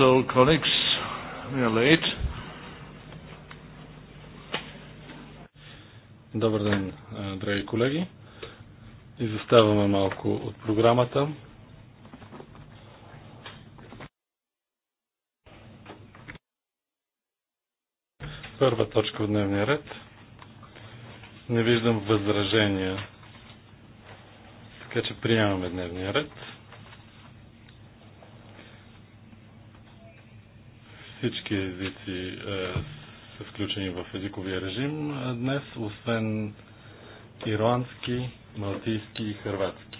So, colleagues, we are late. Добър ден, драги колеги. Изоставаме малко от програмата. Първа точка от дневния ред. Не виждам възражения. Така че приемаме дневния ред. Всички езици е, са включени в езиковия режим днес, освен ирландски, малтийски и хърватски.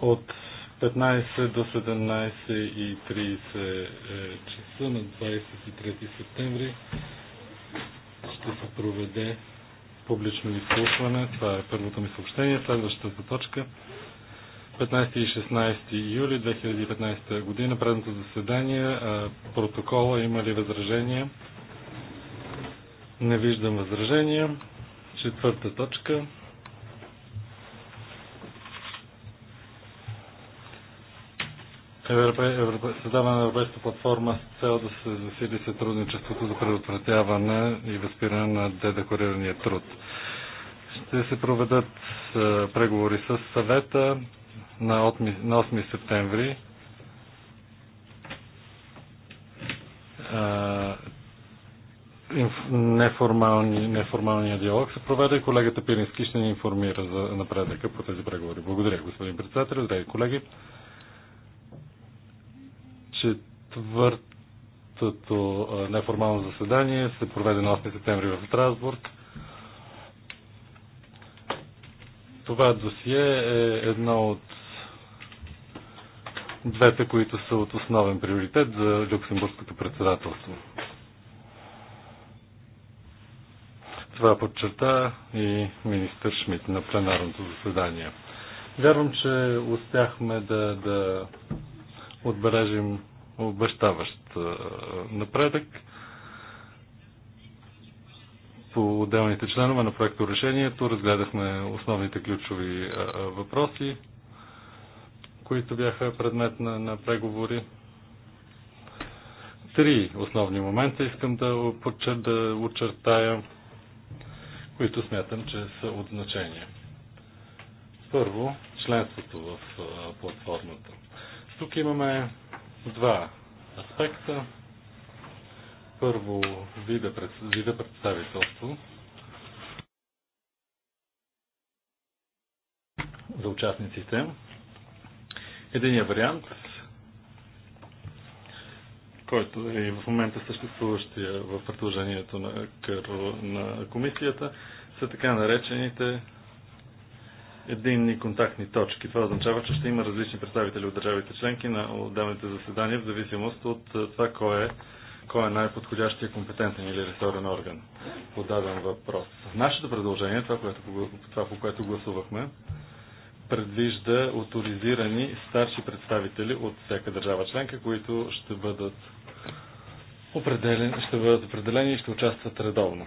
От 15 до 17.30 е, часа на 23 септември ще се проведе публично изслушване. Това е първото ми съобщение. Следващата точка 15 и 16 юли 2015 година. Предното заседание. Протокола има ли възражения? Не виждам възражения. Четвърта точка. създаване на Европейска платформа с цел да се засили сътрудничеството за предотвратяване и възпиране на дедекорирания труд. Ще се проведат преговори с съвета на 8 септември неформални, неформалния диалог се проведе. Колегата Пирински ще ни информира за напредъка по тези преговори. Благодаря, господин председател. Здравей, колеги. Четвъртото неформално заседание се проведе на 8 септември в Страсбург. Това досие е едно от двете, които са от основен приоритет за Люксембургското председателство. Това подчерта и министър Шмидт на пленарното заседание. Вярвам, че успяхме да, да отбележим обещаващ напредък по отделните членове на проекто решението. Разгледахме основните ключови въпроси, които бяха предмет на, на преговори. Три основни момента искам да, почер, да очертая, които смятам, че са от значение. Първо, членството в платформата. Тук имаме два аспекта. Първо, вида, вида представителство за участниците. Единият вариант, който е и в момента съществуващия в предложението на, на комисията, са така наречените единни контактни точки. Това означава, че ще има различни представители от държавите членки на отделните заседания в зависимост от е, това кой е, кой е най-подходящия компетентен или ресорен орган по даден въпрос. Нашето предложение, това, което, това по което гласувахме, предвижда авторизирани старши представители от всяка държава членка, които ще бъдат ще бъдат определени и ще участват редовно.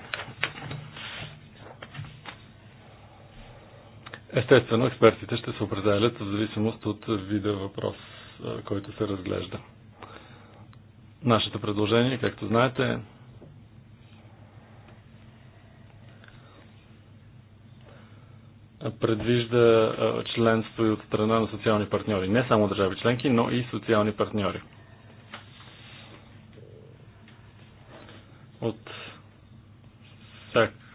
Естествено, експертите ще се определят в зависимост от вида въпрос, който се разглежда. Нашето предложение, както знаете, е предвижда членство и от страна на социални партньори. Не само държави членки, но и социални партньори. От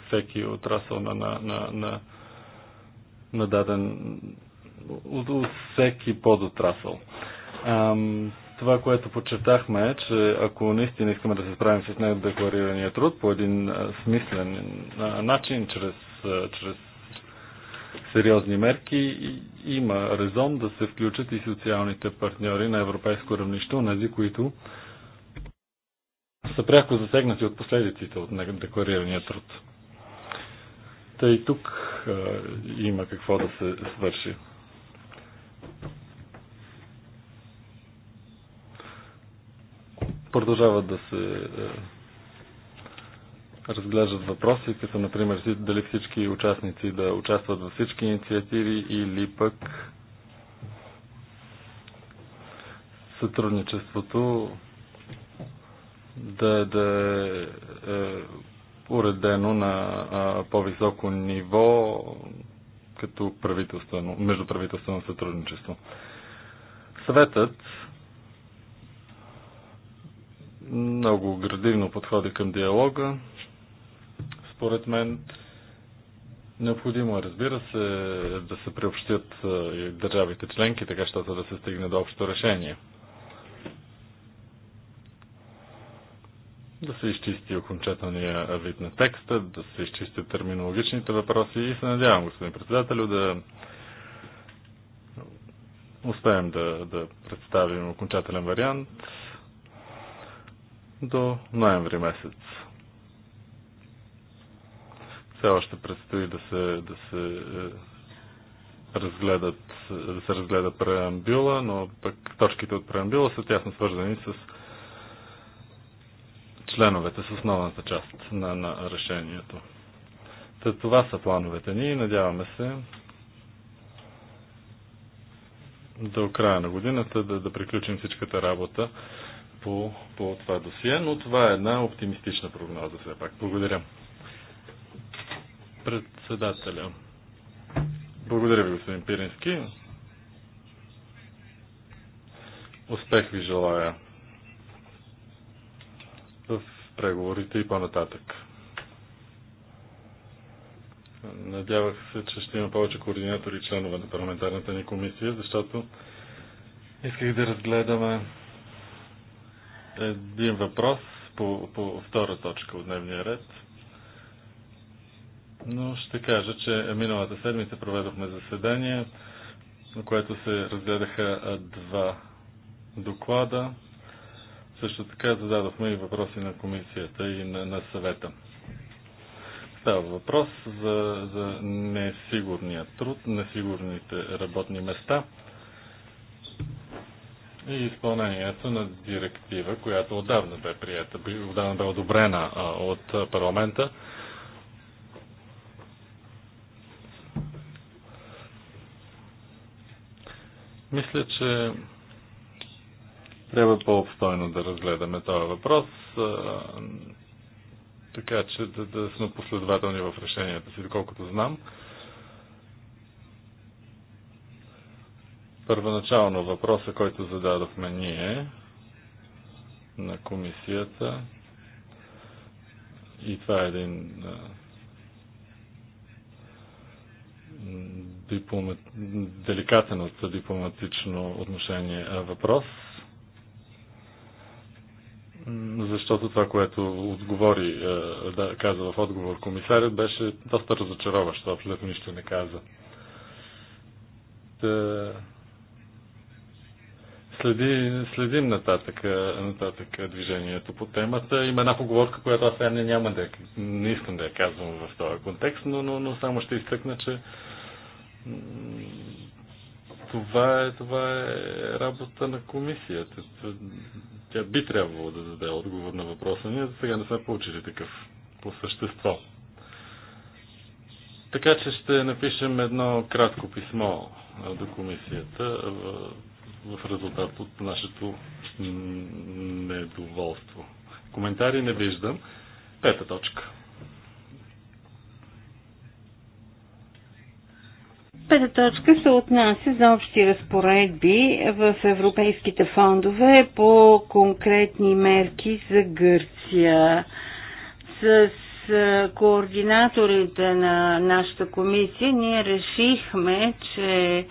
всеки отрасъл на, на, на, на на даден от, от всеки подотрасъл. Ам, това, което подчертахме е, че ако наистина искаме да се справим с недекларирания труд по един а, смислен а, начин, чрез, а, чрез сериозни мерки, има резон да се включат и социалните партньори на европейско равнище, тези, които са пряко засегнати от последиците от недекларирания труд. Тъй тук има какво да се свърши. Продължават да се разглеждат въпроси, като например дали всички участници да участват във всички инициативи или пък сътрудничеството да, да е, е уредено на по-високо ниво като правителствено, междуправителствено сътрудничество. Съветът много градивно подходи към диалога. Според мен необходимо е, разбира се, да се приобщят и държавите членки, така щото да се стигне до общо решение – да се изчисти окончателния вид на текста, да се изчистят терминологичните въпроси и се надявам, господин председателю, да успеем да, да представим окончателен вариант до ноември месец. Все още предстои да се, да се е, разгледат, да се разгледа преамбюла, но пък точките от преамбюла са тясно свързани с членовете с основната част на, на решението. Та, това са плановете ни и надяваме се до края на годината да, да приключим всичката работа по, по това досие, но това е една оптимистична прогноза все пак. Благодаря. Председателя. Благодаря ви, господин Пирински. Успех ви желая преговорите и по-нататък. Надявах се, че ще има повече координатори и членове на парламентарната ни комисия, защото исках да разгледаме един въпрос по, по втора точка от дневния ред. Но ще кажа, че миналата седмица проведохме заседание, на което се разгледаха два доклада също така зададохме и въпроси на комисията и на, на съвета. Става въпрос за, за несигурния труд, несигурните работни места и изпълнението на директива, която отдавна бе прията, отдавна бе одобрена от парламента. Мисля, че трябва по-обстойно да разгледаме този въпрос, така че да, да сме последователни в решенията си, доколкото знам. Първоначално въпроса, който зададохме ние на комисията, и това е един дипломат, деликатен от дипломатично отношение въпрос – защото това, което отговори, е, да, каза в отговор комисарят, беше доста разочароващо, абсолютно нищо не каза. Да... Следи, следим нататък, е, нататък движението по темата. Има една поговорка, която аз сега не, няма да, не искам да я казвам в този контекст, но, но, но само ще изтъкна, че това е, това е работа на комисията. Тя би трябвало да даде отговор на въпроса. Ние за сега не сме получили такъв по същество. Така че ще напишем едно кратко писмо до комисията в, в резултат от нашето недоволство. Коментари не виждам. Пета точка. Пета точка се отнася за общи разпоредби в европейските фондове по конкретни мерки за Гърция. С координаторите на нашата комисия ние решихме, че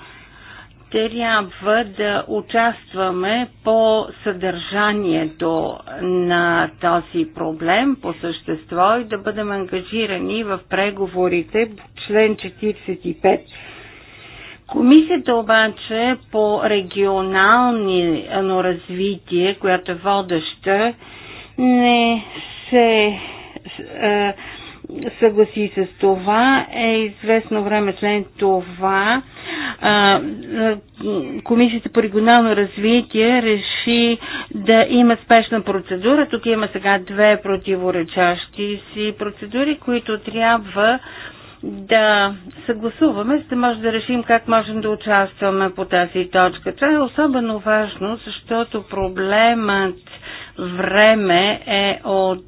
трябва да участваме по съдържанието на този проблем по същество и да бъдем ангажирани в преговорите по член 45 Комисията обаче по регионално развитие, която е водеща, не се е, съгласи с това. Е известно време след това е, Комисията по регионално развитие реши да има спешна процедура. Тук има сега две противоречащи си процедури, които трябва да съгласуваме, за да може да решим как можем да участваме по тази точка. Това е особено важно, защото проблемът време е от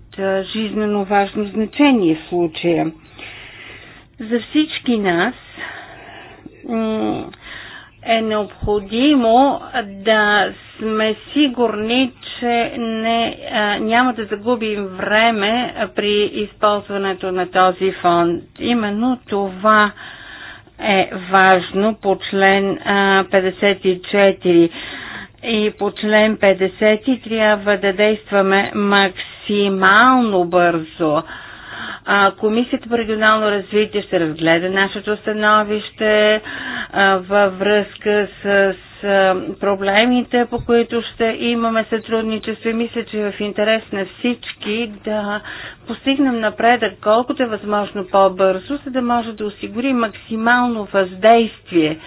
жизнено важно значение в случая. За всички нас е необходимо да сме сигурни, че не, а, няма да загубим време при използването на този фонд. Именно това е важно по член а, 54 и по член 50 трябва да действаме максимално бързо. А, а, Комисията по регионално развитие ще разгледа нашето становище а, във връзка с, с а, проблемите, по които ще имаме сътрудничество и мисля, че е в интерес на всички да постигнем напредък колкото е възможно по-бързо, за да може да осигури максимално въздействие.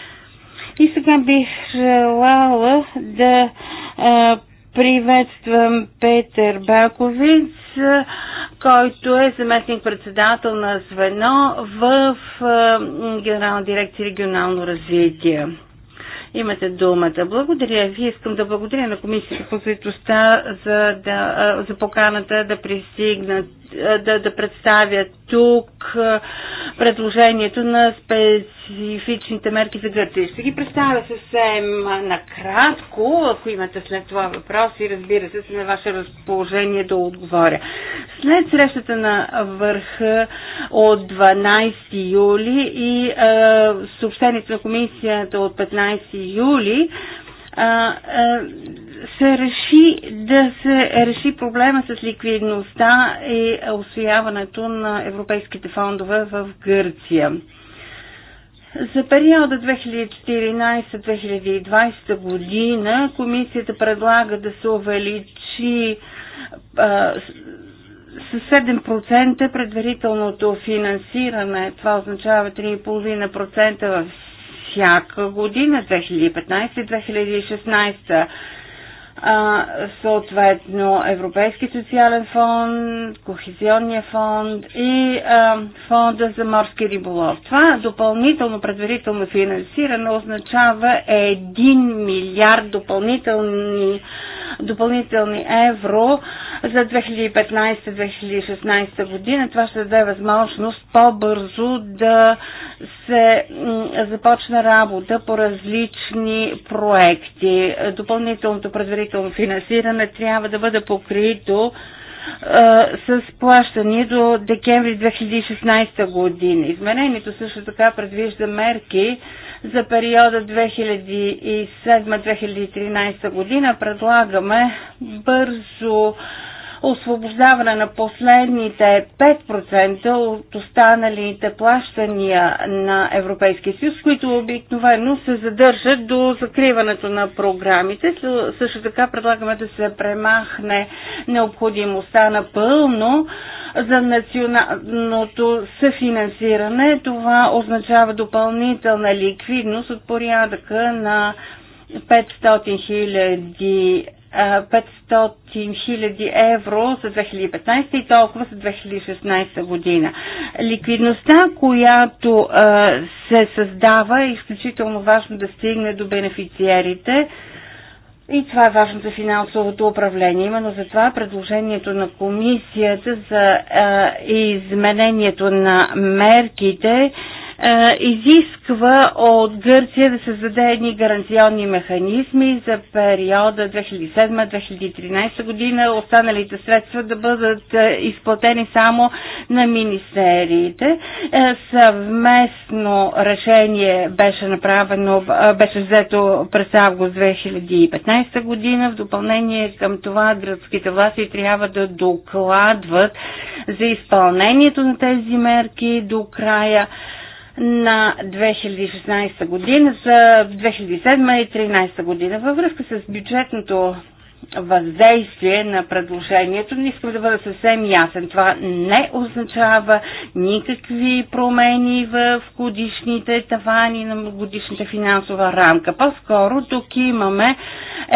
И сега бих желала да а, Приветствам Петър Баковиц, който е заместник-председател на звено в Генерална дирекция регионално развитие. Имате думата. Благодаря ви. Искам да благодаря на комисията по заедостта за, да, за поканата да пристигнат, да, да представят тук предложението на специфичните мерки за Гърция. Ще ги представя съвсем накратко, ако имате след това въпроси, разбира се, се на ваше разположение да отговоря. След срещата на върха от 12 юли и е, съобщението на комисията от 15 юли, се реши да се реши проблема с ликвидността и освояването на европейските фондове в Гърция. За периода 2014-2020 година комисията предлага да се увеличи а, с 7% предварителното финансиране. Това означава 3,5% в всяка година 2015-2016 съответно Европейски социален фонд, Кохезионния фонд и а, фонда за морски риболов. Това допълнително предварително финансиране означава 1 милиард допълнителни, допълнителни евро за 2015-2016 година. Това ще даде възможност по-бързо да се започна работа по различни проекти. Допълнителното предварително финансиране трябва да бъде покрито е, с плащане до декември 2016 година. Изменението също така предвижда мерки за периода 2007-2013 година. Предлагаме бързо освобождаване на последните 5% от останалите плащания на Европейския съюз, които обикновено се задържат до закриването на програмите. Също така предлагаме да се премахне необходимостта напълно за националното съфинансиране. Това означава допълнителна ликвидност от порядъка на 500 000 500 000 евро за 2015 и толкова за 2016 година. Ликвидността, която се създава е изключително важно да стигне до бенефициерите. И това е важно за финансовото управление. Именно за това предложението на комисията за изменението на мерките е, изисква от Гърция да създаде едни гаранционни механизми за периода 2007-2013 година, останалите средства да бъдат е, изплатени само на министериите. Е, съвместно решение беше направено, беше взето през август 2015 година. В допълнение към това гръцките власти трябва да докладват за изпълнението на тези мерки до края на 2016 година за 2007 и 2013 година. Във връзка с бюджетното въздействие на предложението. Не искам да бъда съвсем ясен. Това не означава никакви промени в годишните тавани на годишната финансова рамка. По-скоро тук имаме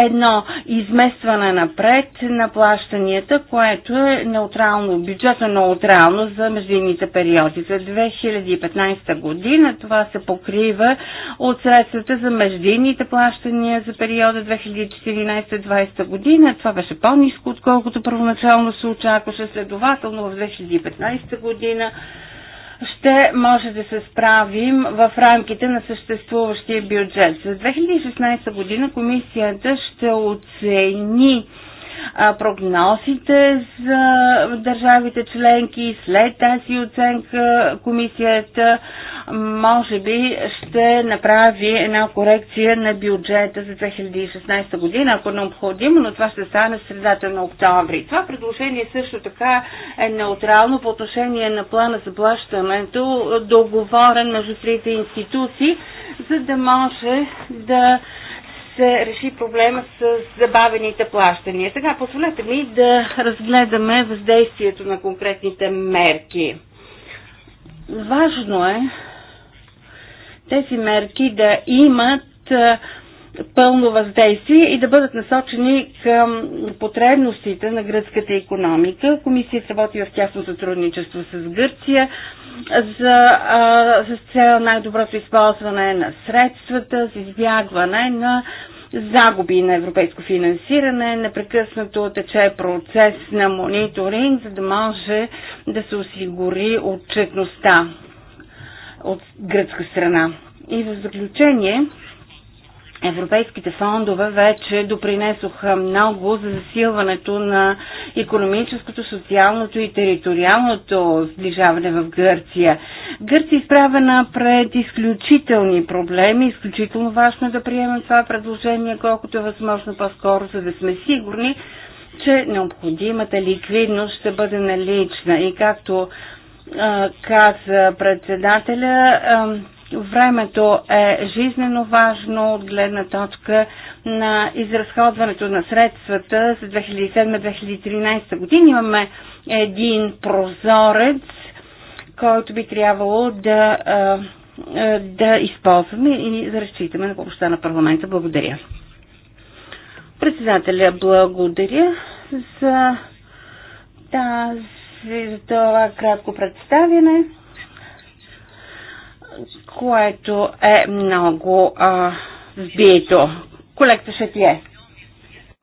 едно изместване напред на плащанията, което е неутрално, бюджетно е неутрално за междинните периоди. За 2015 година това се покрива от средствата за междинните плащания за периода 2014-2020 година година. Това беше по-низко, отколкото първоначално се очакваше. Следователно в 2015 година ще може да се справим в рамките на съществуващия бюджет. За 2016 година комисията ще оцени прогнозите за държавите членки. След тази оценка комисията може би ще направи една корекция на бюджета за 2016 година, ако е необходимо, но това ще стане в средата на октомври. Това предложение също така е неутрално по отношение на плана за плащането, договорен между трите институции, за да може да се реши проблема с забавените плащания. Сега позволете ми да разгледаме въздействието на конкретните мерки. Важно е тези мерки да имат пълно въздействие и да бъдат насочени към потребностите на гръцката економика. Комисията работи в тясно сътрудничество с Гърция за, а, с цел най-доброто използване на средствата, с избягване на загуби на европейско финансиране. Непрекъснато тече процес на мониторинг, за да може да се осигури отчетността от гръцка страна. И в заключение, Европейските фондове вече допринесоха много за засилването на економическото, социалното и териториалното сближаване в Гърция. Гърция е изправена пред изключителни проблеми. Изключително важно е да приемем това предложение, колкото е възможно по-скоро, за да сме сигурни, че необходимата ликвидност ще бъде налична. И както каза председателя, Времето е жизнено важно от гледна точка на изразходването на средствата за 2007-2013 година. Имаме един прозорец, който би трябвало да, да използваме и да разчитаме на помощта на парламента. Благодаря. Председателя, благодаря за тази за това кратко представяне което е много а, сбито. Колекта е.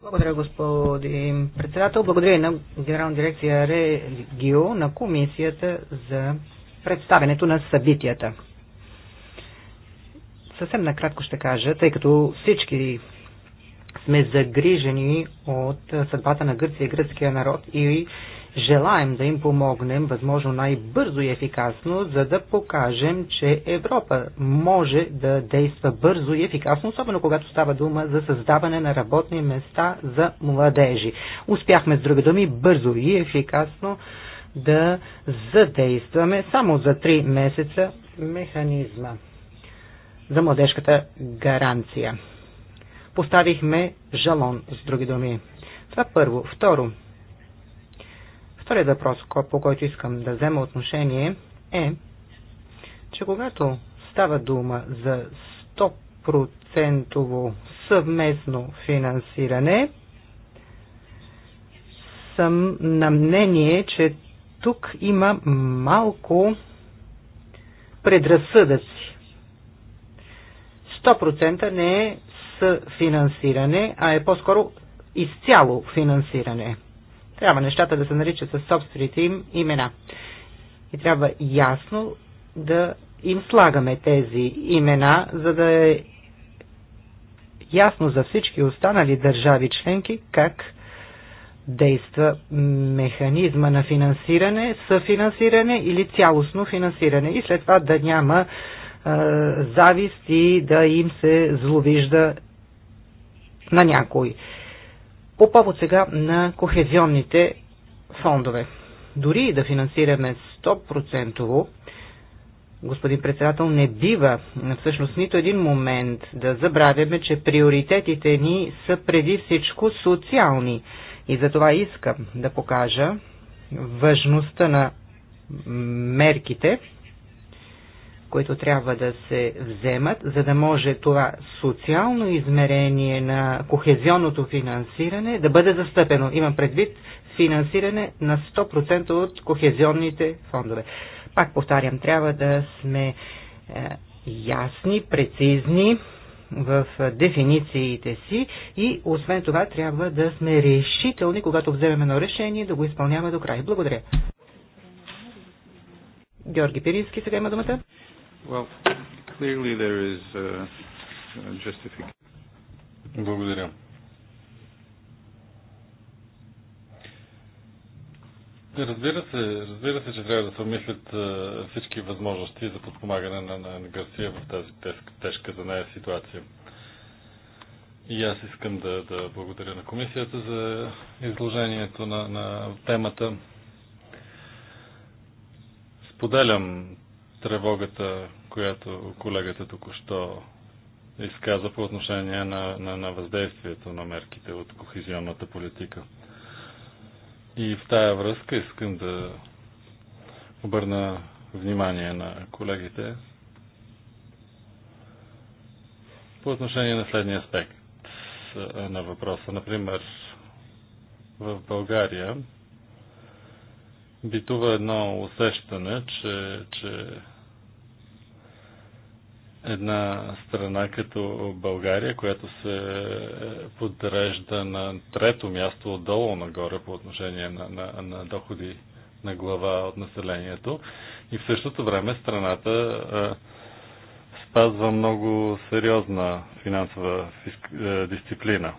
Благодаря, господин председател. Благодаря и на Генерална дирекция Регио на комисията за представенето на събитията. Съвсем накратко ще кажа, тъй като всички сме загрижени от съдбата на Гърция и гръцкия народ и Желаем да им помогнем възможно най-бързо и ефикасно, за да покажем, че Европа може да действа бързо и ефикасно, особено когато става дума за създаване на работни места за младежи. Успяхме, с други думи, бързо и ефикасно да задействаме само за 3 месеца механизма за младежката гаранция. Поставихме жалон, с други думи. Това първо. Второ, Вторият въпрос, по който искам да взема отношение е, че когато става дума за 100% съвместно финансиране, съм на мнение, че тук има малко предразсъдъци. 100% не е съфинансиране, а е по-скоро изцяло финансиране. Трябва нещата да се наричат със собствените им имена. И трябва ясно да им слагаме тези имена, за да е ясно за всички останали държави членки как действа механизма на финансиране, съфинансиране или цялостно финансиране и след това да няма е, завист и да им се зловижда на някой. По повод сега на кохезионните фондове. Дори да финансираме 100%, господин председател, не бива всъщност нито един момент да забравяме, че приоритетите ни са преди всичко социални. И за това искам да покажа важността на мерките, които трябва да се вземат, за да може това социално измерение на кохезионното финансиране да бъде застъпено. Имам предвид финансиране на 100% от кохезионните фондове. Пак повтарям, трябва да сме е, ясни, прецизни в дефинициите си и освен това трябва да сме решителни, когато вземем едно решение, да го изпълняваме до край. Благодаря. Георги Пирински сега има думата. Well, clearly there is uh, a justification. Благодаря. Разбира се, разбира се, че трябва да се обмислят всички възможности за подпомагане на, на, на Гърция в тази тежка, тежка за нея ситуация. И аз искам да, да благодаря на комисията за изложението на, на темата. Споделям тревогата, която колегата току-що изказа по отношение на, на, на въздействието на мерките от кохезионната политика. И в тая връзка искам да обърна внимание на колегите по отношение на следния аспект на въпроса. Например, в България битува едно усещане, че, че една страна като България, която се подрежда на трето място отдолу нагоре по отношение на, на, на доходи на глава от населението. И в същото време страната а, спазва много сериозна финансова фиск... дисциплина.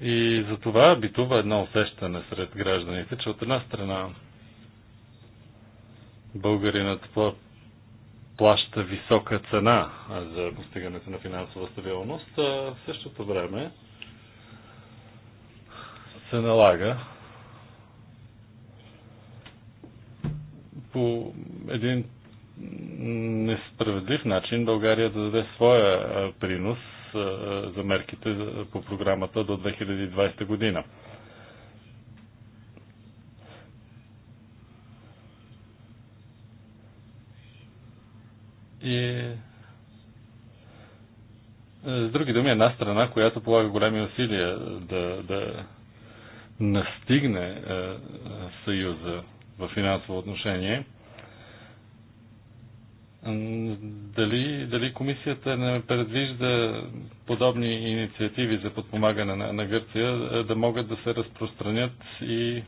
И за това битува едно усещане сред гражданите, че от една страна Българинът плаща висока цена за постигането на финансова стабилност, а в същото време се налага по един несправедлив начин България да даде своя принос за мерките по програмата до 2020 година. И е, с други думи, една страна, която полага големи усилия да, да настигне е, Съюза в финансово отношение, дали, дали комисията не предвижда подобни инициативи за подпомагане на, на Гърция е, да могат да се разпространят и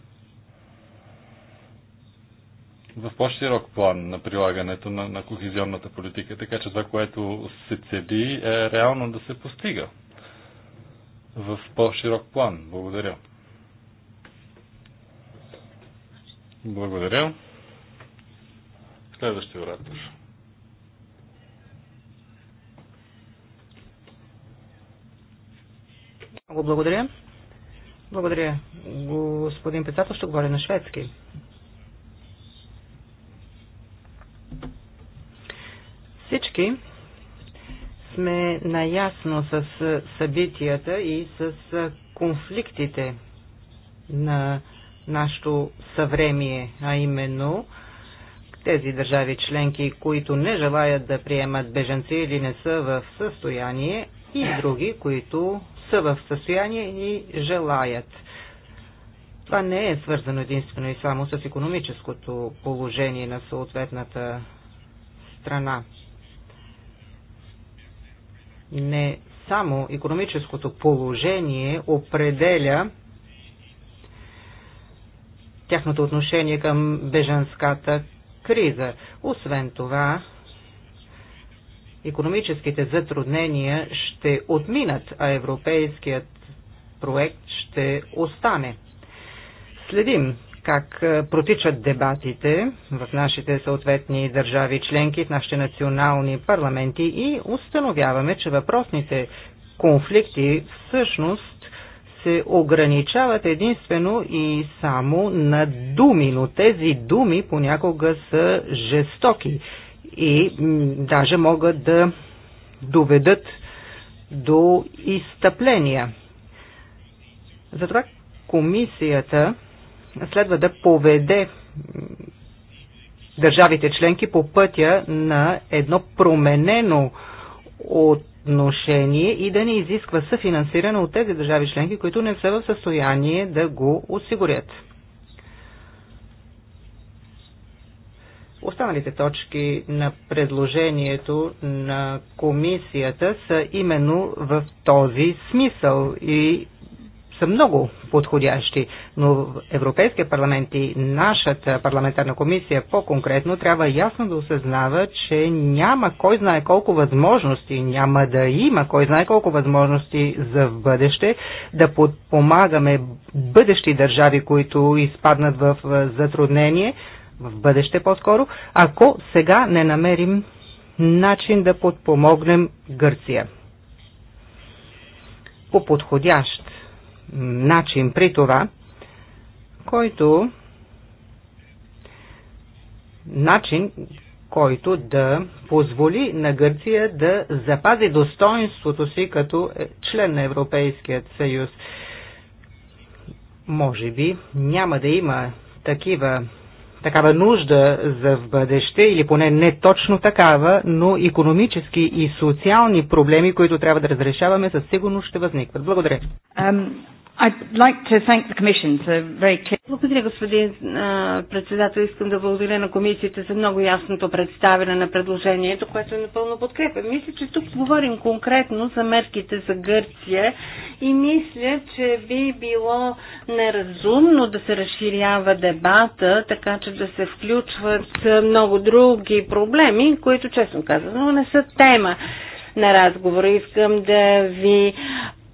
в по-широк план на прилагането на, на кохезионната политика, така че това, което се цели, е реално да се постига в по-широк план. Благодаря. Благодаря. Следващия оратор. Много благодаря. Благодаря, господин председател. Ще говоря на шведски. Всички сме наясно с е, събитията и с е, конфликтите на нашето съвремие, а именно тези държави членки, които не желаят да приемат беженци или не са в състояние, и други, които са в състояние и желаят. Това не е свързано единствено и само с економическото положение на съответната страна не само економическото положение определя тяхното отношение към бежанската криза. Освен това, економическите затруднения ще отминат, а европейският проект ще остане. Следим как е, протичат дебатите в нашите съответни държави членки, в нашите национални парламенти и установяваме, че въпросните конфликти всъщност се ограничават единствено и само на думи, но тези думи понякога са жестоки и даже могат да доведат до изтъпления. Затова комисията следва да поведе държавите членки по пътя на едно променено отношение и да не изисква съфинансиране от тези държави членки, които не са в състояние да го осигурят. Останалите точки на предложението на комисията са именно в този смисъл и са много подходящи, но в Европейския парламент и нашата парламентарна комисия по-конкретно трябва ясно да осъзнава, че няма кой знае колко възможности, няма да има кой знае колко възможности за в бъдеще да подпомагаме бъдещи държави, които изпаднат в затруднение, в бъдеще по-скоро, ако сега не намерим начин да подпомогнем Гърция по подходящ начин при това, който начин, който да позволи на Гърция да запази достоинството си като член на Европейският съюз. Може би няма да има такива такава нужда за в бъдеще, или поне не точно такава, но економически и социални проблеми, които трябва да разрешаваме, със сигурност ще възникват. Благодаря. Um, I'd like to thank the commission for very clear... Благодаря, господин председател. Искам да благодаря на комисията за много ясното представяне на предложението, което е напълно подкрепя. Мисля, че тук говорим конкретно за мерките за Гърция и мисля, че би било неразумно да се разширява дебата, така че да се включват много други проблеми, които, честно но не са тема на разговора. Искам да ви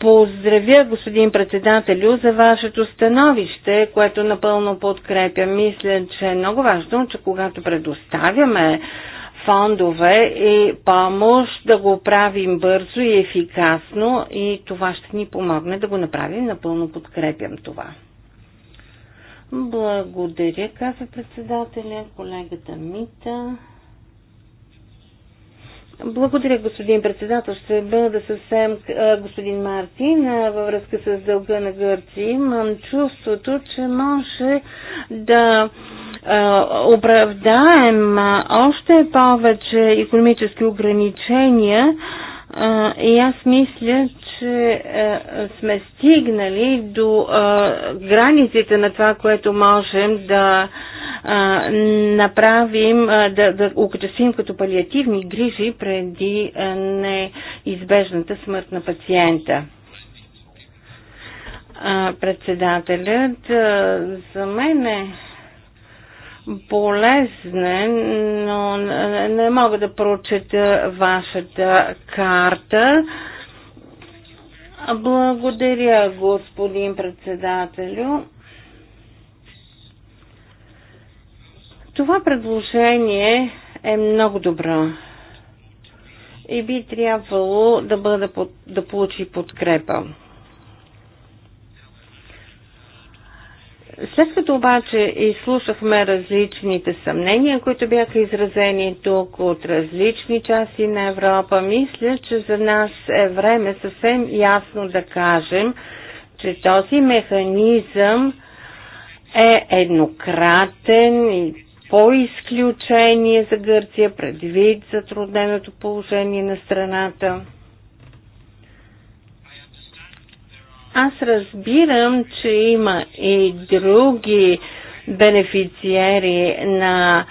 поздравя господин председателю за вашето становище, което напълно подкрепя. Мисля, че е много важно, че когато предоставяме фондове и помощ да го правим бързо и ефикасно и това ще ни помогне да го направим. Напълно подкрепям това. Благодаря, каза председателя, колегата Мита. Благодаря, господин председател. Ще бъда съвсем господин Мартин във връзка с дълга на Гърция. Имам чувството, че може да оправдаем още повече економически ограничения и аз мисля, че е, сме стигнали до е, границите на това, което можем да е, направим, е, да, да окачествим като палиативни грижи преди е, неизбежната смърт на пациента е, председателят. Е, за мен е болезнен, но не мога да прочета вашата карта. Благодаря, господин председателю. Това предложение е много добро и би трябвало да, бъде, да получи подкрепа. След като обаче изслушахме различните съмнения, които бяха изразени тук от различни части на Европа, мисля, че за нас е време съвсем ясно да кажем, че този механизъм е еднократен и по изключение за Гърция, предвид затрудненото положение на страната. Аз разбирам, че има и други бенефициери на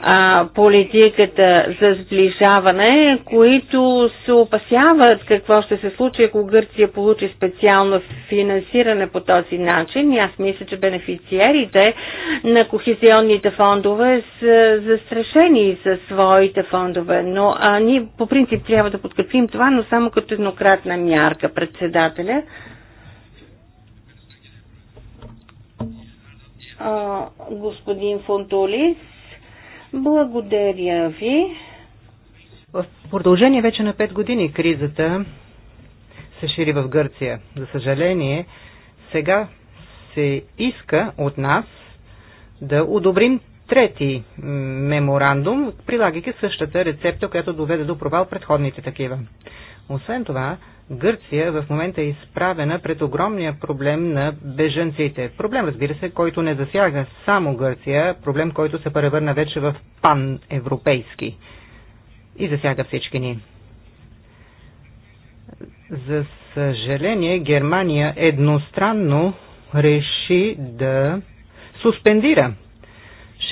а, политиката за сближаване, които се опасяват какво ще се случи, ако Гърция получи специално финансиране по този начин. И аз мисля, че бенефициерите на кохезионните фондове са застрашени със своите фондове. Но а, ние по принцип трябва да подкрепим това, но само като еднократна мярка председателя. а, господин Фонтулис. Благодаря ви. В продължение вече на 5 години кризата се шири в Гърция. За съжаление, сега се иска от нас да одобрим трети меморандум, прилагайки същата рецепта, която доведе до провал предходните такива. Освен това, Гърция в момента е изправена пред огромния проблем на беженците. Проблем, разбира се, който не засяга само Гърция, проблем, който се превърна вече в паневропейски и засяга всички ни. За съжаление, Германия едностранно реши да суспендира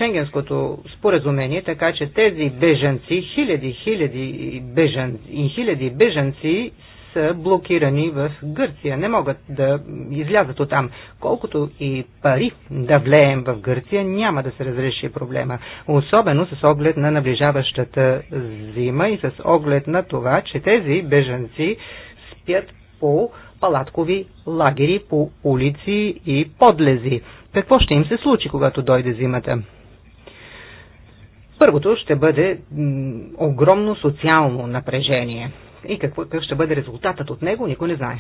Шенгенското споразумение, така че тези бежанци, хиляди, хиляди бежанци, хиляди бежанци са блокирани в Гърция, не могат да излязат от там. Колкото и пари да влеем в Гърция, няма да се разреши проблема. Особено с оглед на наближаващата зима и с оглед на това, че тези бежанци спят по палаткови лагери, по улици и подлези. Какво ще им се случи, когато дойде зимата? Първото ще бъде огромно социално напрежение. И какво, какъв ще бъде резултатът от него, никой не знае.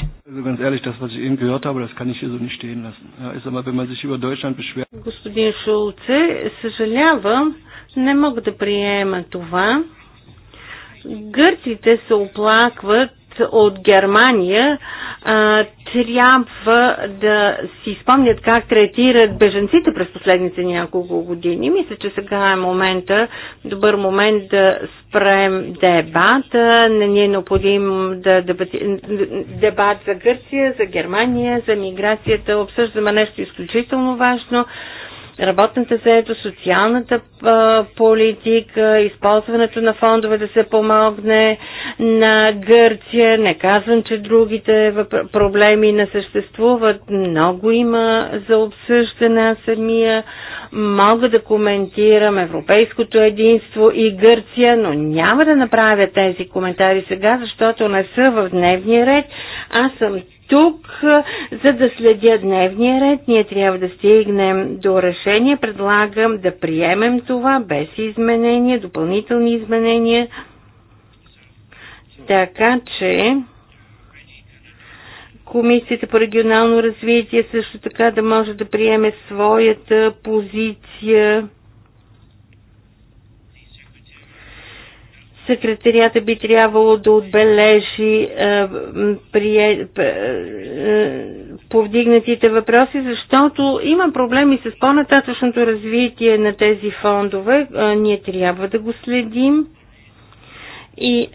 Господин Шулце, съжалявам, не мога да приема това. Гърците се оплакват от Германия а, трябва да си спомнят как третират беженците през последните няколко години. Мисля, че сега е момента, добър момент да спрем дебата. Не ни е необходим да дебати, дебат за Гърция, за Германия, за миграцията. Обсъждаме нещо изключително важно работната заето, социалната политика, използването на фондове да се помогне на Гърция. Не казвам, че другите проблеми не съществуват. Много има за обсъждане самия. Мога да коментирам европейското единство и Гърция, но няма да направя тези коментари сега, защото не са в дневния ред. Аз съм тук, за да следя дневния ред. Ние трябва да стигнем до решение. Предлагам да приемем това без изменения, допълнителни изменения. Така че Комисията по регионално развитие също така да може да приеме своята позиция Секретарията би трябвало да отбележи а, при, а, повдигнатите въпроси, защото има проблеми с по-нататъчното развитие на тези фондове. А, е, ние трябва да го следим. И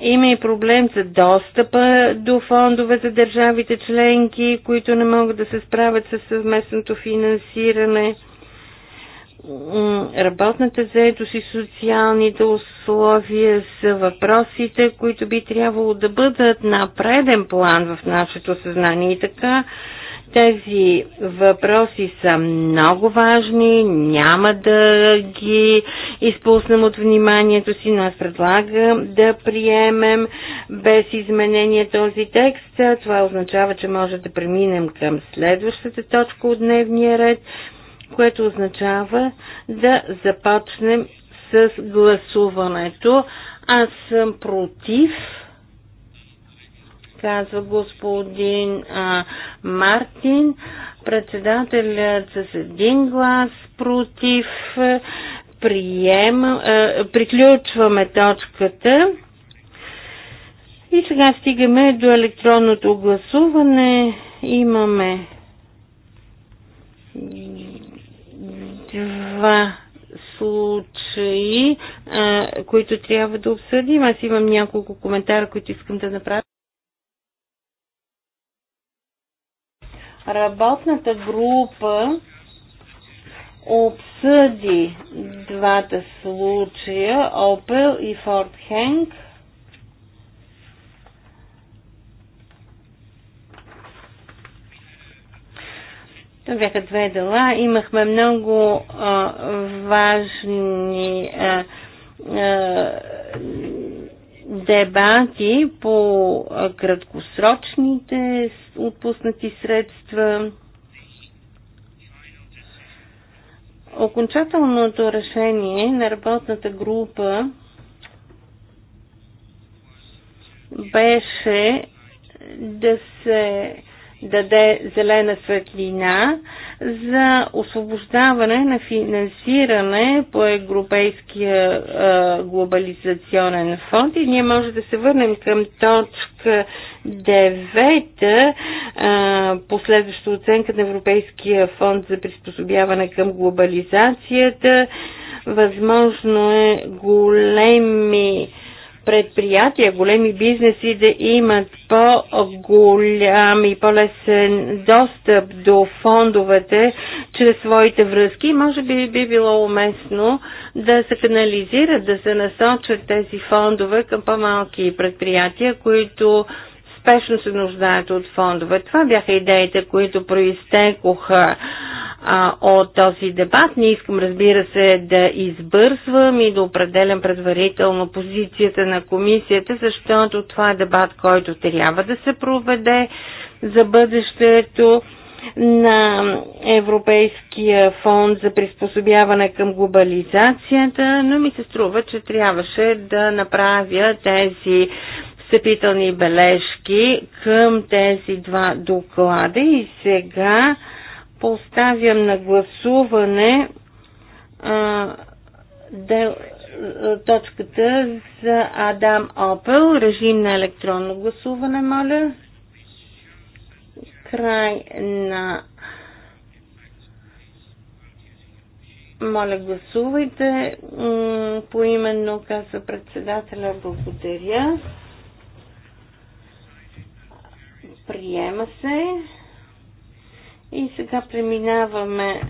Има и проблем за достъпа до фондове за държавите членки, които не могат да се справят с съвместното финансиране работната заедост и социалните условия са въпросите, които би трябвало да бъдат на преден план в нашето съзнание. И така, тези въпроси са много важни, няма да ги изпуснем от вниманието си, но аз предлагам да приемем без изменение този текст. Това означава, че може да преминем към следващата точка от дневния ред – което означава да започнем с гласуването. Аз съм против, казва господин а, Мартин. Председателят с един глас против. прием, а, приключваме точката. И сега стигаме до електронното гласуване. Имаме два случаи, а, които трябва да обсъдим. Аз имам няколко коментара, които искам да направя. Работната група обсъди двата случая Opel и Ford Henk Това бяха две дела. Имахме много а, важни а, а, дебати по краткосрочните отпуснати средства. Окончателното решение на работната група беше да се даде зелена светлина за освобождаване на финансиране по Европейския глобализационен фонд и ние може да се върнем към точка 9, последваща оценка на Европейския фонд за приспособяване към глобализацията. Възможно е големи предприятия, големи бизнеси да имат по-голям и по-лесен достъп до фондовете чрез своите връзки. Може би би било уместно да се канализират, да се насочат тези фондове към по-малки предприятия, които спешно се нуждаят от фондове. Това бяха идеите, които проистекоха от този дебат. Не искам, разбира се, да избързвам и да определям предварително позицията на комисията, защото това е дебат, който трябва да се проведе за бъдещето на Европейския фонд за приспособяване към глобализацията, но ми се струва, че трябваше да направя тези встъпителни бележки към тези два доклада и сега поставям на гласуване а, точката за Адам Опел. Режим на електронно гласуване, моля. Край на. Моля, гласувайте. Поименно каза председателя. Благодаря. Приема се. И сега преминаваме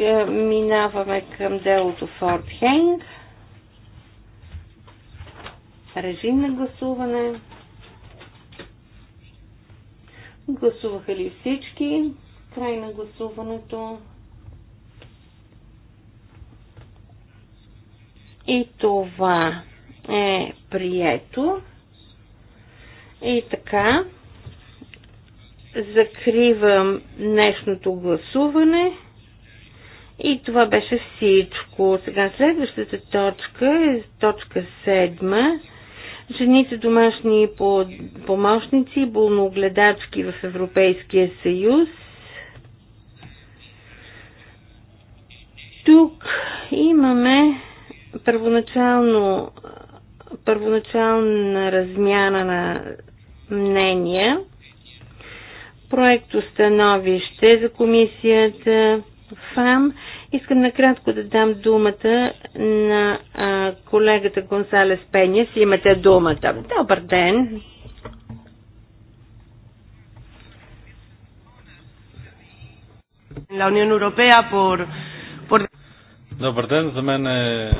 е, минаваме към делото Форд Хейнг. Режим на гласуване. Гласуваха ли всички? Край на гласуването. И това е прието. И така. Закривам днешното гласуване. И това беше всичко. Сега следващата точка е точка 7. Жените домашни помощници и болногледачки в Европейския съюз. Тук имаме първоначално, първоначална размяна на мнения проекто становище за комисията ФАМ. Искам накратко да дам думата на а, колегата Гонсалес Пенис. Имате думата. Добър ден! La Unión Europea por, por... Добър ден, за мен е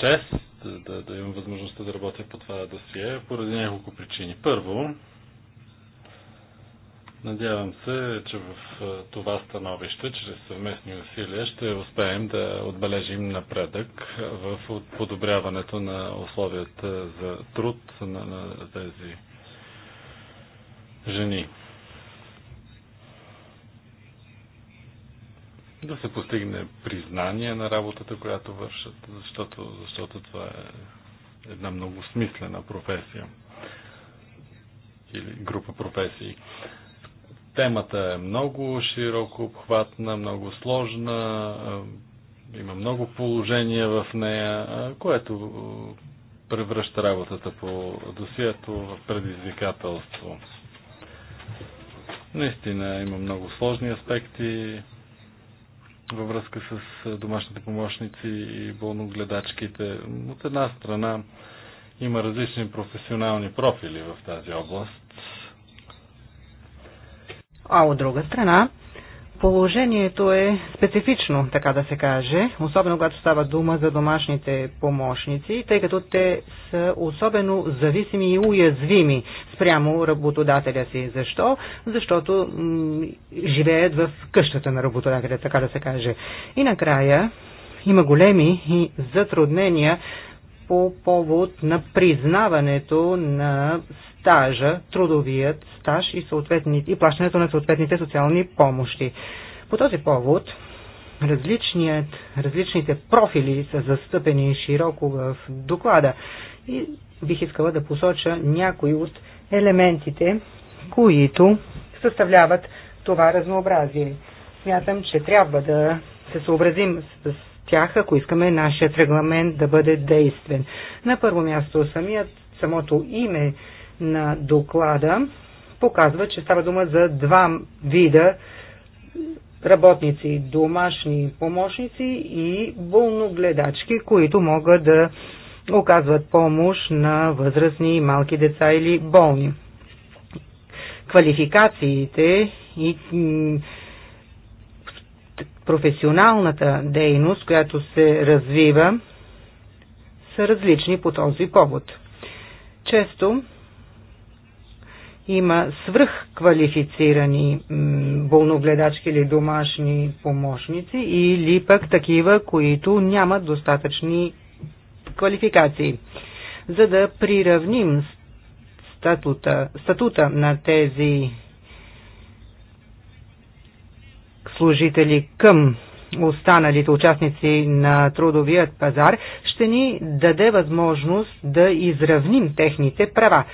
чест да, да имам възможността да работя по това досие поради няколко причини. Първо, Надявам се, че в това становище, чрез съвместни усилия, ще успеем да отбележим напредък в подобряването на условията за труд на, на тези жени. Да се постигне признание на работата, която вършат, защото, защото това е една много смислена професия или група професии. Темата е много широко обхватна, много сложна, има много положения в нея, което превръща работата по досието в предизвикателство. Наистина има много сложни аспекти във връзка с домашните помощници и болногледачките. От една страна има различни професионални профили в тази област. А от друга страна, положението е специфично, така да се каже, особено когато става дума за домашните помощници, тъй като те са особено зависими и уязвими спрямо работодателя си. Защо? Защото живеят в къщата на работодателя, така да се каже. И накрая има големи и затруднения по повод на признаването на стажа, трудовият стаж и, и плащането на съответните социални помощи. По този повод различният, различните профили са застъпени широко в доклада и бих искала да посоча някои от елементите, които съставляват това разнообразие. Смятам, че трябва да се съобразим с тях, ако искаме нашият регламент да бъде действен. На първо място самият самото име на доклада показва, че става дума за два вида работници, домашни помощници и болногледачки, които могат да оказват помощ на възрастни и малки деца или болни. Квалификациите и професионалната дейност, която се развива, са различни по този повод. Често има свръхквалифицирани болногледачки или домашни помощници или пък такива, които нямат достатъчни квалификации. За да приравним статута, статута на тези служители към останалите участници на трудовият пазар, ще ни даде възможност да изравним техните права.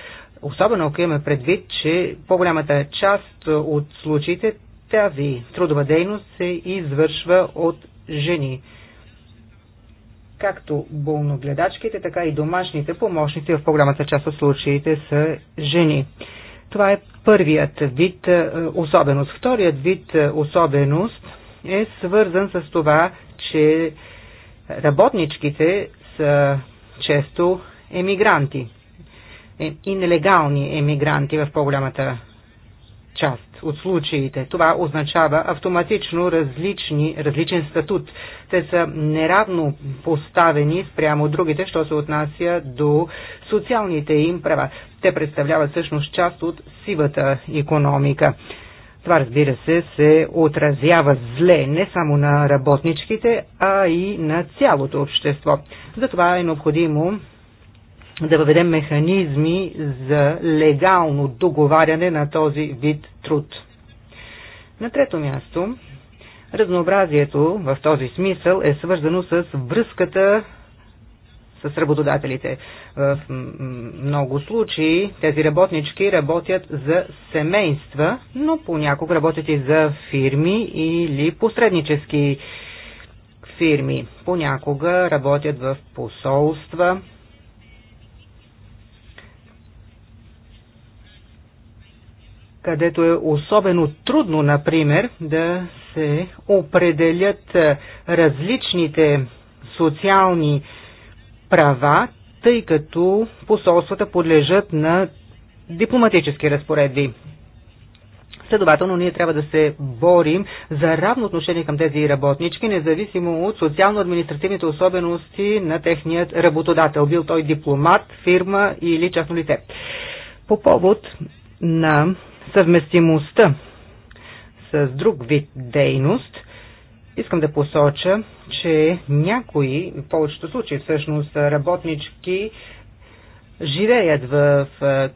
Особено ако имаме предвид, че по-голямата част от случаите тази трудова дейност се извършва от жени. Както болногледачките, така и домашните помощници в по-голямата част от случаите са жени. Това е първият вид е, особеност. Вторият вид е, особеност е свързан с това, че работничките са често емигранти. Е, и нелегални емигранти в по-голямата част от случаите. Това означава автоматично различни, различен статут. Те са неравно поставени спрямо другите, що се отнася до социалните им права. Те представляват всъщност част от сивата економика. Това, разбира се, се отразява зле не само на работничките, а и на цялото общество. Затова е необходимо да въведем механизми за легално договаряне на този вид труд. На трето място, разнообразието в този смисъл е свързано с връзката с работодателите. В много случаи тези работнички работят за семейства, но понякога работят и за фирми или посреднически фирми. Понякога работят в посолства, където е особено трудно, например, да се определят е, различните социални права, тъй като посолствата подлежат на дипломатически разпоредби. Следователно, ние трябва да се борим за равно отношение към тези работнички, независимо от социално-административните особености на техният работодател, бил той дипломат, фирма или частно лице. По повод на съвместимостта с друг вид дейност, искам да посоча, че някои, в повечето случаи всъщност, работнички живеят в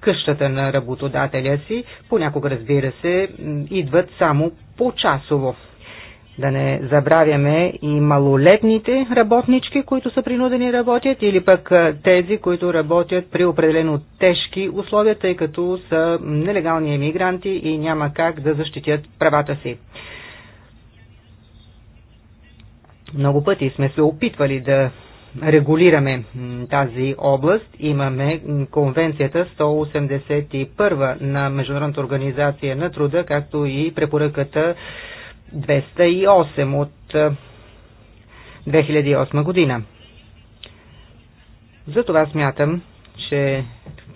къщата на работодателя си, понякога, разбира се, идват само по-часово да не забравяме и малолетните работнички, които са принудени работят, или пък тези, които работят при определено тежки условия, тъй като са нелегални емигранти и няма как да защитят правата си. Много пъти сме се опитвали да регулираме тази област. Имаме конвенцията 181 на Международната организация на труда, както и препоръката 208 от 2008 е, година. Затова смятам, че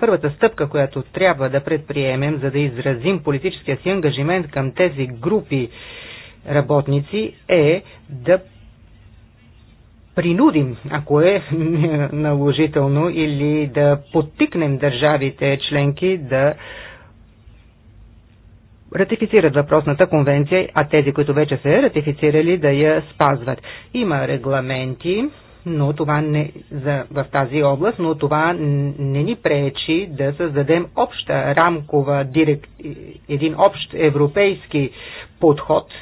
първата стъпка, която трябва да предприемем, за да изразим политическия си ангажимент към тези групи работници, е да принудим, ако е наложително, или да подтикнем държавите членки да ратифицират въпросната конвенция, а тези, които вече са ратифицирали, да я спазват. Има регламенти, но това не, за, в тази област, но това не ни пречи да създадем обща рамкова, директ, един общ европейски подход –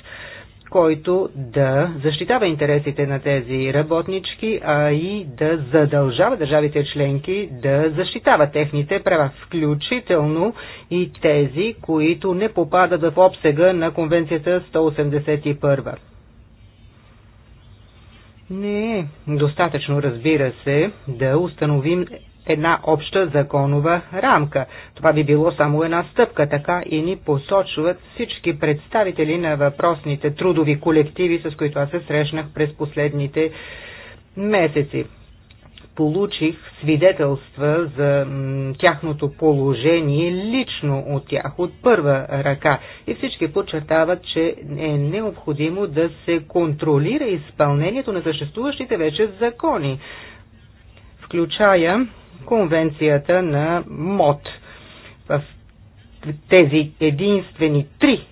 който да защитава интересите на тези работнички, а и да задължава държавите членки да защитават техните права, включително и тези, които не попадат в обсега на Конвенцията 181. Не е достатъчно, разбира се, да установим една обща законова рамка. Това би било само една стъпка, така и ни посочват всички представители на въпросните трудови колективи, с които аз се срещнах през последните месеци получих свидетелства за тяхното положение лично от тях, от първа ръка. И всички подчертават, че е необходимо да се контролира изпълнението на съществуващите вече закони. Включая конвенцията на МОД. В тези единствени три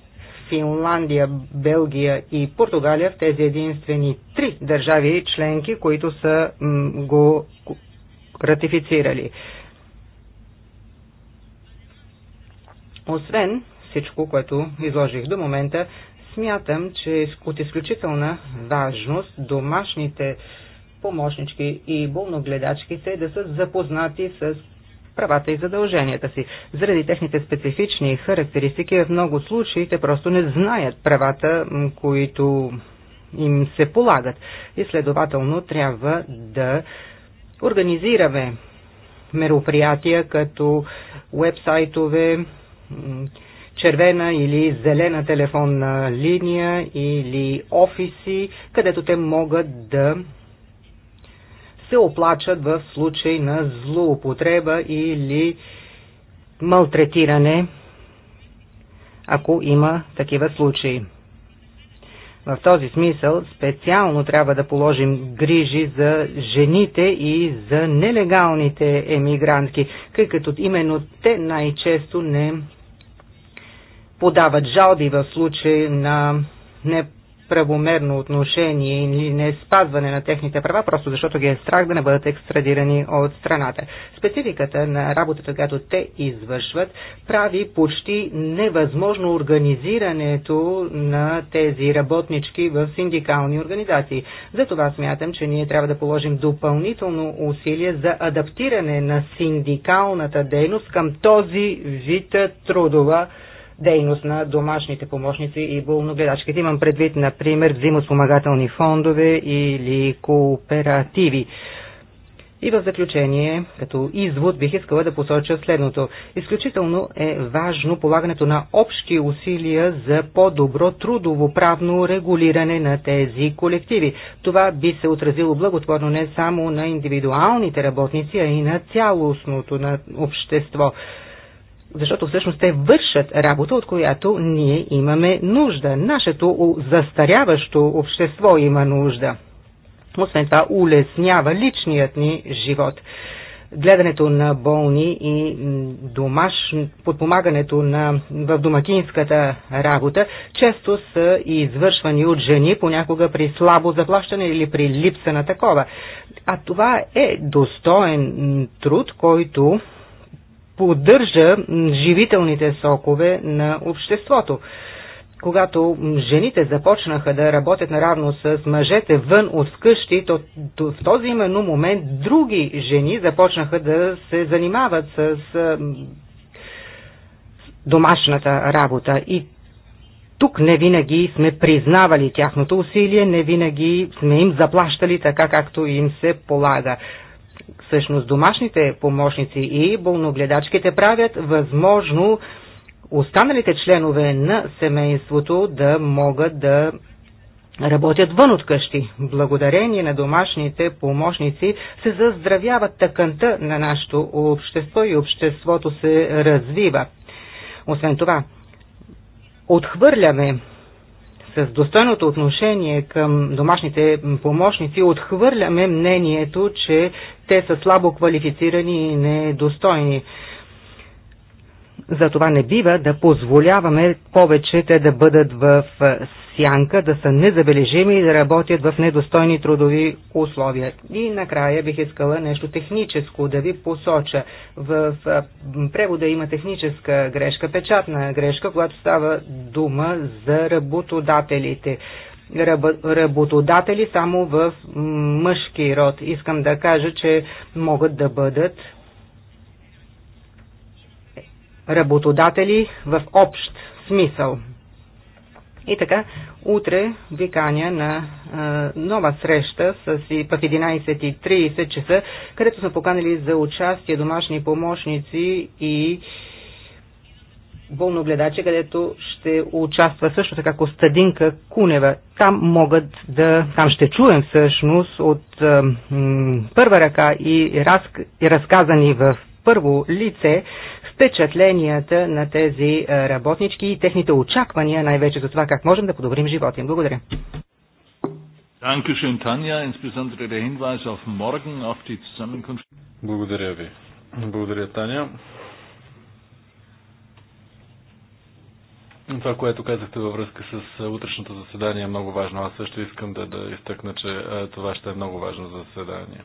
Финландия, Белгия и Португалия, в тези единствени три държави членки, които са го ратифицирали. Освен всичко, което изложих до момента, смятам, че от изключителна важност домашните помощнички и болногледачките да са запознати с правата и задълженията си. Заради техните специфични характеристики в много случаи те просто не знаят правата, които им се полагат. И следователно трябва да организираме мероприятия като вебсайтове, червена или зелена телефонна линия или офиси, където те могат да се оплачат в случай на злоупотреба или малтретиране, ако има такива случаи. В този смисъл специално трябва да положим грижи за жените и за нелегалните емигрантки, тъй като именно те най-често не подават жалби в случай на не правомерно отношение или не спазване на техните права, просто защото ги е страх да не бъдат екстрадирани от страната. Спецификата на работата, която те извършват, прави почти невъзможно организирането на тези работнички в синдикални организации. Затова смятам, че ние трябва да положим допълнително усилие за адаптиране на синдикалната дейност към този вид трудова дейност на домашните помощници и болногледачките. Имам предвид, например, взимоспомагателни фондове или кооперативи. И в заключение, като извод, бих искала да посоча следното. Изключително е важно полагането на общи усилия за по-добро трудово-правно регулиране на тези колективи. Това би се отразило благотворно не само на индивидуалните работници, а и на цялостното на общество защото всъщност те вършат работа, от която ние имаме нужда. Нашето застаряващо общество има нужда. Освен това, улеснява личният ни живот. Гледането на болни и домаш, подпомагането на, в домакинската работа често са извършвани от жени, понякога при слабо заплащане или при липса на такова. А това е достоен труд, който поддържа живителните сокове на обществото. Когато жените започнаха да работят наравно с мъжете вън от вкъщи, то, в този именно момент други жени започнаха да се занимават с домашната работа. И тук не винаги сме признавали тяхното усилие, не винаги сме им заплащали така, както им се полага. Всъщност домашните помощници и болногледачките правят възможно останалите членове на семейството да могат да работят вън от къщи. Благодарение на домашните помощници се заздравяват тъканта на нашето общество и обществото се развива. Освен това, отхвърляме с достойното отношение към домашните помощници отхвърляме мнението, че те са слабо квалифицирани и недостойни. Затова не бива да позволяваме повече те да бъдат в сянка, да са незабележими и да работят в недостойни трудови условия. И накрая бих искала нещо техническо да ви посоча. В превода има техническа грешка, печатна грешка, когато става дума за работодателите работодатели само в мъжки род. Искам да кажа, че могат да бъдат работодатели в общ смисъл. И така, утре ви каня на а, нова среща с, в 11.30 часа, където сме поканили за участие домашни помощници и болно гледаче, където ще участва също така Костадинка Кунева. Там могат да, там ще чуем всъщност от м- първа ръка и, раз, и разказани в първо лице впечатленията на тези е, работнички и техните очаквания, най-вече за това как можем да подобрим живота им. Благодаря. Благодаря ви. Благодаря, Таня. Това, което казахте във връзка с е, утрешното заседание е много важно. Аз също искам да, да изтъкна, че е, това ще е много важно заседание.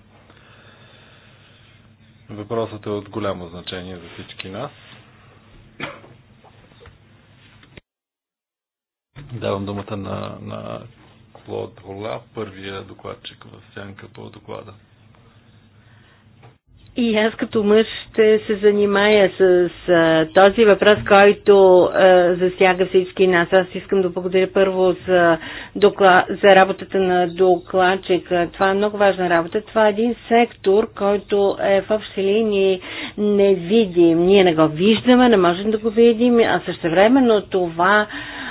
Въпросът е от голямо значение за всички нас. Давам думата на, на Клод Ола, първия докладчик в сянка по доклада. И аз като мъж ще се занимая с а, този въпрос, който а, засяга всички нас. Аз искам да благодаря първо за, докла, за работата на докладчик. Това е много важна работа. Това е един сектор, който е в общи линии невидим. Ние не го виждаме, не можем да го видим, а същевременно това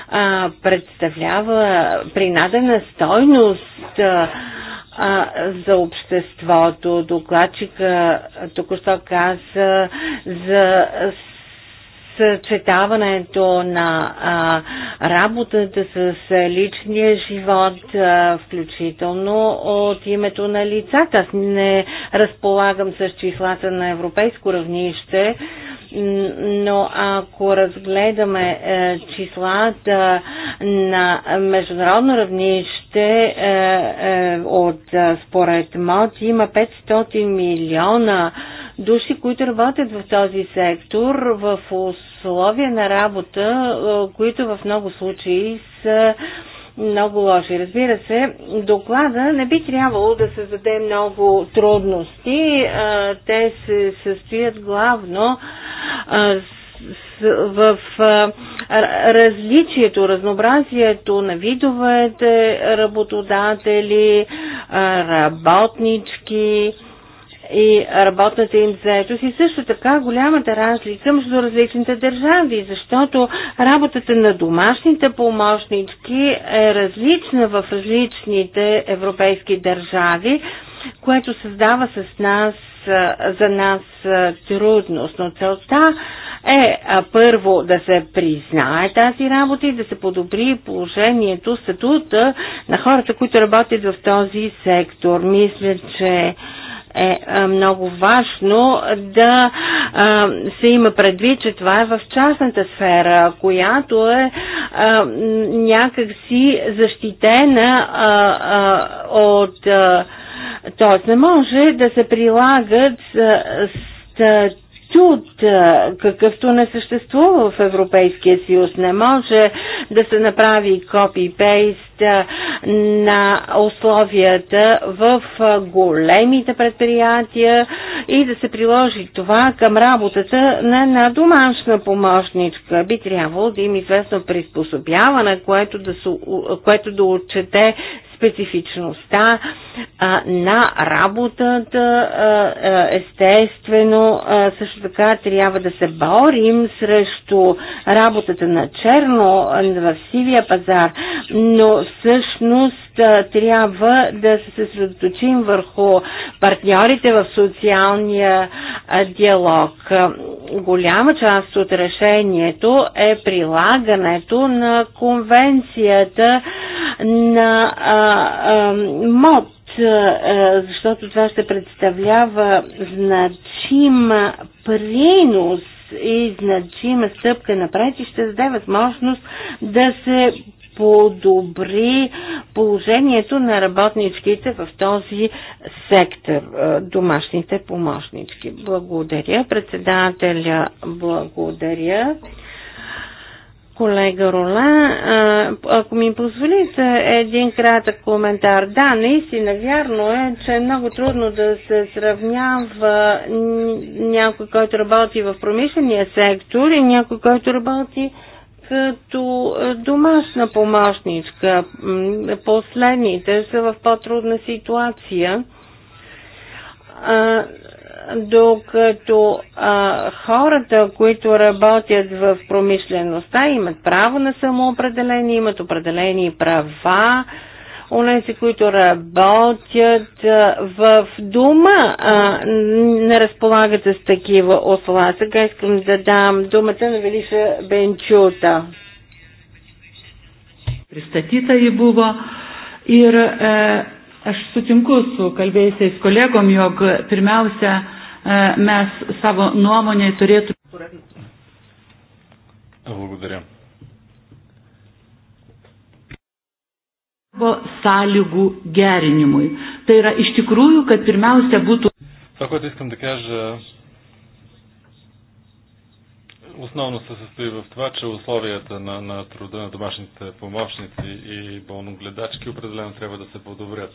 а, представлява принадена стойност. А, а, за обществото. Докладчика току-що каза за съчетаването на а, работата с личния живот, а, включително от името на лицата. Аз не разполагам с числата на европейско равнище, но ако разгледаме е, числата на международно равнище, е, е, от е, според МОД има 500 милиона е, души, които работят в този сектор в условия на работа, които в много случаи са много лоши. Разбира се, доклада не би трябвало да създаде много трудности. Те се състоят главно в различието, разнообразието на видовете работодатели, работнички, и работната им заедост и също така голямата разлика между различните държави, защото работата на домашните помощнички е различна в различните европейски държави, което създава с нас за нас трудност, но целта е първо да се признае тази работа и да се подобри положението, статута на хората, които работят в този сектор. Мисля, че е, е много важно да е, се има предвид, че това е в частната сфера, която е, е някакси защитена от. Т.е. не може да се прилагат с институт, какъвто не съществува в Европейския съюз. Не може да се направи копи-пейст на условията в големите предприятия и да се приложи това към работата на една домашна помощничка. Би трябвало да има известно приспособяване, което да, което да отчете специфичността а, на работата. А, естествено, а, също така трябва да се борим срещу работата на черно в сивия пазар, но всъщност трябва да се съсредоточим върху партньорите в социалния диалог. Голяма част от решението е прилагането на конвенцията на МОД защото това ще представлява значим принос и значима стъпка напред и ще даде възможност да се подобри положението на работничките в този сектор, домашните помощнички. Благодаря. Председателя, благодаря. Колега Рола, ако ми позволите един кратък коментар. Да, наистина вярно е, че е много трудно да се сравнява някой, който работи в промишления сектор и някой, който работи като е, домашна помощничка. Последните са в по-трудна ситуация, докато хората, които работят в промишлеността, имат право на самоопределение, имат определени права, онези, които работят в дума, не разполагат с такива осла. Сега искам да дам думата на Велиша Бенчута. Pristatyta ji buvo ir e, aš sutinku su с колегом, йог pirmiausia е, мес саво нуамоня и е turėtume. Благодаря. darbo sąlygų gerinimui. Tai yra iš tikrųjų, kad pirmiausia būtų. Това, което искам да кажа, основно се състои в това, че условията на, на труда на домашните помощници и болногледачки определено трябва да се подобрят.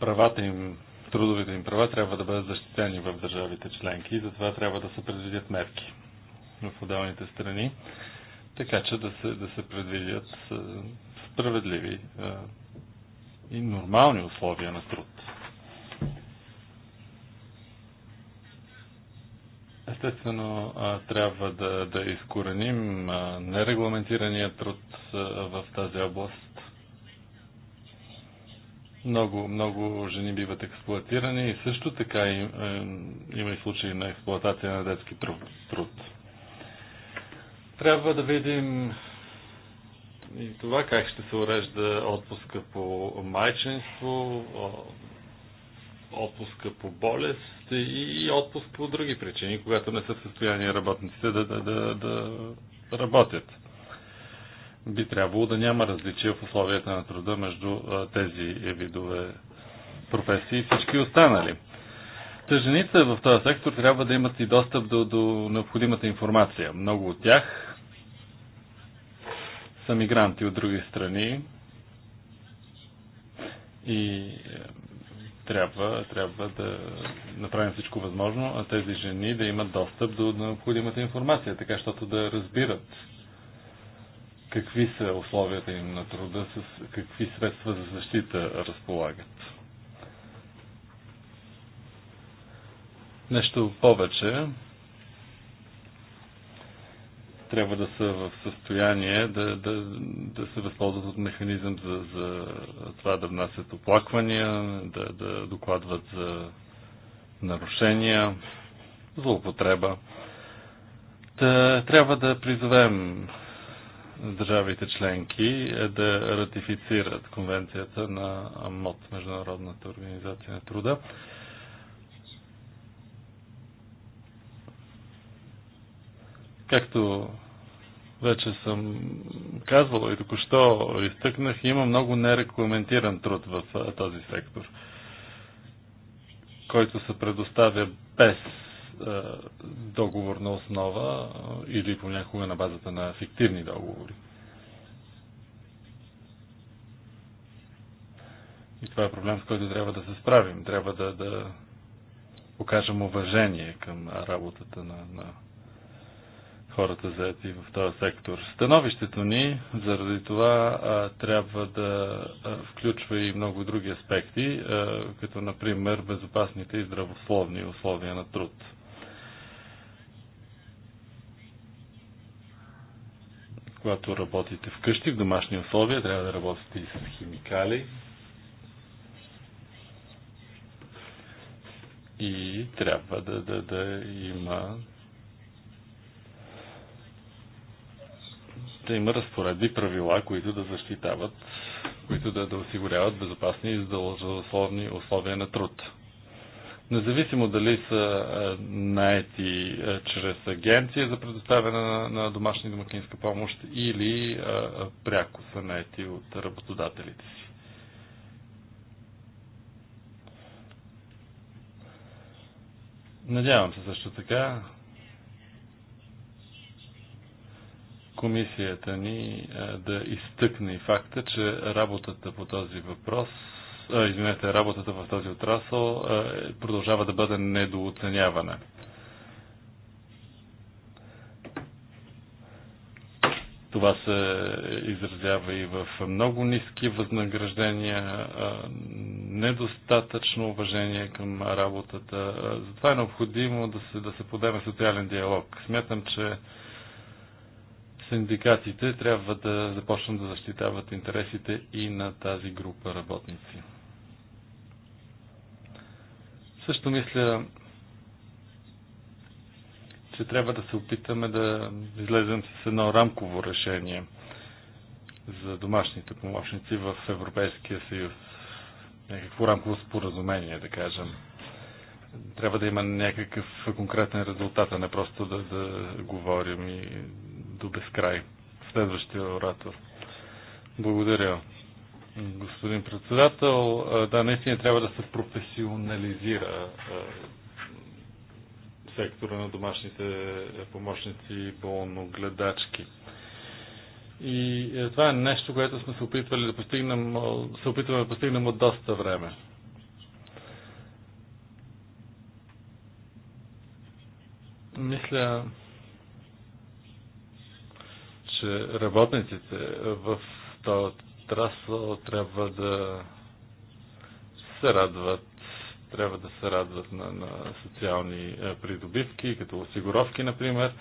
Правата им, трудовите им права трябва да бъдат защитени в държавите членки и затова трябва да се предвидят мерки в отделните страни, така че да се, да се предвидят справедливи е, и нормални условия на труд. Естествено, е, трябва да, да изкореним е, нерегламентирания труд в тази област. Много, много жени биват експлуатирани и също така има и случаи на експлуатация на детски труд. Трябва да видим и това как ще се урежда отпуска по майчинство, отпуска по болест и отпуск по други причини, когато не са в състояние работниците да, да, да, да работят. Би трябвало да няма различия в условията на труда между тези видове професии и всички останали. Та жените в този сектор трябва да имат и достъп до, до необходимата информация. Много от тях са мигранти от други страни и е, трябва, трябва да направим всичко възможно, а тези жени да имат достъп до необходимата информация, така защото да разбират какви са условията им на труда, с какви средства за защита разполагат. Нещо повече трябва да са в състояние да, да, да се възползват от механизъм за, за това да внасят оплаквания, да, да докладват за нарушения, злоупотреба. Да трябва да призовем държавите членки да ратифицират конвенцията на МОД, Международната организация на труда, Както вече съм казвала и току-що изтъкнах, има много нерегламентиран труд в този сектор, който се предоставя без договорна основа или понякога на базата на фиктивни договори. И това е проблем, с който трябва да се справим. Трябва да, да покажем уважение към работата на, на хората заети в този сектор. Становището ни заради това трябва да включва и много други аспекти, като например безопасните и здравословни условия на труд. Когато работите вкъщи, в домашни условия, трябва да работите и с химикали, и трябва да, да, да има да има разпоредби, правила, които да защитават, които да, да осигуряват безопасни и здравословни условия на труд. Независимо дали са е, наети е, чрез агенция за предоставяне на, на домашна домакинска помощ или а, е, пряко са наети от работодателите си. Надявам се също така комисията ни да изтъкне факта, че работата по този въпрос, извинете, работата в този отрасъл продължава да бъде недооценявана. Това се изразява и в много ниски възнаграждения, недостатъчно уважение към работата. Затова е необходимо да се, да се подеме социален диалог. Смятам, че синдикатите трябва да започнат да защитават интересите и на тази група работници. Също мисля, че трябва да се опитаме да излезем с едно рамково решение за домашните помощници в Европейския съюз. Някакво рамково споразумение, да кажем. Трябва да има някакъв конкретен резултат, а не просто да, да говорим и до безкрай. Следващия оратор. Благодаря. Господин председател, да, наистина трябва да се професионализира сектора на домашните е, помощници и болногледачки. И е, това е нещо, което сме се опитвали да постигнем, се опитваме да постигнем от доста време. Мисля, че работниците в този отрасъл трябва да се радват трябва да се радват на, на социални е, придобивки, като осигуровки, например.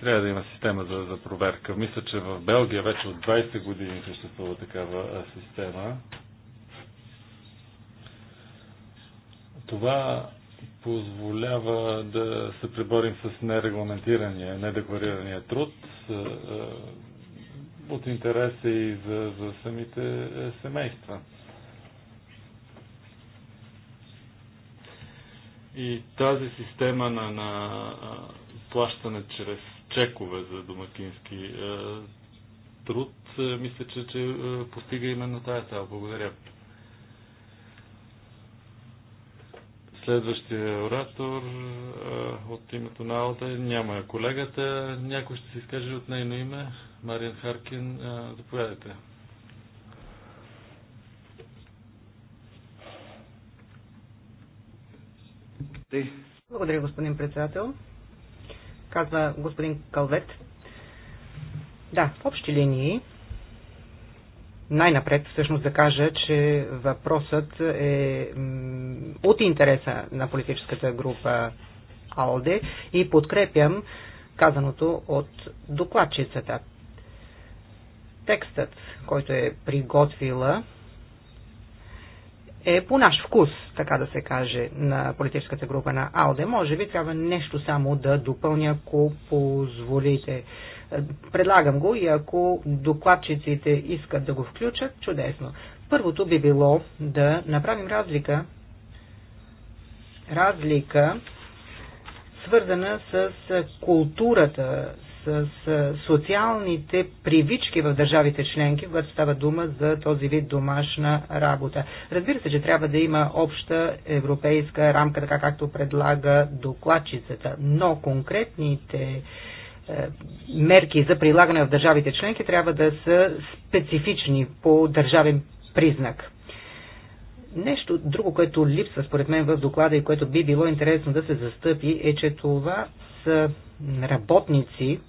Трябва да има система за, за проверка. Мисля, че в Белгия вече от 20 години съществува такава е, система. Това позволява да се преборим с нерегламентирания, недекларирания труд. Е, е, от интерес е и за, за самите е, семейства. И тази система на, на плащане чрез чекове за домакински е, труд, е, мисля, че, че е, постига именно тази цяло. Благодаря. Следващия оратор от името на Алта няма колегата. Някой ще се изкаже от нейно име. Мариан Харкин, заповядайте. Благодаря, господин председател. Казва господин Калвет. Да, в общи линии най-напред всъщност да кажа, че въпросът е от интереса на политическата група АЛДЕ и подкрепям казаното от докладчицата. Текстът, който е приготвила, е по наш вкус, така да се каже, на политическата група на АЛДЕ. Може би трябва нещо само да допълня, ако позволите. Предлагам го и ако докладчиците искат да го включат, чудесно. Първото би било да направим разлика, разлика свързана с културата, с социалните привички в държавите членки, когато става дума за този вид домашна работа. Разбира се, че трябва да има обща европейска рамка, така както предлага докладчицата, но конкретните е, мерки за прилагане в държавите членки трябва да са специфични по държавен признак. Нещо друго, което липсва според мен в доклада и което би било интересно да се застъпи, е, че това са работници,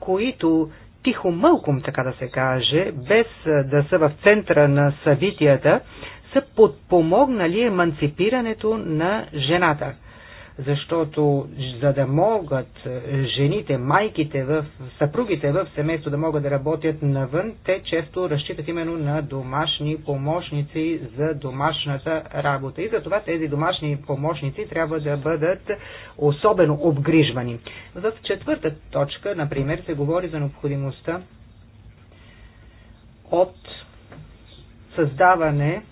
които тихо мълком, така да се каже, без е, да са в центъра на събитията, са подпомогнали еманципирането на жената защото за да могат е, жените, майките, в, съпругите в семейство да могат да работят навън, те често разчитат именно на домашни помощници за домашната работа. И затова тези домашни помощници трябва да бъдат особено обгрижвани. В четвърта точка, например, се говори за необходимостта от създаване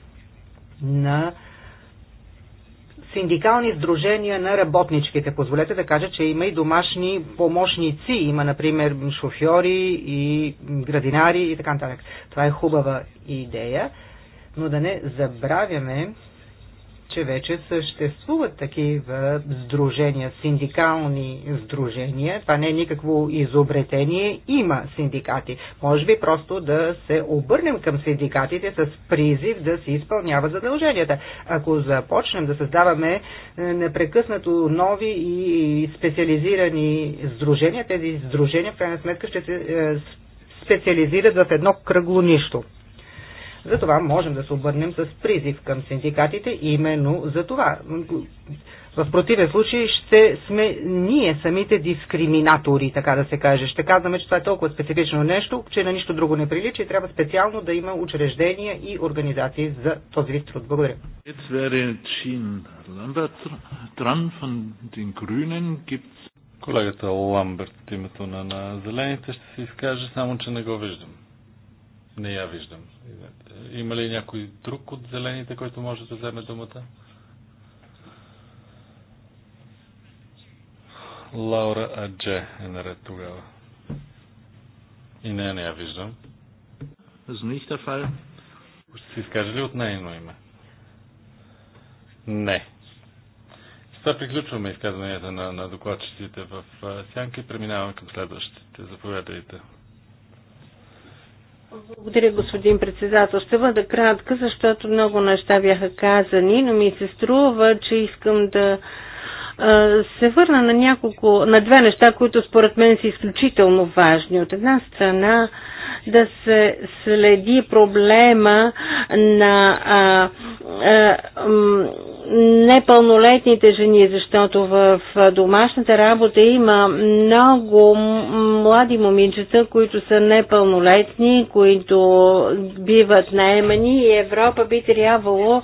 на синдикални сдружения на работничките. Позволете да кажа, че има и домашни помощници. Има, например, шофьори и градинари и така нататък. Това е хубава идея, но да не забравяме, че вече съществуват такива сдружения, синдикални сдружения. Това не е никакво изобретение. Има синдикати. Може би просто да се обърнем към синдикатите с призив да се изпълнява задълженията. Ако започнем да създаваме е, непрекъснато нови и специализирани сдружения, тези сдружения в крайна сметка ще се е, специализират в едно кръгло нищо. Затова можем да се обърнем с призив към синдикатите именно за това. В противен случай ще сме ние самите дискриминатори, така да се каже. Ще казваме, че това е толкова специфично нещо, че на нищо друго не прилича и трябва специално да има учреждения и организации за този вид труд. Благодаря. Колегата Ламберт от името на, на Зелените ще се изкаже, само че не го виждам. Не я виждам. Има ли някой друг от зелените, който може да вземе думата? Лаура Адже е наред тогава. И не, не я виждам. Знаихте Ще си изкаже ли от нейно име? Не. С това приключваме изказванията на, на докладчиците в Сянка и преминаваме към следващите. Заповядайте. Благодаря, господин председател. Ще бъда кратка, защото много неща бяха казани, но ми се струва, че искам да се върна на няколко, на две неща, които според мен са изключително важни. От една страна да се следи проблема на а, а, непълнолетните жени, защото в домашната работа има много млади момичета, които са непълнолетни, които биват наемани и Европа би трябвало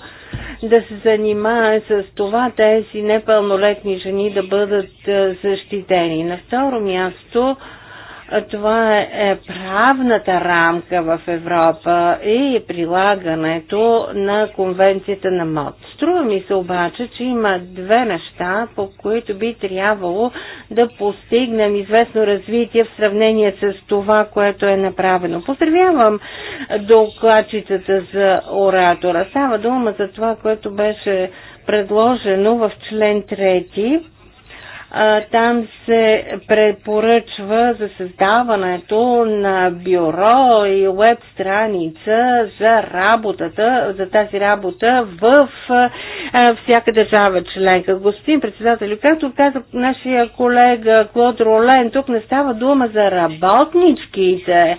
да се занимае с това тези непълнолетни жени да бъдат защитени. На второ място, това е, е правната рамка в Европа и прилагането на конвенцията на МОД. Струва ми се обаче, че има две неща, по които би трябвало да постигнем известно развитие в сравнение с това, което е направено. Поздравявам докладчицата за оратора. Става дума за това, което беше предложено в член 3 там се препоръчва за създаването на бюро и веб страница за работата, за тази работа в всяка държава членка. Господин председател, както каза нашия колега Клод Ролен, тук не става дума за работничките,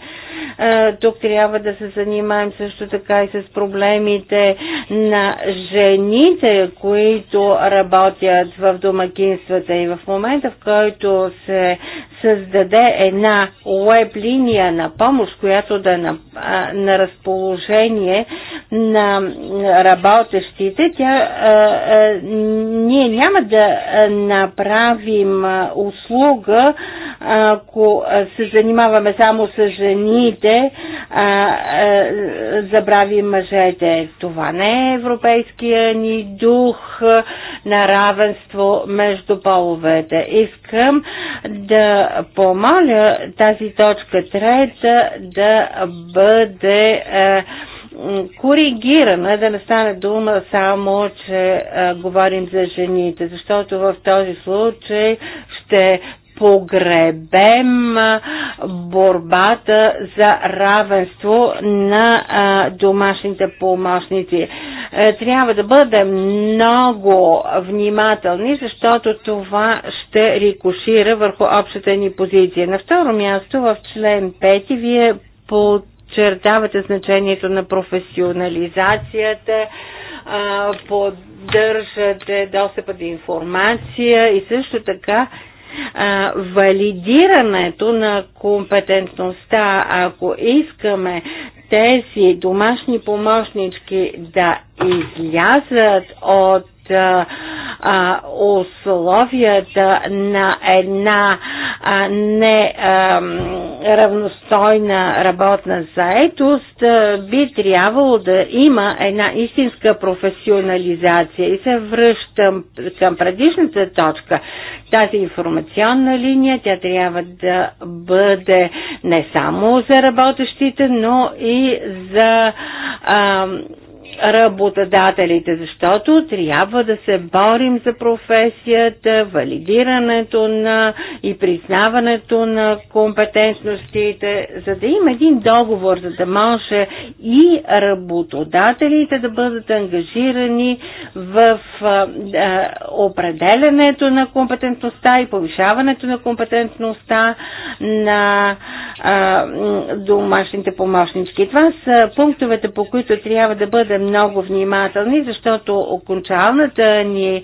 е, тук трябва да се занимаем също така и с проблемите на жените, които работят в домакинствата и в момента, в който се създаде една веб линия на помощ, която да е на, на разположение на работещите, тя, а, а, ние няма да направим услуга, ако се занимаваме само с жени жените а, а, забрави мъжете. Това не е европейския ни дух на равенство между половете. Искам да помоля тази точка трета да бъде а, коригирана, да не стане дума само, че а, говорим за жените, защото в този случай ще погребем борбата за равенство на домашните помощници. Е, трябва да бъдем много внимателни, защото това ще рикошира върху общата ни позиция. На второ място в член 5 вие подчертавате значението на професионализацията, поддържате достъпа до информация и също така валидирането на компетентността, ако искаме тези домашни помощнички да излязат от а, условията на една а, не а, равностойна работна заетост, а, би трябвало да има една истинска професионализация. И се връщам към предишната точка. Тази информационна линия, тя трябва да бъде не само за работещите, но и за а, работодателите, защото трябва да се борим за професията, валидирането на и признаването на компетентностите, за да има един договор, за да може и работодателите да бъдат ангажирани в определенето на компетентността и повишаването на компетентността на домашните помощнички. Това са пунктовете, по които трябва да бъдем много внимателни, защото окончалната ни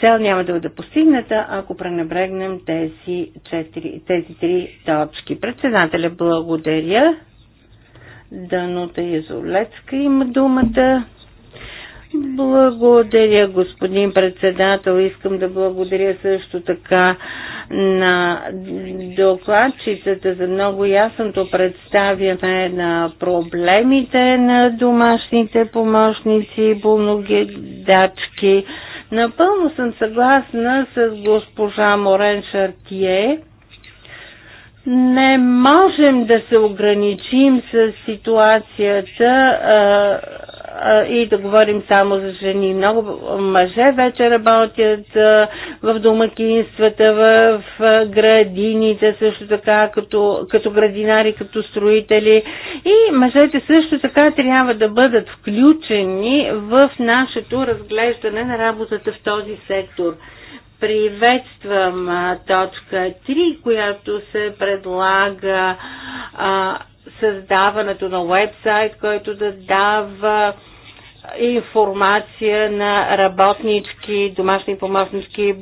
цел няма да бъде постигната, ако пренебрегнем тези, четири, тези три точки. Председателя, благодаря. Данута Язолецка има думата. Благодаря, господин председател. Искам да благодаря също така на докладчицата за много ясното представяне на проблемите на домашните помощници, дачки. Напълно съм съгласна с госпожа Морен Шартие. Не можем да се ограничим с ситуацията и да говорим само за жени. Много мъже вече работят в домакинствата, в градините, също така като, като градинари, като строители. И мъжете също така трябва да бъдат включени в нашето разглеждане на работата в този сектор приветствам точка 3, която се предлага а, създаването на вебсайт, който да дава информация на работнички, домашни помощнички,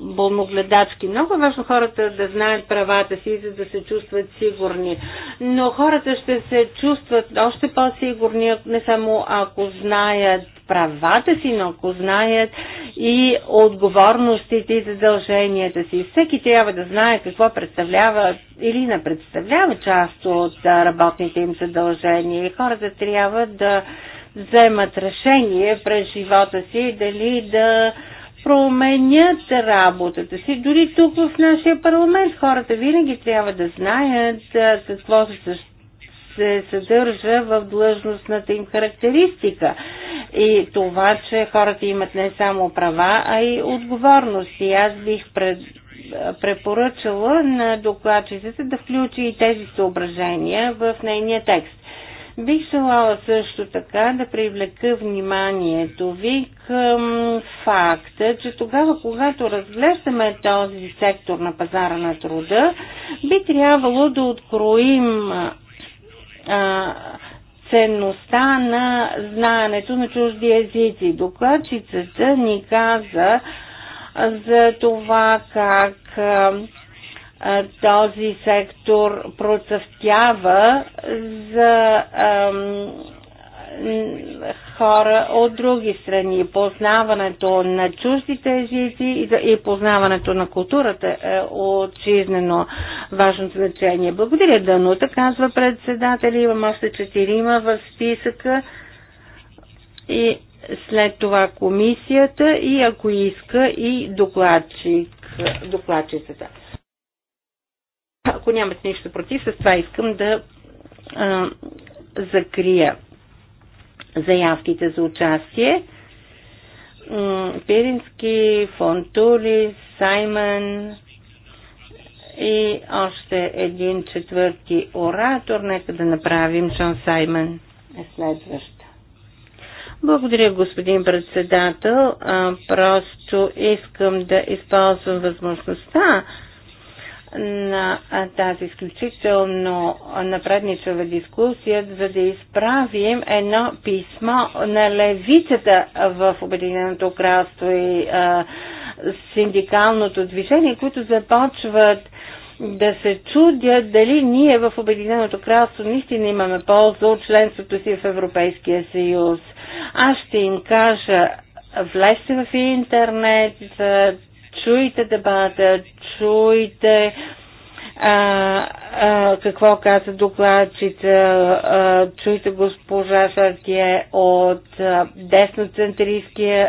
болногледачки. Много е важно хората да знаят правата си, за да се чувстват сигурни. Но хората ще се чувстват още по-сигурни, не само ако знаят правата си, но ако знаят и отговорностите и задълженията си. Всеки трябва да знае какво представлява или не представлява част от работните им задължения и хората трябва да вземат решение през живота си дали да променят работата си. Дори тук в нашия парламент хората винаги трябва да знаят какво са се съдържа в длъжностната им характеристика. И това, че хората имат не само права, а и отговорности. Аз бих пред, препоръчала на докладчицата да включи и тези съображения в нейния текст. Бих желала също така да привлека вниманието ви към факта, че тогава, когато разглеждаме този сектор на пазара на труда, би трябвало да откроим а, ценността на знаенето на чужди езици. Докладчицата ни каза за това как а, а, този сектор процъфтява за а, хора от други страни. Познаването на чуждите езици и познаването на културата е от жизнено важно значение. Благодаря, Данута, казва председателя. Имам още четирима в списъка и след това комисията и ако иска и докладчик, докладчицата. Ако нямате нищо против, с това искам да а, закрия заявките за участие. Пирински, Фонтули, Саймън и още един четвърти оратор. Нека да направим Шон Саймън е следващ. Благодаря, господин председател. просто искам да използвам възможността на тази изключително напредничава дискусия, за да изправим едно писмо на левицата в Обединеното кралство и а, синдикалното движение, които започват да се чудят дали ние в Обединеното кралство наистина имаме полза от членството си в Европейския съюз. Аз ще им кажа, влезте в интернет, чуйте дебата, чуйте а, а, какво каза докладчица, чуйте госпожа Шаркие от десноцентристския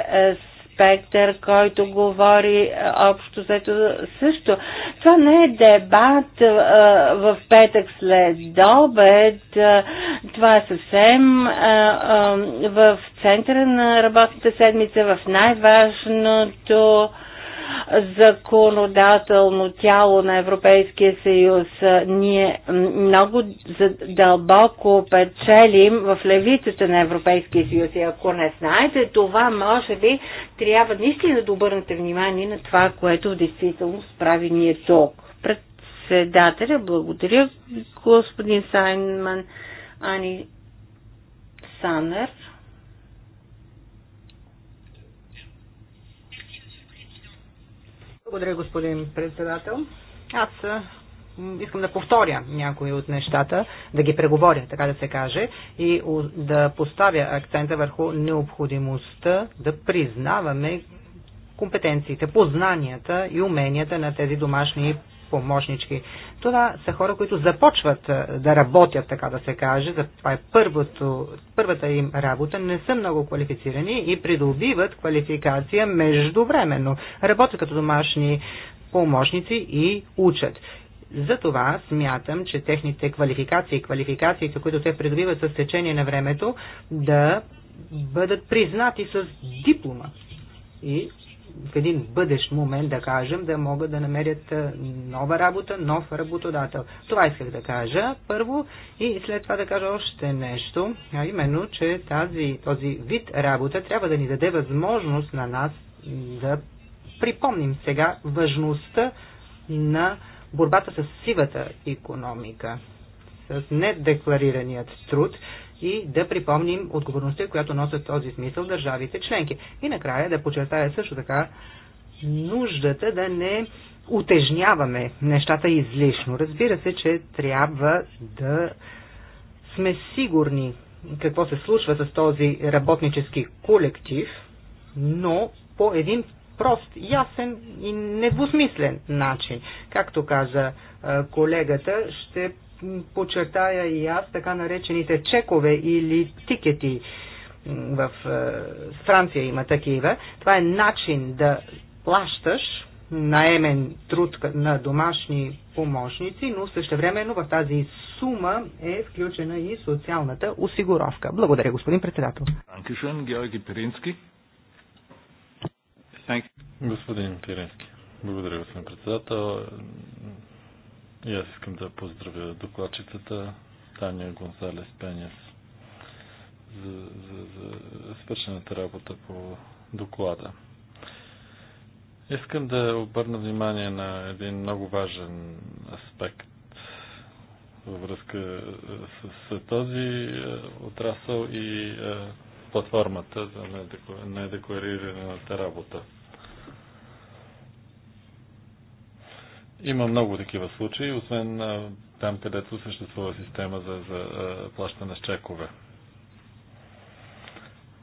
спектър, който говори общо заето също. Това не е дебат а, в петък след обед, това е съвсем а, а, в центъра на работната седмица, в най-важното законодателно тяло на Европейския съюз. Ние много дълбоко печелим в левицата на Европейския съюз. И ако не знаете това, може би трябва наистина да обърнете внимание на това, което в действителност прави ние тук. Председателя, благодаря господин Сайнман Ани Санер. Благодаря, господин председател. Аз искам да повторя някои от нещата, да ги преговоря, така да се каже, и да поставя акцента върху необходимостта да признаваме компетенциите, познанията и уменията на тези домашни помощнички. Това са хора, които започват да работят, така да се каже. Това е първото, първата им работа. Не са много квалифицирани и придобиват квалификация междувременно. Работят като домашни помощници и учат. Затова смятам, че техните квалификации, квалификациите, които те придобиват с течение на времето, да бъдат признати с диплома. И в един бъдещ момент, да кажем, да могат да намерят нова работа, нов работодател. Това исках да кажа първо и след това да кажа още нещо, а именно, че тази, този вид работа трябва да ни даде възможност на нас да припомним сега важността на борбата с сивата економика, с недекларираният труд, и да припомним отговорността, която носят този смисъл държавите членки. И накрая да подчертая също така нуждата да не утежняваме нещата излишно. Разбира се, че трябва да сме сигурни какво се случва с този работнически колектив, но по един прост, ясен и недвусмислен начин. Както каза колегата, ще подчертая и аз така наречените чекове или тикети. В е, Франция има такива. Това е начин да плащаш наемен труд на домашни помощници, но същевременно в тази сума е включена и социалната осигуровка. Благодаря, господин председател. Господин Пирински. Благодаря, господин председател. И аз искам да поздравя докладчицата Таня Гонзалес Пенес за, за, за свършената работа по доклада. Искам да обърна внимание на един много важен аспект във връзка е, с, с този е, отрасъл и е, платформата за недекларираната работа. Има много такива случаи, освен там, където съществува система за, за плащане с чекове.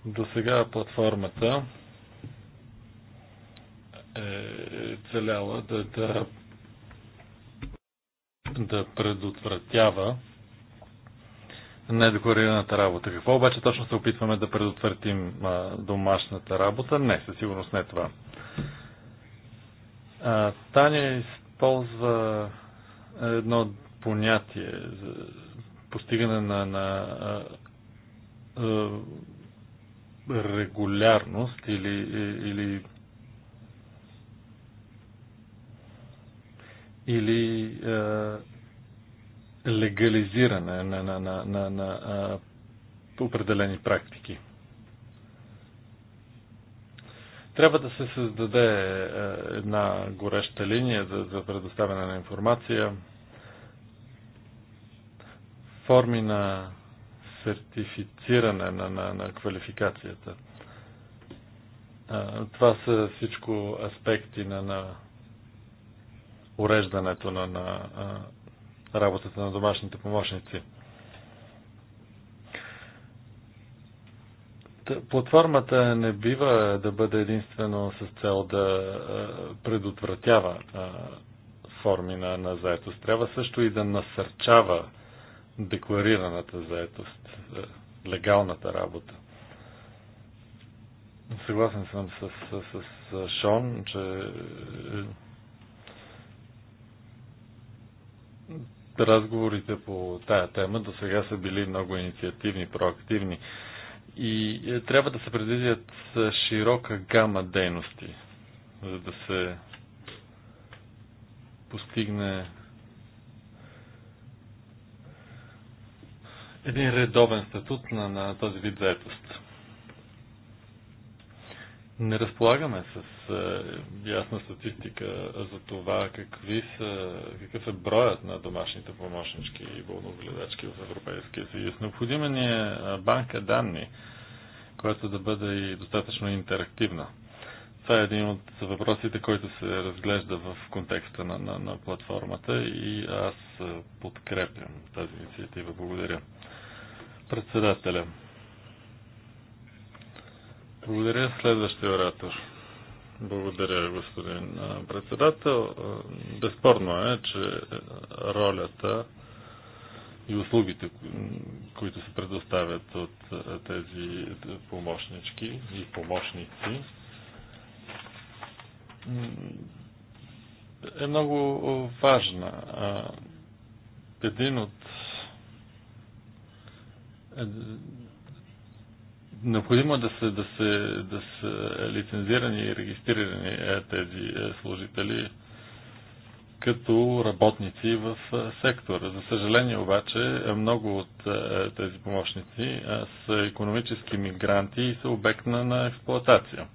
До сега платформата е целяла да, да, да предотвратява недекорираната работа. Какво обаче точно се опитваме да предотвратим а, домашната работа? Не, със сигурност не това. Таня използва едно понятие за постигане на, на а, регулярност или, или, или а, легализиране на, на, на, на, на а, определени практики. Трябва да се създаде е, една гореща линия за предоставяне на информация, форми на сертифициране на, на, на квалификацията. Е, това са всичко аспекти на, на уреждането на, на е, работата на домашните помощници. платформата не бива да бъде единствено с цел да предотвратява форми на, на заетост. Трябва също и да насърчава декларираната заетост, легалната работа. Съгласен съм с, с, с, с Шон, че е, разговорите по тая тема до сега са били много инициативни, проактивни. И е, трябва да се предвидят е, широка гама дейности, за да се постигне един редовен статут на, на този вид заетост. Не разполагаме с е, ясна статистика за това какви са, какъв е броят на домашните помощнички и болногледачки в Европейския съюз. Необходима ни е, е банка данни, която да бъде и достатъчно интерактивна. Това е един от въпросите, който се разглежда в контекста на, на, на платформата и аз е, подкрепям тази инициатива. Благодаря. Председателя. Благодаря. Следващия оратор. Благодаря, господин председател. Безспорно е, че е, ролята и услугите, които се предоставят от е, тези е, помощнички и помощници, е много важна. Един от Необходимо да е са, да, се, да се лицензирани и регистрирани е, тези е, служители като работници в сектора. За съжаление обаче, много от тези помощници са економически мигранти и са обект на експлоатация.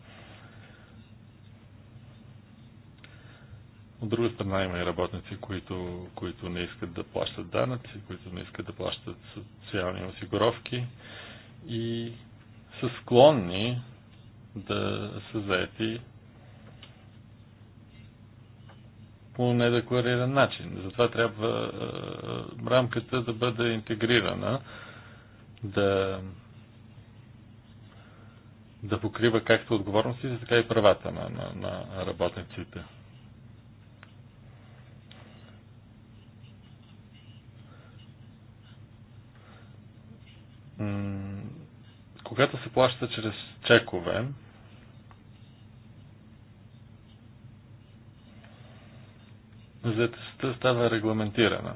От друга страна има и работници, които, които не искат да плащат данъци, които не искат да плащат социални осигуровки и са склонни да са заети по недеклариран начин. Затова трябва рамката да бъде интегрирана, да, да покрива както отговорностите, така и правата на, на, на работниците. Когато се плаща чрез чекове, заедостта става регламентирана.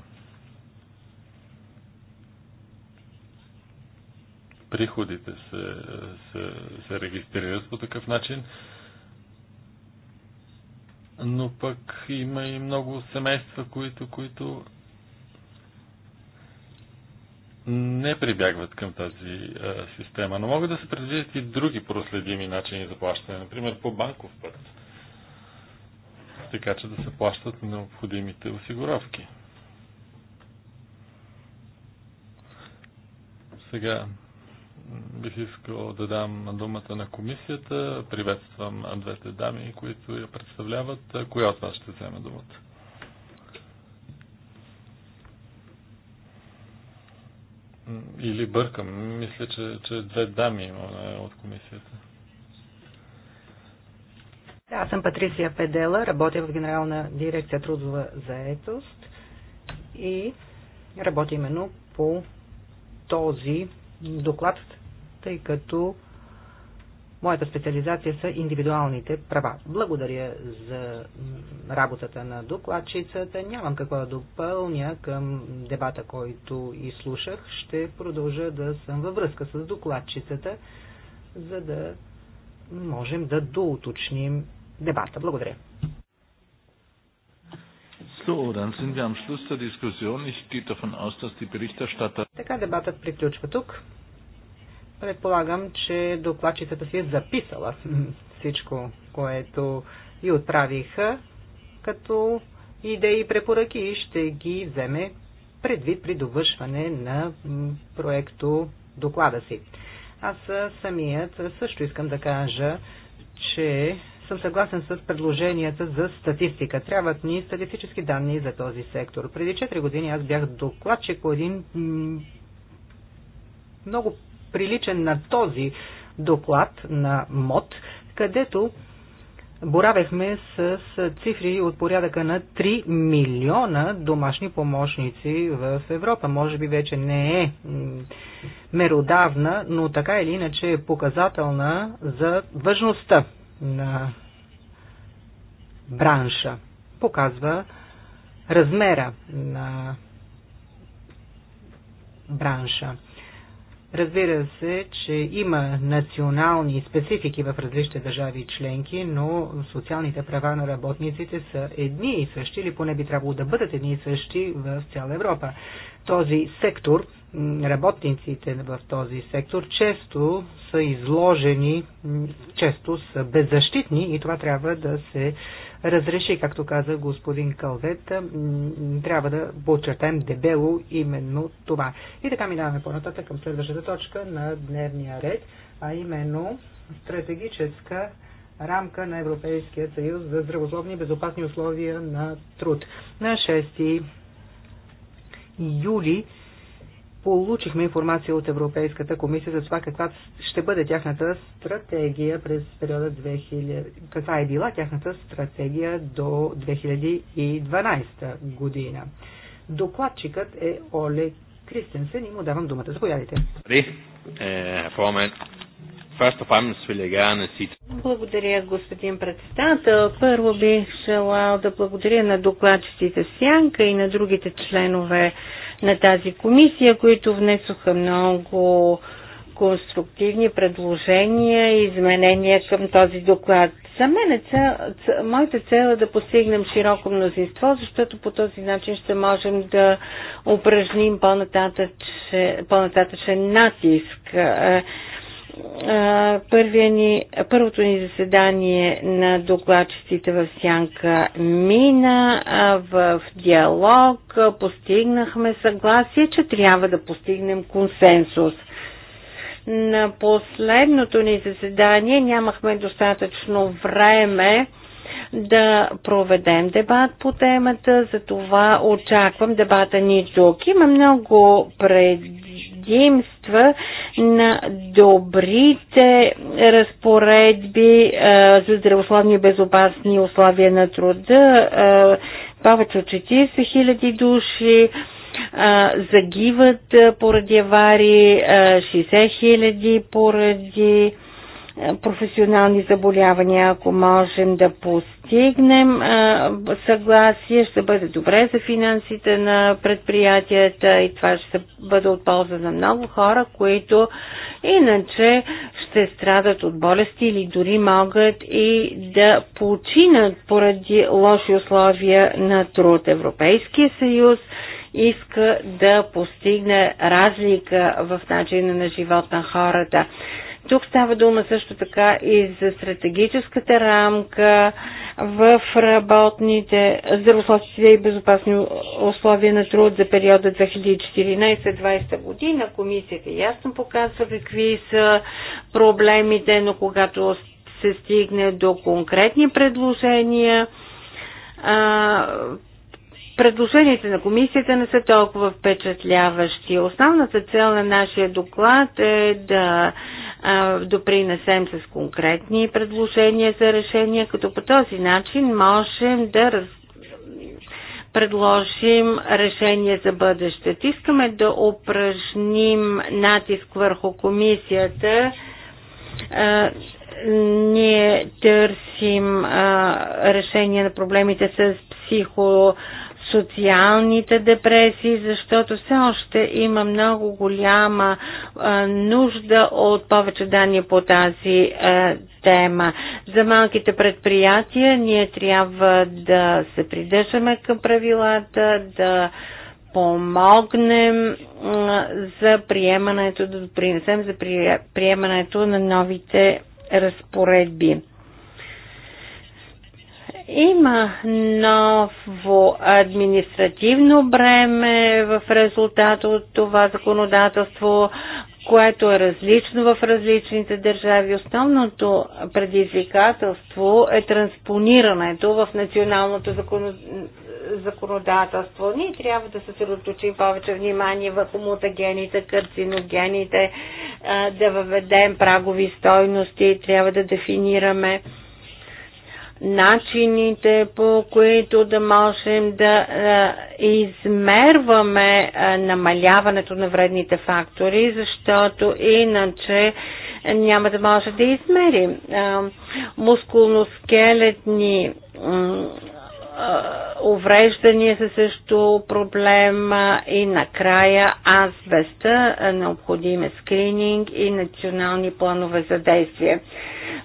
Приходите се, се, се регистрират по такъв начин, но пък има и много семейства, които, които не прибягват към тази а, система, но могат да се предвидят и други проследими начини за плащане, например по банков път, така че да се плащат необходимите осигуровки. Сега бих искал да дам думата на комисията. Приветствам двете дами, които я представляват. Коя от вас ще вземе думата? Или бъркам. Мисля, че, че две дами имаме от комисията. Да, аз съм Патрисия Педела, работя в Генерална дирекция трудова заетост и работя именно по този доклад, тъй като Моята специализация са индивидуалните права. Благодаря за работата на докладчицата. Нямам какво да допълня към дебата, който изслушах. Ще продължа да съм във връзка с докладчицата, за да можем да доуточним дебата. Благодаря. Така дебатът приключва тук. Предполагам, че докладчицата си е записала всичко, което и отправиха като идеи и препоръки и ще ги вземе предвид при довършване на проекто доклада си. Аз самият също искам да кажа, че съм съгласен с предложенията за статистика. Трябват ни статистически данни за този сектор. Преди 4 години аз бях докладчик по един много приличен на този доклад на МОД, където боравехме с цифри от порядъка на 3 милиона домашни помощници в Европа. Може би вече не е меродавна, но така или иначе е показателна за важността на бранша. Показва размера на бранша. Разбира се, че има национални специфики в различните държави и членки, но социалните права на работниците са едни и същи, или поне би трябвало да бъдат едни и същи в цяла Европа. Този сектор работниците в този сектор често са изложени, често са беззащитни и това трябва да се разреши, както каза господин Калвет, трябва да подчертаем дебело именно това. И така минаваме по-нататък към следващата точка на дневния ред, а именно стратегическа рамка на Европейския съюз за здравословни и безопасни условия на труд. На 6 юли получихме информация от Европейската комисия за това каква ще бъде тяхната стратегия през периода 2000... Каква е била тяхната стратегия до 2012 година. Докладчикът е Оле Кристенсен и му давам думата. Заповядайте. Благодаря, е, господин председател. Първо бих желал да благодаря на докладчиците Сянка и на другите членове на тази комисия, които внесоха много конструктивни предложения и изменения към този доклад. За мен е цел, цел, моята цел е да постигнем широко мнозинство, защото по този начин ще можем да упражним по-нататъчен по нататъчен натиск. Е, ни, първото ни заседание на докладчиците в Сянка мина, в диалог постигнахме съгласие, че трябва да постигнем консенсус. На последното ни заседание нямахме достатъчно време да проведем дебат по темата, затова очаквам дебата ни тук. Има много пред предимства на добрите разпоредби е, за здравословни и безопасни условия на труда. Е, повече от 40 000 души е, загиват поради аварии, 60 000 поради е, професионални заболявания. Ако можем да постигнем е, съгласие, ще бъде добре за финансите на предприятията и това ще бъде от полза за много хора, които иначе ще страдат от болести или дори могат и да починат поради лоши условия на труд. Европейския съюз иска да постигне разлика в начина на живот на хората. Тук става дума също така и за стратегическата рамка в работните здравословните и безопасни условия на труд за периода 2014-2020 година. Комисията ясно показва какви са проблемите, но когато се стигне до конкретни предложения, Предложенията на комисията не са толкова впечатляващи. Основната цел на нашия доклад е да допринесем с конкретни предложения за решения, като по този начин можем да раз... предложим решение за бъдещето. Искаме да упражним натиск върху комисията ние търсим а, решение на проблемите с психо социалните депресии, защото все още има много голяма а, нужда от повече данни по тази а, тема. За малките предприятия ние трябва да се придържаме към правилата, да помогнем за приемането, да допринесем за приемането на новите разпоредби. Има ново административно бреме в резултат от това законодателство, което е различно в различните държави. Основното предизвикателство е транспонирането в националното законодателство законодателство. Ние трябва да се съсредоточим повече внимание върху мутагените, карциногените, да въведем прагови стойности, трябва да дефинираме начините, по които да можем да измерваме намаляването на вредните фактори, защото иначе няма да може да измерим. Мускулно-скелетни увреждания са също проблема и накрая азбеста, необходим е скрининг и национални планове за действие.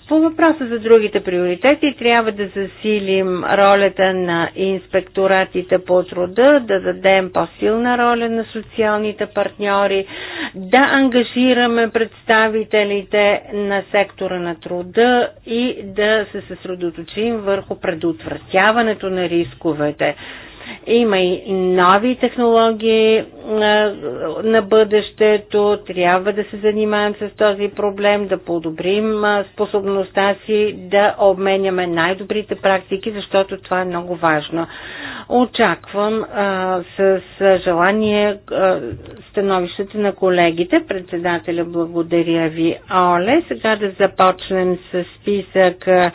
По въпроса за другите приоритети трябва да засилим ролята на инспекторатите по труда, да дадем по-силна роля на социалните партньори, да ангажираме представителите на сектора на труда и да се съсредоточим върху предотвратяването на рисковете. Има и нови технологии на бъдещето. Трябва да се занимаем с този проблем, да подобрим способността си да обменяме най-добрите практики, защото това е много важно. Очаквам а, с желание а, становището на колегите. Председателя, благодаря ви, Оле. Сега да започнем с списък а,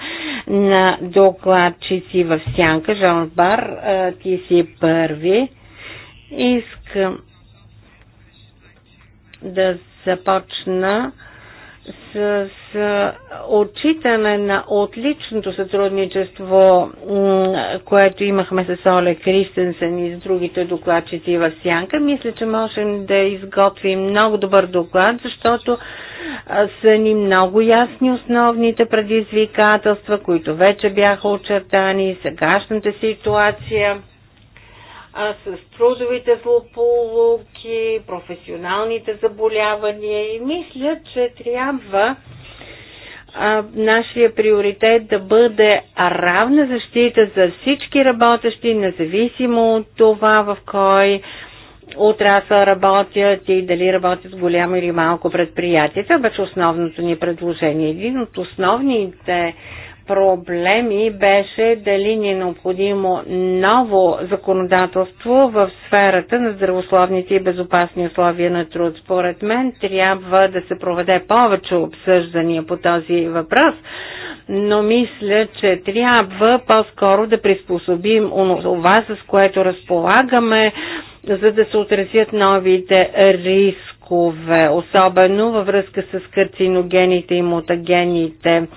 на докладчици в Сянка. Жан Бар, а, ти 31. Искам да започна с, с отчитане на отличното сътрудничество, което имахме с Оле Кристенсен и с другите докладчици в Сянка. Мисля, че можем да изготвим много добър доклад, защото са ни много ясни основните предизвикателства, които вече бяха очертани, сегашната ситуация а с трудовите злополуки, професионалните заболявания и мисля, че трябва а, нашия приоритет да бъде равна защита за всички работещи, независимо от това в кой отрасъл работят и дали работят с голямо или малко предприятие. Това беше основното ни предложение. Един от основните проблеми беше дали ни е необходимо ново законодателство в сферата на здравословните и безопасни условия на труд. Според мен трябва да се проведе повече обсъждания по този въпрос, но мисля, че трябва по-скоро да приспособим това, с което разполагаме, за да се отразят новите рискове, особено във връзка с карциногените и мутагените.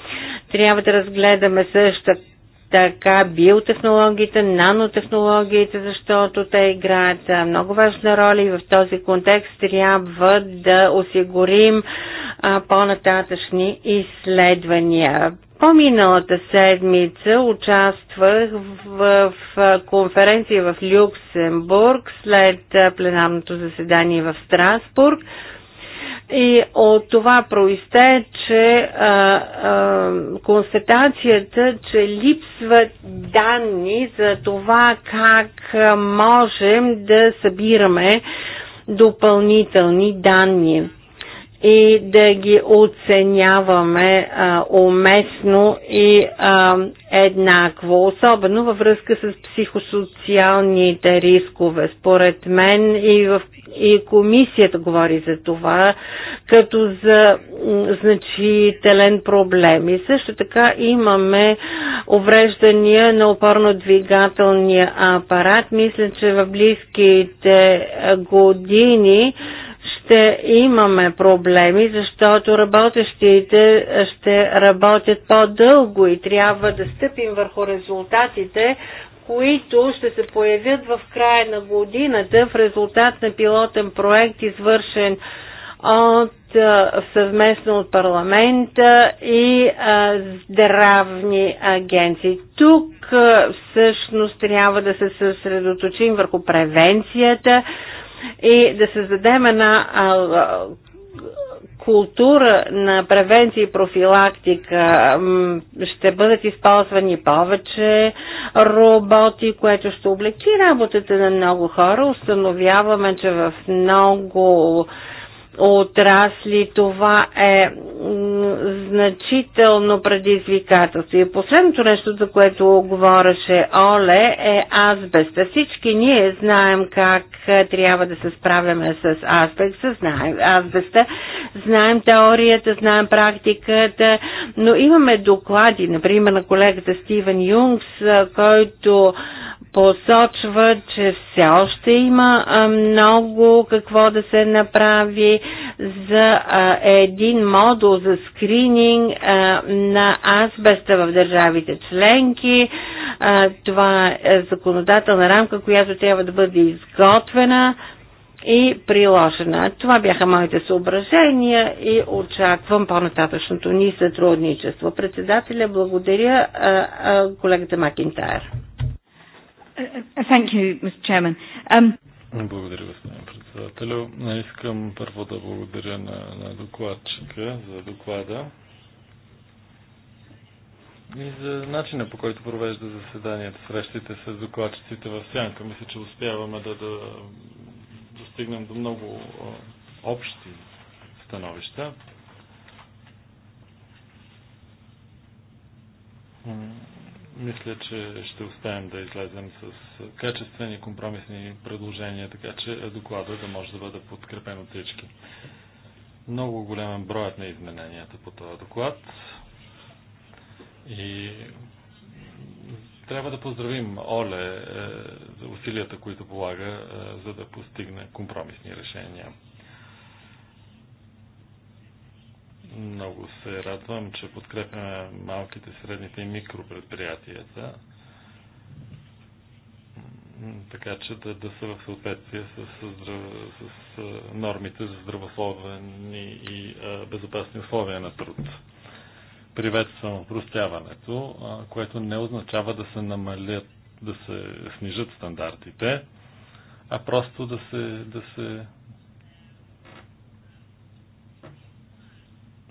Трябва да разгледаме също така биотехнологиите, нанотехнологиите, защото те играят много важна роля и в този контекст трябва да осигурим по-нататъчни изследвания. По-миналата седмица участвах в, конференция в Люксембург след пленарното заседание в Страсбург. И от това происте, че а, а, констатацията, че липсват данни за това как можем да събираме допълнителни данни и да ги оценяваме а, уместно и а, еднакво, особено във връзка с психосоциалните рискове. Според мен и, в, и комисията говори за това като за значителен проблем. И също така имаме увреждания на опорно-двигателния апарат. Мисля, че в близките години а, ще имаме проблеми, защото работещите ще работят по-дълго и трябва да стъпим върху резултатите, които ще се появят в края на годината в резултат на пилотен проект, извършен от съвместно от парламента и а, здравни агенции. Тук а, всъщност трябва да се съсредоточим върху превенцията, и да създадем една култура на превенция и профилактика ще бъдат използвани повече роботи, което ще облегчи работата на много хора. Установяваме, че в много отрасли, това е значително предизвикателство. И последното нещо, за което говореше Оле, е азбеста. Всички ние знаем как е, трябва да се справяме с азбеста, знаем азбеста, знаем теорията, знаем практиката, но имаме доклади, например на колегата Стивен Юнгс, е, който посочва, че все още има много какво да се направи за един модул за скрининг на азбеста в държавите членки. Това е законодателна рамка, която трябва да бъде изготвена и приложена. Това бяха моите съображения и очаквам по-нататъчното ни сътрудничество. Председателя, благодаря колегата Макинтайр. Uh, uh, thank you, Mr. Chairman. Um... Благодаря, господин председателю. Искам първо да благодаря на, на докладчика за доклада и за начина по който провежда заседанието, срещите с докладчиците в Сянка. Мисля, че успяваме да, да достигнем до много общи становища. Мисля, че ще успеем да излезем с качествени компромисни предложения, така че доклада да може да бъде подкрепен от всички. Много голям броят на измененията по този доклад и трябва да поздравим Оле е, за усилията, които полага, е, за да постигне компромисни решения. Много се радвам, че подкрепяме малките, средните и микропредприятията, така че да, да са в съответствие с, с, с, с нормите за здравословни и а, безопасни условия на труд. Приветствам простяването, а, което не означава да се намалят, да се снижат стандартите, а просто да се, да се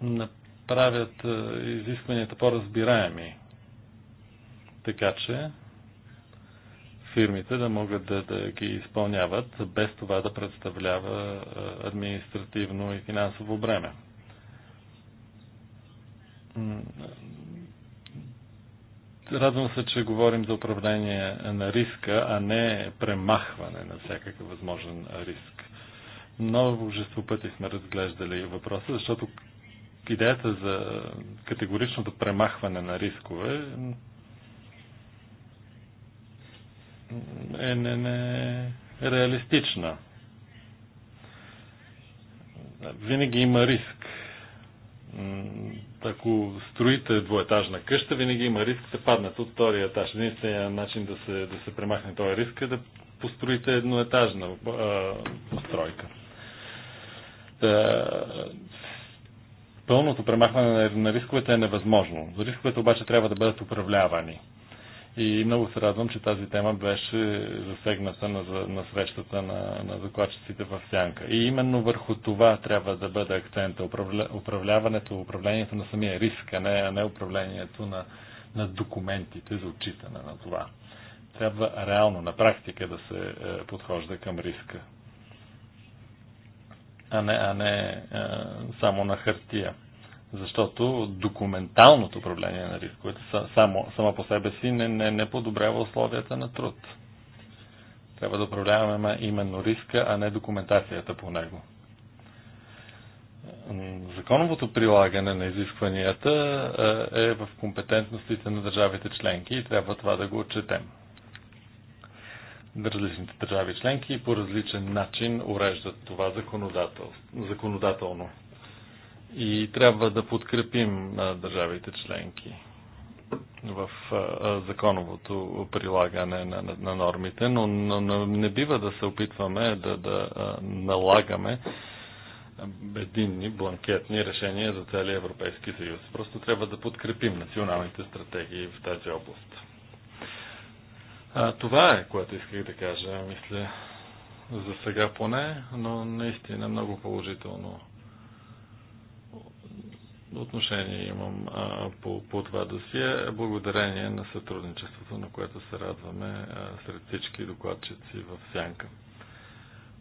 направят е, изискванията по-разбираеми, така че фирмите да могат да, да ги изпълняват, без това да представлява е, административно и финансово бреме. Радвам се, че говорим за управление на риска, а не премахване на всякакъв възможен риск. Много жестоко пъти сме разглеждали въпроса, защото идеята за категоричното премахване на рискове е не, не, реалистична. Винаги има риск. Ако строите двоетажна къща, винаги има риск да паднат от втория етаж. Единствения начин да се, да се премахне този риск е да построите едноетажна а, постройка. Е, пълното премахване на рисковете е невъзможно. Рисковете обаче трябва да бъдат управлявани. И много се радвам, че тази тема беше засегната на, на срещата на, на закладчиците в Сянка. И именно върху това трябва да бъде акцента. Управля, управляването, управлението на самия риск, а не, а не управлението на, на документите за отчитане на това. Трябва реално, на практика да се е, подхожда към риска а не, а не а, само на хартия. Защото документалното управление на рисковете само, само по себе си не, не, не подобрява условията на труд. Трябва да управляваме именно риска, а не документацията по него. Законовото прилагане на изискванията е в компетентностите на държавите членки и трябва това да го отчетем различните държави членки и по различен начин уреждат това законодател, законодателно. И трябва да подкрепим държавите членки в законовото прилагане на, на, на нормите, но, но, но не бива да се опитваме да, да налагаме единни бланкетни решения за целия Европейски съюз. Просто трябва да подкрепим националните стратегии в тази област. А, това е, което исках да кажа, мисля, за сега поне, но наистина много положително отношение имам а, по, по това досие, благодарение на сътрудничеството, на което се радваме а, сред всички докладчици в Сянка.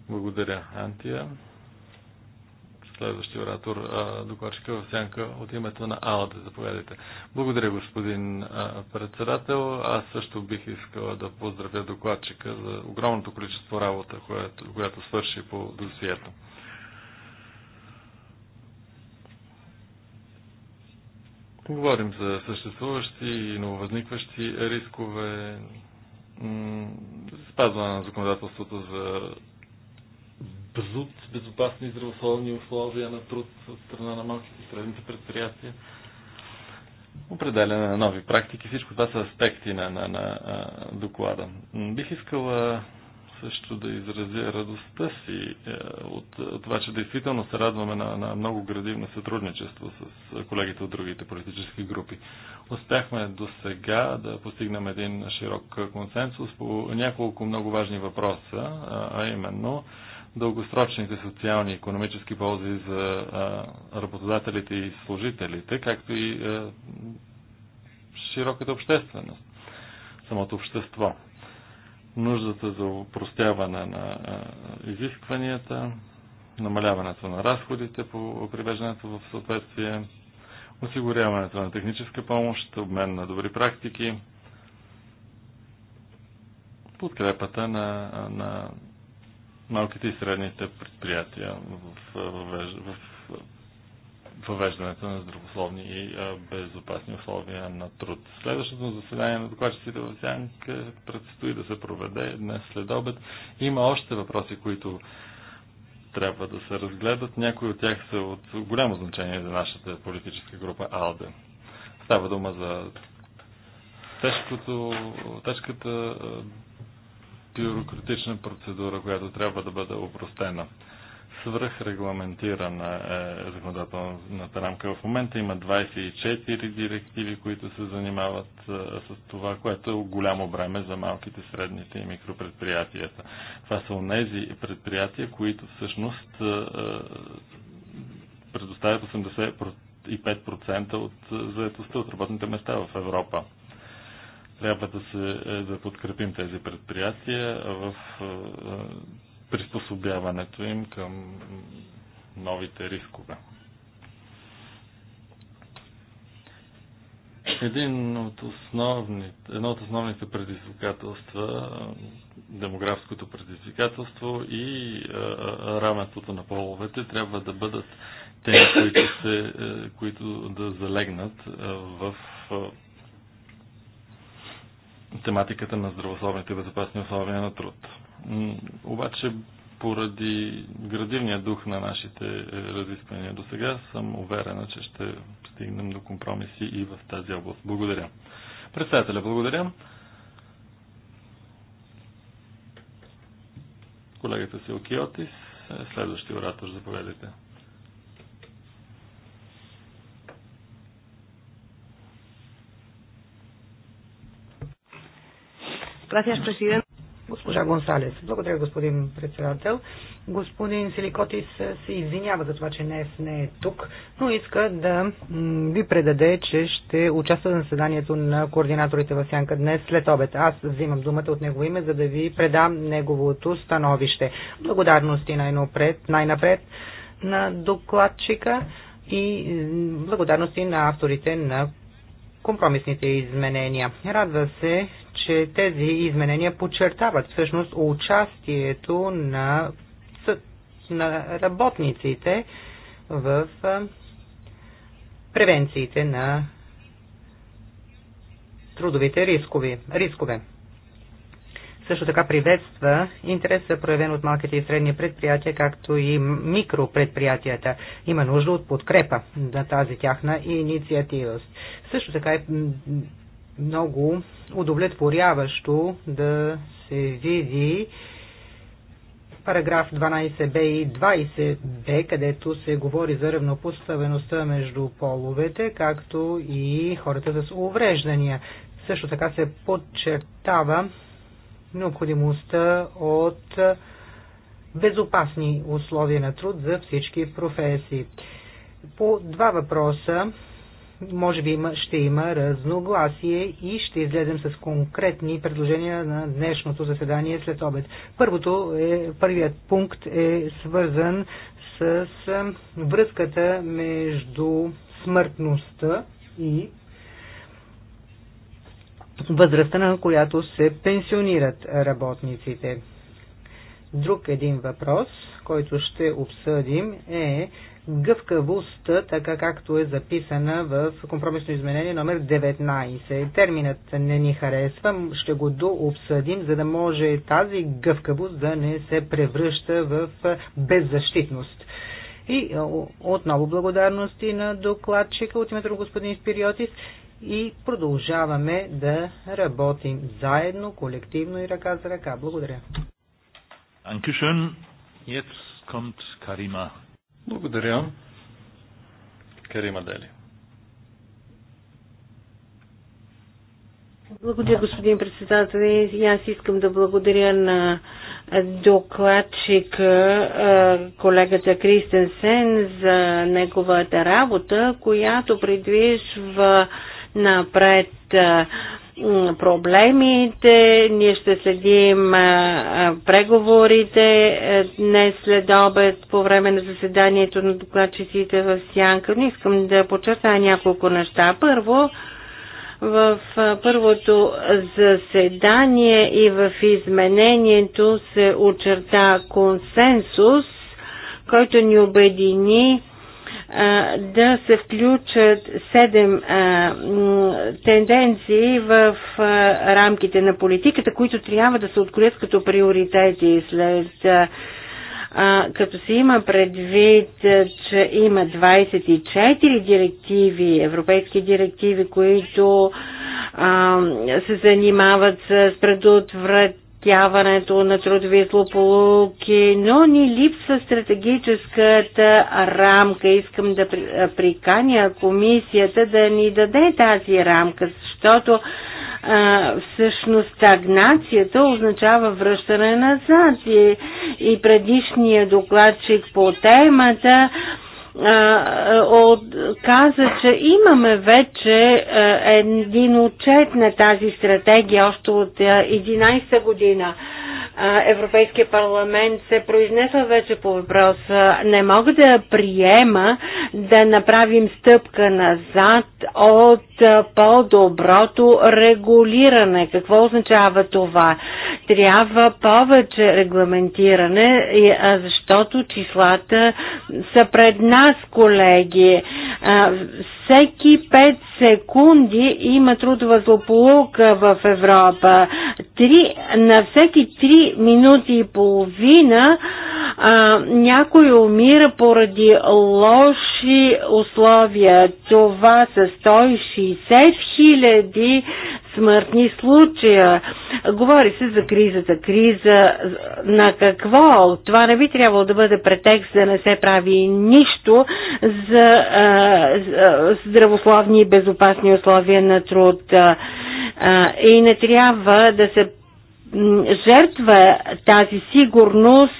Благодаря, Антия. Следващия оратор, докладчика в сянка от името на Алата Заповядайте. Благодаря, господин председател. Аз също бих искала да поздравя докладчика за огромното количество работа, която, която свърши по досието. Говорим за съществуващи и нововъзникващи рискове, спазване на законодателството за безуд, безопасни здравословни условия на труд от страна на малките и средните предприятия. Определяне на нови практики. Всичко това са аспекти на, на, на доклада. Бих искала също да изразя радостта си е, е, от това, че действително се радваме на, на много градивно сътрудничество с колегите от другите политически групи. Успяхме до сега да постигнем един широк консенсус по няколко много важни въпроса, а именно дългосрочните социални и економически ползи за работодателите и служителите, както и широката общественост, самото общество. Нуждата за упростяване на изискванията, намаляването на разходите по привеждането в съответствие, осигуряването на техническа помощ, обмен на добри практики, подкрепата на, на малките и средните предприятия в, въвеждането на здравословни и безопасни условия на труд. Следващото заседание на докладчиците в Сянка предстои да се проведе днес след обед. Има още въпроси, които трябва да се разгледат. Някои от тях са от голямо значение за нашата политическа група АЛДЕ. Става дума за тежкото, тежката бюрократична процедура, която трябва да бъде опростена. Свръхрегламентирана е законодателната рамка. В момента има 24 директиви, които се занимават е, с това, което е голямо бреме за малките, средните и микропредприятията. Това са онези предприятия, които всъщност е, е, предоставят 85% от заетостта от работните места в Европа. Трябва да, се, е, да подкрепим тези предприятия в е, приспособяването им към новите рискове. Един от основните, едно от основните предизвикателства, демографското предизвикателство и е, равенството на половете трябва да бъдат теми, които, които да залегнат в тематиката на здравословните и безопасни условия на труд. Обаче, поради градивния дух на нашите е, разисквания до сега, съм уверена, че ще стигнем до компромиси и в тази област. Благодаря. Председателя, благодаря. Колегата си Окиотис, е следващия оратор. Заповядайте. Gracias, presidente. Госпожа Гонсалес. Благодаря, господин председател. Господин Силикотис се извинява за това, че днес не е тук, но иска да ви предаде, че ще участва на заседанието на координаторите в Сянка днес след обед. Аз взимам думата от него име, за да ви предам неговото становище. Благодарности най-напред, най-напред на докладчика и благодарности на авторите на компромисните изменения. Радва се, че тези изменения подчертават всъщност участието на, на работниците в превенциите на трудовите рискови, рискове. Също така приветства интереса проявен от малките и средни предприятия, както и микропредприятията. Има нужда от подкрепа на тази тяхна инициативност. Също така е много удовлетворяващо да се види параграф 12б и 20 b където се говори за равнопоставеността между половете, както и хората с увреждания. Също така се подчертава необходимостта от безопасни условия на труд за всички професии. По два въпроса може би има, ще има разногласие и ще излезем с конкретни предложения на днешното заседание след обед. Първото е, първият пункт е свързан с връзката между смъртността и възрастта, на която се пенсионират работниците. Друг един въпрос, който ще обсъдим е гъвкавостта, така както е записана в компромисно изменение номер 19. Терминът не ни харесва, ще го дообсъдим, за да може тази гъвкавост да не се превръща в беззащитност. И отново благодарности на докладчика от името господин Спириотис и продължаваме да работим заедно, колективно и ръка за ръка. Благодаря. Dankeschön. Jetzt kommt Karima. Благодаря. Карима Дели. Благодаря, господин председател. И аз искам да благодаря на докладчик колегата Кристен Сен за неговата работа, която предвижва напред проблемите. Ние ще следим преговорите е, днес след обед по време на заседанието на докладчиците в Сянка. Но искам да подчертая няколко неща. Първо, в първото заседание и в изменението се очерта консенсус, който ни обедини да се включат седем тенденции в рамките на политиката, които трябва да се откроят като приоритети след като се има предвид, че има 24 директиви, европейски директиви, които се занимават с предотврат предотвратяването на трудови злополуки, но ни липсва стратегическата рамка. Искам да приканя комисията да ни даде тази рамка, защото а, всъщност стагнацията означава връщане назад и, и предишния докладчик по темата каза, че имаме вече един отчет на тази стратегия още от 11 година. Европейския парламент се произнесва вече по въпроса. Не мога да приема да направим стъпка назад от по-доброто регулиране. Какво означава това? Трябва повече регламентиране, защото числата са пред нас вас, колеги. Всеки 5 секунди има трудова злополука в Европа. Три, на всеки 3 минути и половина а, някой умира поради лоши условия. Това са 160 хиляди смъртни случая. Говори се за кризата. Криза на какво? Това не би трябвало да бъде претекст да не се прави нищо за а, здравословни и безопасни условия на труд. А, и не трябва да се жертва тази сигурност,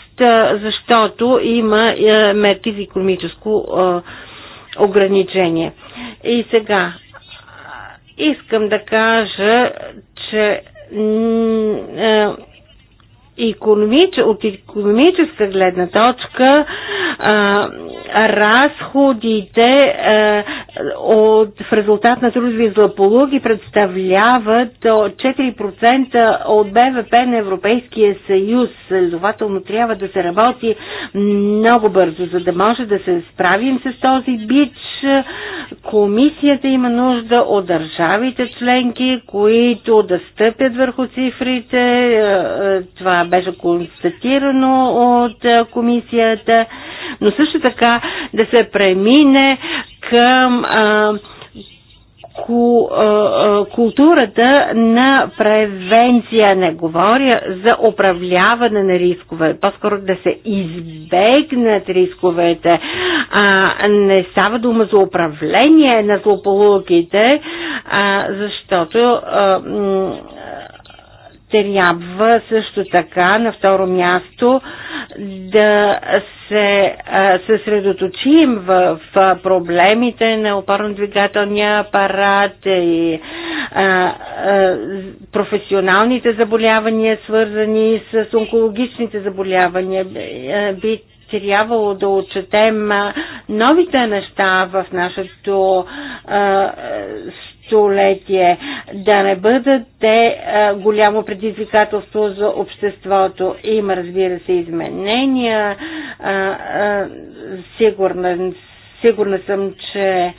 защото има мерки за економическо ограничение. И сега, Искам да кажа, че е, економич, от економическа гледна точка а, разходите а, от, в резултат на трудови злополуги представляват 4% от БВП на Европейския съюз. Следователно трябва да се работи много бързо, за да може да се справим с този бич. Комисията има нужда от държавите членки, които да стъпят върху цифрите. Това беше констатирано от комисията, но също така да се премине към а, културата на превенция. Не говоря за управляване на рискове, по-скоро да се избегнат рисковете. А, не става дума за управление на злополуките, а, защото а, трябва също така на второ място да се съсредоточим в проблемите на опорно-двигателния апарат и професионалните заболявания, свързани с онкологичните заболявания. Би трябвало да отчетем новите неща в нашето столетие, да не бъдат те голямо предизвикателство за обществото. Има, разбира се, изменения. Сигурна, сигурна съм, че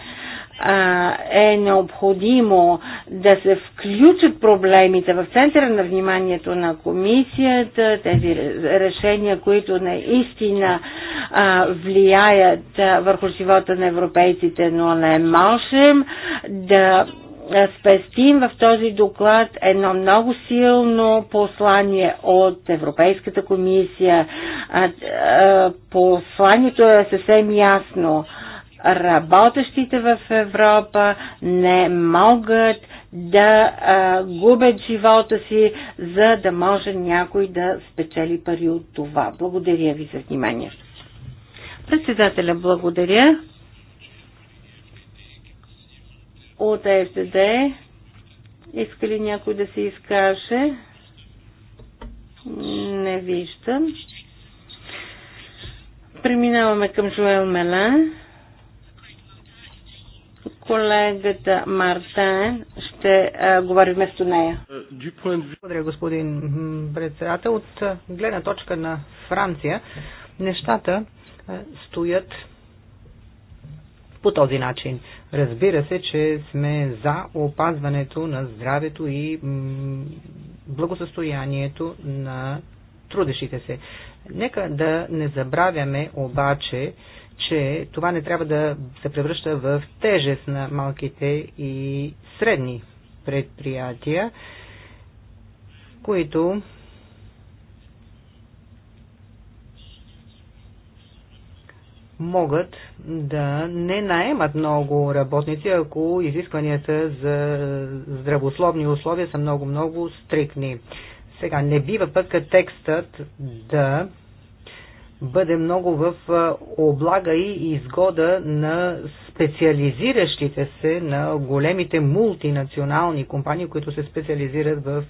а, е необходимо да се включат проблемите в центъра на вниманието на комисията, тези решения, които наистина а, влияят а, върху живота на европейците, но не можем да спестим в този доклад едно много силно послание от Европейската комисия. Посланието е съвсем ясно работещите в Европа не могат да а, губят живота си, за да може някой да спечели пари от това. Благодаря ви за вниманието. Председателя, благодаря. От ЕСД иска ли някой да се изкаже? Не виждам. Преминаваме към Жоел Мелан. Колегата Мартен ще а, говори вместо нея. Благодаря, господин председател. От гледна точка на Франция, нещата стоят по този начин. Разбира се, че сме за опазването на здравето и благосъстоянието на трудещите се. Нека да не забравяме обаче, че това не трябва да се превръща в тежест на малките и средни предприятия, които могат да не наемат много работници, ако изискванията за здравословни условия са много-много стрикни. Сега, не бива пък текстът да бъде много в облага и изгода на специализиращите се на големите мултинационални компании, които се специализират в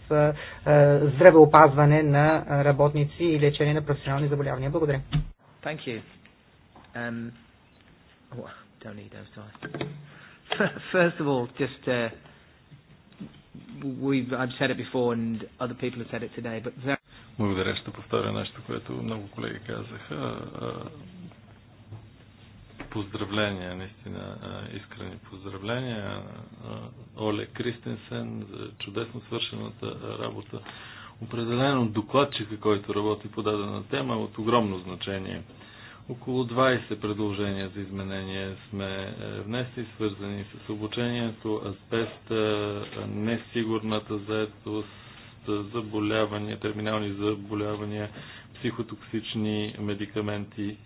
здравеопазване на работници и лечение на професионални заболявания. Благодаря. Thank you. Um, oh, don't need those First of all, just uh, we've I've said it before and other people have said it today, but very благодаря. Ще повторя нещо, което много колеги казаха. Поздравления, наистина искрени поздравления. Оле Кристенсен за чудесно свършената работа. Определено докладчика, който работи по дадена тема, е от огромно значение. Около 20 предложения за изменение сме е, внесли, свързани с обучението, аспеста, е, несигурната заедост, заболявания, терминални заболявания, психотоксични медикаменти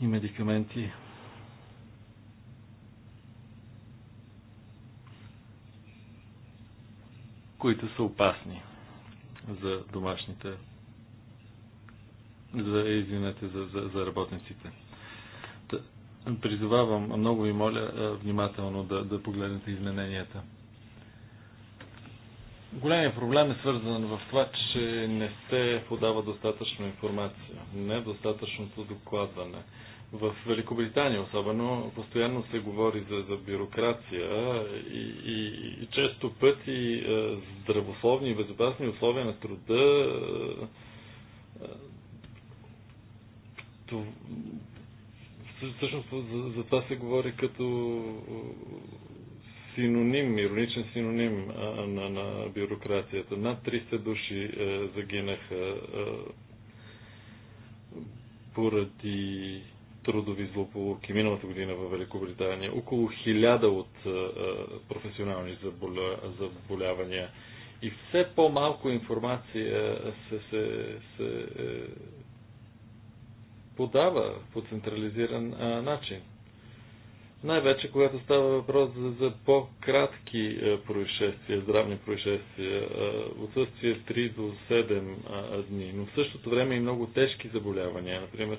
и медикаменти. които са опасни за домашните, за, извинете, за, за, за работниците. Призовавам, много ви моля, внимателно да, да погледнете измененията. Големият проблем е свързан в това, че не се подава достатъчно информация, не достатъчното докладване. В Великобритания особено постоянно се говори за, за бюрокрация и, и, и често пъти е, здравословни и безопасни условия на труда е, е, всъщност за, за това се говори като синоним, ироничен синоним а, на, на бюрокрацията. Над 300 души а, е, загинаха а, е, поради трудови злополуки миналата година в Великобритания. Около 1000 от а, е, професионални заболя, заболявания. И все по-малко информация се, се, се е, подава по централизиран а, начин. Най-вече, когато става въпрос за, за по-кратки е, происшествия, здравни происшествия, е, отсъствие 3 до 7 дни, но в същото време и много тежки заболявания, например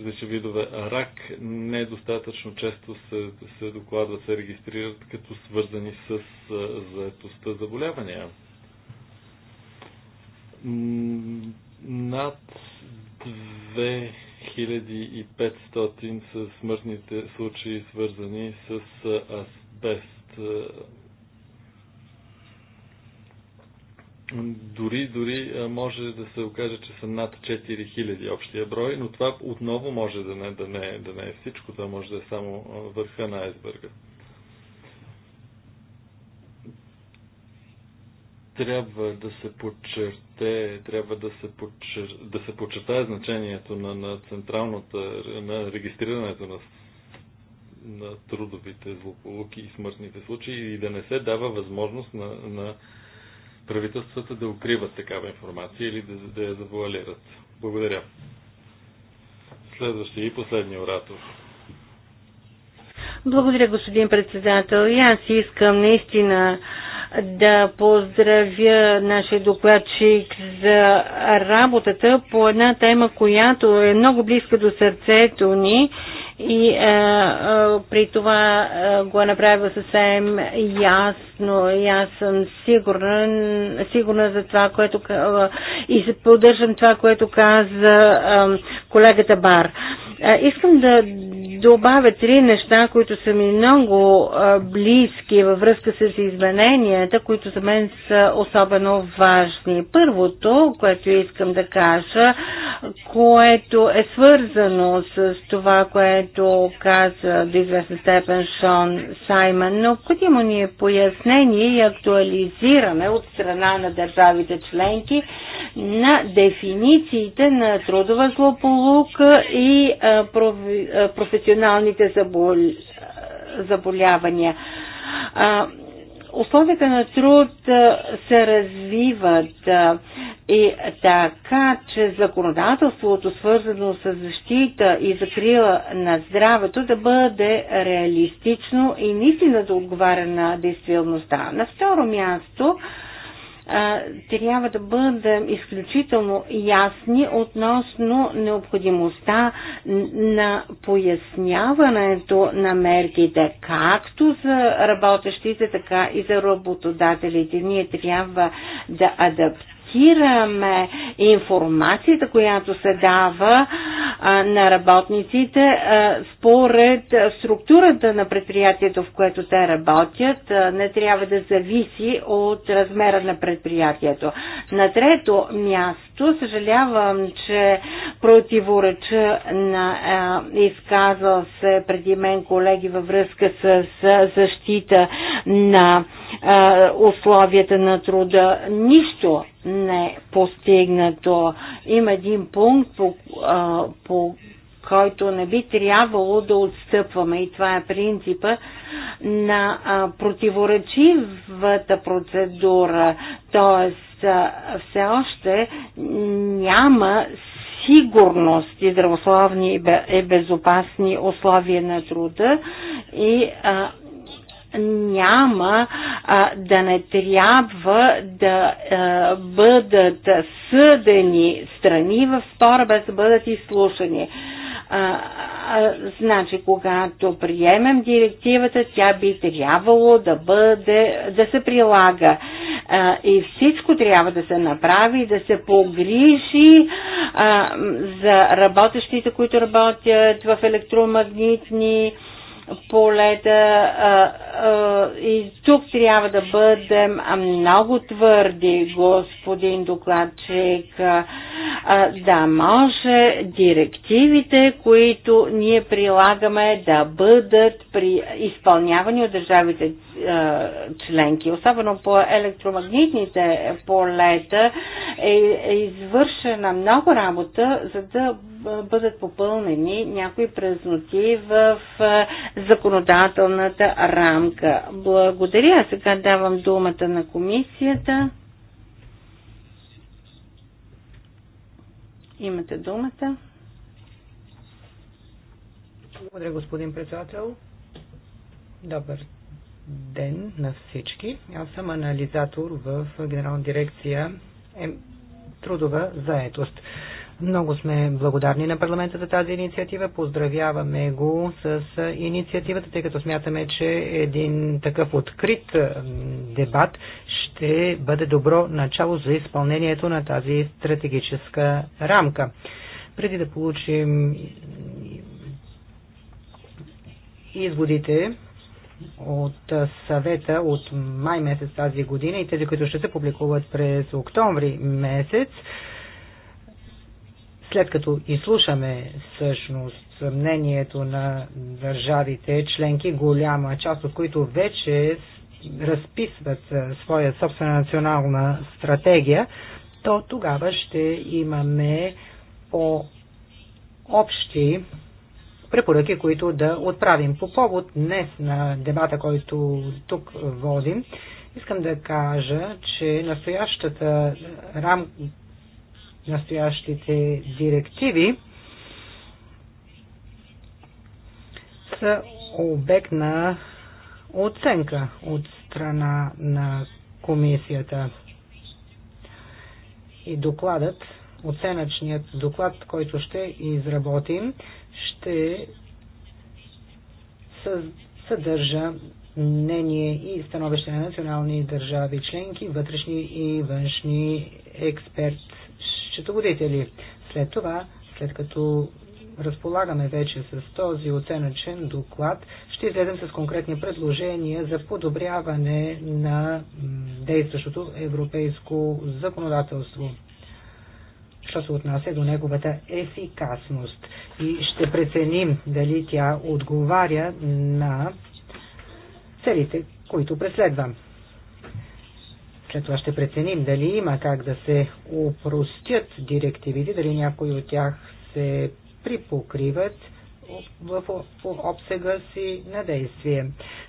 различни видове рак, недостатъчно често се, се докладват, се регистрират като свързани с е, заетостта заболявания. Над две 1500 са смъртните случаи, свързани с асбест. Дори, дори може да се окаже, че са над 4000 общия брой, но това отново може да не, да не, да не е всичко, това може да е само върха на айсберга. трябва да се подчерте, трябва да се, подчер... да се подчертае значението на, на централната, на регистрирането на, на трудовите злополуки и смъртните случаи и да не се дава възможност на, на правителствата да укриват такава информация или да, да я завуалират. Благодаря. Следващия и последния оратор. Благодаря, господин председател. И аз искам наистина да поздравя нашия докладчик за работата по една тема, която е много близка до сърцето ни и а, е, а, е, при това а, е, го е направил съвсем ясно и аз съм сигурна, сигурна за това, което а, и поддържам това, което каза а, колегата Бар. А, Искам да добавя три неща, които са ми много близки във връзка с измененията, които за мен са особено важни. Първото, което искам да кажа, което е свързано с това, което каза до известна степен Шон Саймън, необходимо ни е пояснение и актуализиране от страна на държавите членки на дефинициите на трудова злополука и професионалните заболявания. Условията на труд се развиват и така, че законодателството, свързано с защита и закрила на здравето, да бъде реалистично и наистина да отговаря на действителността. На второ място, трябва да бъдем изключително ясни относно необходимостта на поясняването на мерките, както за работещите, така и за работодателите. Ние трябва да адаптираме гарантираме информацията, която се дава а, на работниците а, според структурата на предприятието, в което те работят, а, не трябва да зависи от размера на предприятието. На трето място, съжалявам, че противореча на а, изказал се преди мен колеги във връзка с а, защита на условията на труда. Нищо не е постигнато. Има един пункт, по, а, по който не би трябвало да отстъпваме и това е принципа на а, противоречивата процедура, т.е. все още няма сигурност и здравословни и безопасни условия на труда и а, няма а, да не трябва да а, бъдат съдени страни в спора без да бъдат изслушани. А, а, значи, когато приемем директивата, тя би трябвало да бъде, да се прилага. А, и всичко трябва да се направи, да се погрижи а, за работещите, които работят в електромагнитни полета. И тук трябва да бъдем много твърди, господин докладчик, да може директивите, които ние прилагаме, да бъдат при изпълнявани от държавите членки, особено по електромагнитните полета, е, е извършена много работа, за да бъдат попълнени някои празноти в законодателната рамка. Благодаря. Сега давам думата на комисията. Имате думата. Благодаря, господин председател. Добър ден на всички. Аз съм анализатор в Генерална дирекция Трудова заетост. Много сме благодарни на парламента за тази инициатива. Поздравяваме го с инициативата, тъй като смятаме, че един такъв открит дебат ще бъде добро начало за изпълнението на тази стратегическа рамка. Преди да получим изводите от съвета от май месец тази година и тези, които ще се публикуват през октомври месец. След като изслушаме всъщност мнението на държавите членки, голяма част от които вече разписват своя собствена национална стратегия, то тогава ще имаме по-общи препоръки, които да отправим. По повод днес на дебата, който тук водим, искам да кажа, че настоящата рам... настоящите директиви са обект на оценка от страна на комисията. И докладът, оценъчният доклад, който ще изработим, ще съдържа мнение и становище на национални държави членки, вътрешни и външни експерт счетоводители. След това, след като разполагаме вече с този оценъчен доклад, ще излезем с конкретни предложения за подобряване на действащото европейско законодателство що се отнася до неговата ефикасност и ще преценим дали тя отговаря на целите, които преследвам. След това ще преценим дали има как да се упростят директивите, дали някои от тях се припокриват в обсега си на действие.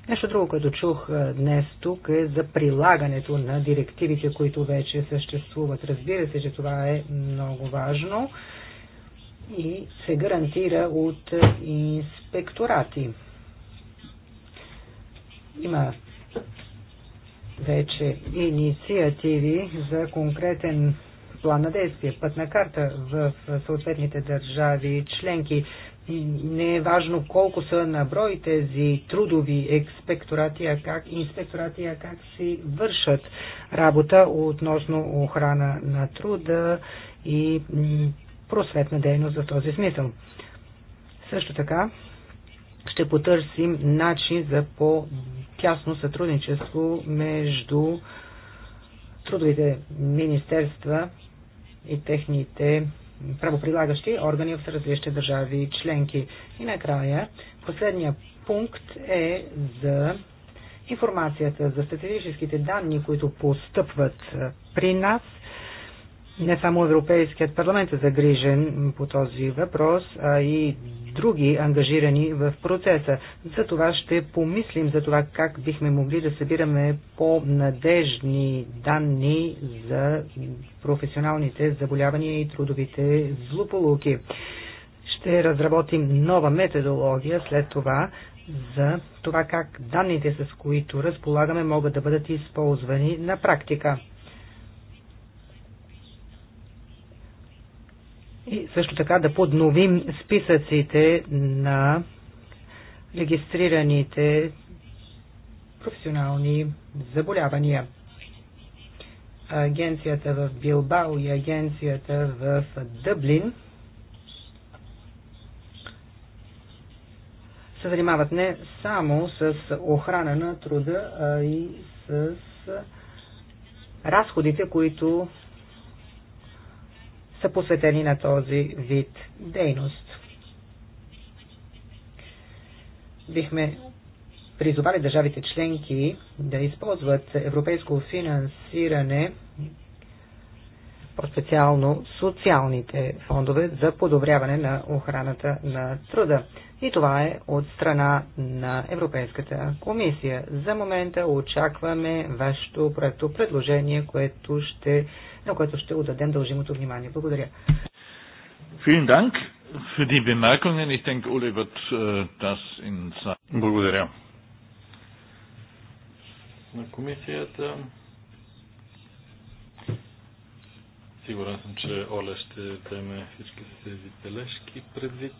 Нещо друго, което чух днес тук е за прилагането на директивите, които вече съществуват. Разбира се, че това е много важно и се гарантира от инспекторати. Има вече инициативи за конкретен план на действие, пътна карта в съответните държави членки не е важно колко са на брой тези трудови експекторати, а как, инспекторати, а как си вършат работа относно охрана на труда и просветна дейност в този смисъл. Също така ще потърсим начин за по-тясно сътрудничество между трудовите министерства и техните правоприлагащи органи в различни държави членки. И накрая, последния пункт е за информацията за статистическите данни, които постъпват при нас не само Европейският парламент е загрижен по този въпрос, а и други ангажирани в процеса. За това ще помислим за това как бихме могли да събираме по-надежни данни за професионалните заболявания и трудовите злополуки. Ще разработим нова методология след това за това как данните, с които разполагаме, могат да бъдат използвани на практика. И също така да подновим списъците на регистрираните професионални заболявания. Агенцията в Билбао и агенцията в Дъблин се занимават не само с охрана на труда, а и с разходите, които са посветени на този вид дейност. Бихме призовали държавите членки да използват европейско финансиране по-специално социалните фондове за подобряване на охраната на труда. И това е от страна на Европейската комисия. За момента очакваме вашето проекто предложение, което ще, на което ще отдадем дължимото внимание. Благодаря. Благодаря. На комисията Сигурен съм, че Оля ще вземе всички тези бележки предвид.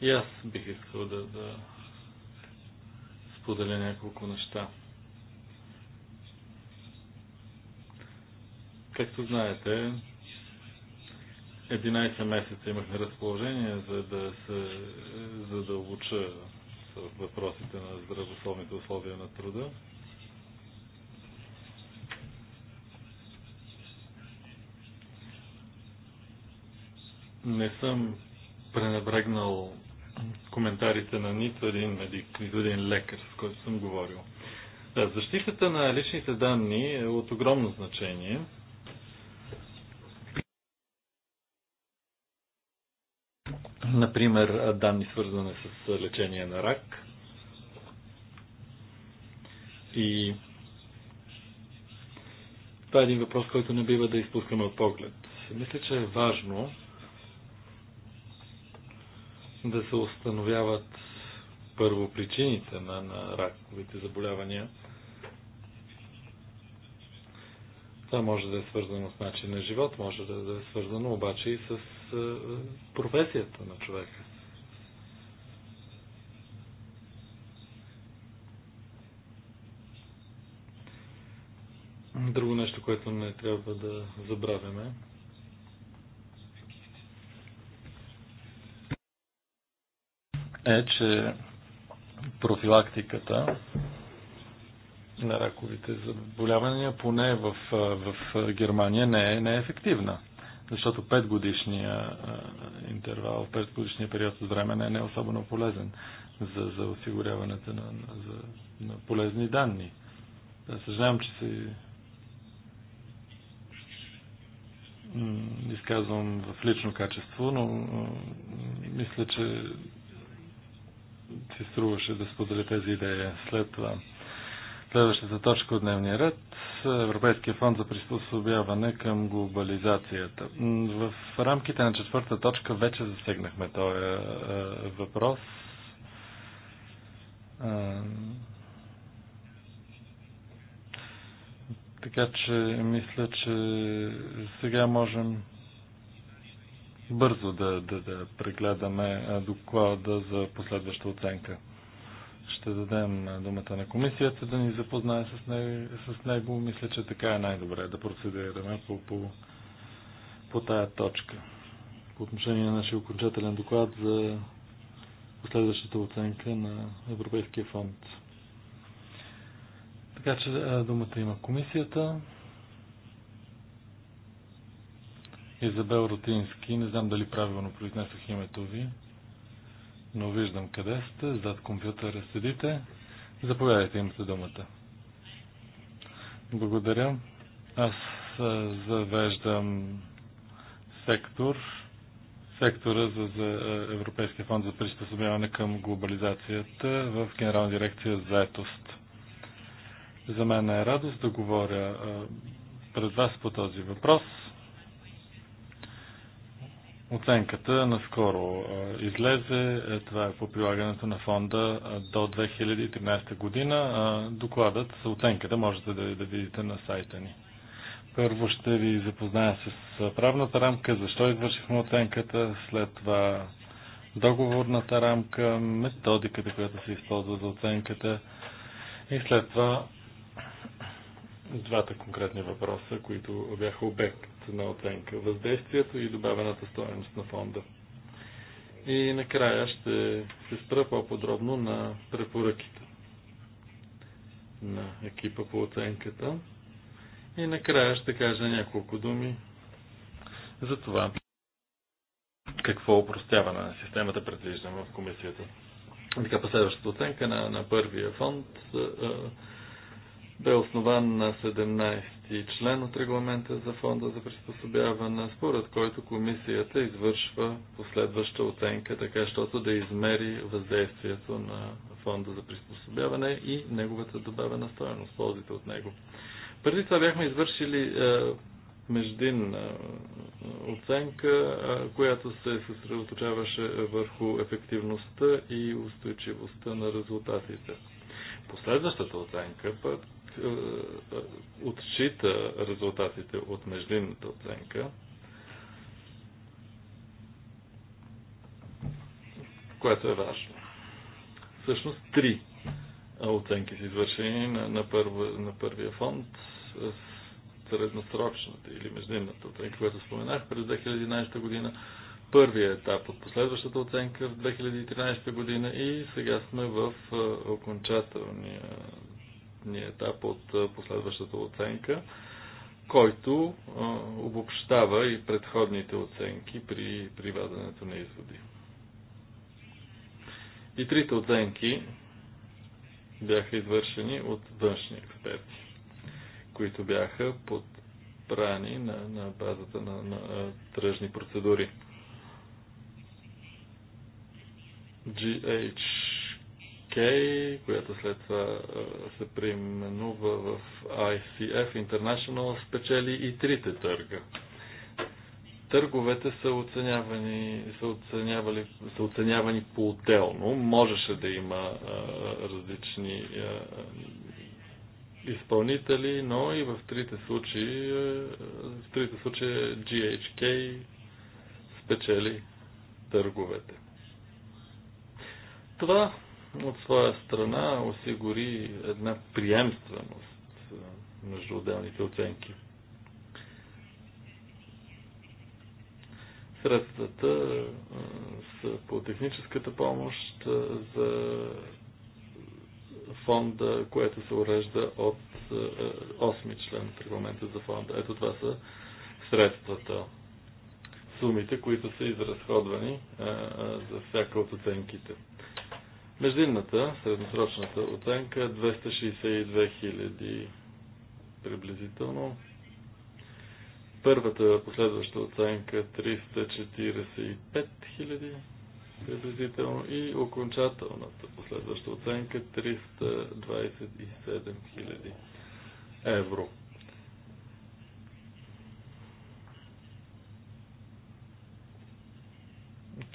И аз бих искал да, да споделя няколко неща. Както знаете, 11 месеца имах на разположение, за да се задълбоча въпросите на здравословните условия на труда. Не съм пренебрегнал коментарите на нито един медик, нито един лекар, с който съм говорил. Да, защитата на личните данни е от огромно значение. Например, данни свързани с лечение на рак. И това е един въпрос, който не бива да изпускаме от поглед. Мисля, че е важно да се установяват първо причините на, на раковите заболявания. Това може да е свързано с начин на живот, може да, да е свързано обаче и с е, професията на човека. Друго нещо, което не трябва да забравяме, е, че профилактиката на раковите заболявания, поне в, в Германия, не е, не е ефективна. Защото 5 годишния интервал, 5 годишния период от време не е особено полезен за, за осигуряването на, за, на полезни данни. Да, е, съжалявам, че се изказвам в лично качество, но мисля, че си струваше да споделя тези идеи. След това следващата точка от дневния ред Европейския фонд за приспособяване към глобализацията. В рамките на четвърта точка вече засегнахме този въпрос. Така че мисля, че сега можем бързо да, да, да прегледаме доклада за последваща оценка. Ще дадем думата на комисията да ни запознае с него. С него. Мисля, че така е най-добре да процедираме по, по, по тая точка. По отношение на нашия окончателен доклад за последващата оценка на Европейския фонд. Така че думата има комисията. Изабел Ротински, не знам дали правилно произнесох името ви, но виждам къде сте, зад компютъра седите. Заповядайте, имате думата. Благодаря. Аз завеждам сектор, сектора за, за Европейския фонд за приспособяване към глобализацията в Генерална дирекция заетост. За мен е радост да говоря пред вас по този въпрос – Оценката наскоро излезе. Е, това е по прилагането на фонда до 2013 година. Докладът, с оценката можете да, да видите на сайта ни. Първо ще ви запозная с правната рамка, защо извършихме оценката, след това договорната рамка, методиката, която се използва за оценката и след това двата конкретни въпроса, които бяха обект на оценка, въздействието и добавената стоеност на фонда. И накрая ще се спра по-подробно на препоръките на екипа по оценката. И накрая ще кажа няколко думи за това какво упростяване на системата предвиждаме в комисията. Така, последващата оценка на, на първия фонд бе основан на 17 член от регламента за фонда за приспособяване, според който комисията извършва последваща оценка, така щото да измери въздействието на фонда за приспособяване и неговата добавена стоеност, ползите от него. Преди това бяхме извършили е, междинна е, оценка, е, която се съсредоточаваше върху ефективността и устойчивостта на резултатите. Последващата оценка пък е, е, е, отчита резултатите от междинната оценка, което е важно. Всъщност три оценки са извършени на, на, първо, на първия фонд средносрочната или междинната оценка, която споменах през 2011 година, първия етап от последващата оценка в 2013 година и сега сме в окончателния пилотния етап от последващата оценка, който обобщава и предходните оценки при, при на изводи. И трите оценки бяха извършени от външни експерти, които бяха подбрани на, на базата на, на тръжни процедури. GH Кей, която след това се преименува в ICF International, спечели и трите търга. Търговете са оценявани, са оценявали, са оценявани по-отделно. Можеше да има а, различни а, изпълнители, но и в трите случаи, в трите случаи GHK спечели търговете. Това от своя страна осигури една приемственост между отделните оценки. Средствата са по техническата помощ за фонда, което се урежда от 8 член от регламента за фонда. Ето това са средствата, сумите, които са изразходвани за всяка от оценките. Междинната, средносрочната оценка е 262 000 приблизително. Първата последваща оценка 345 е 000 приблизително и окончателната последваща оценка 327 е 000 евро.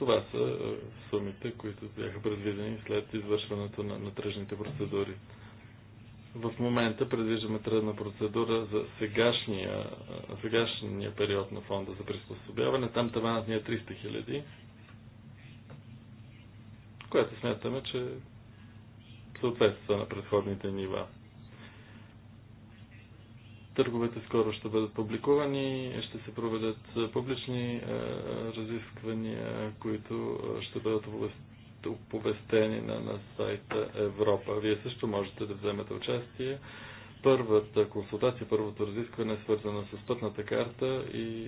Това са е, сумите, които бяха предвидени след извършването на, на тръжните процедури. В момента предвиждаме тръжна процедура за сегашния, е, сегашния период на фонда за приспособяване. Там таванът ни е 300 хиляди, което смятаме, че съответства на предходните нива. Търговете скоро ще бъдат публикувани, ще се проведат публични разисквания, които ще бъдат оповестени на, на сайта Европа. Вие също можете да вземете участие. Първата консултация, първото разискване е свързано с пътната карта и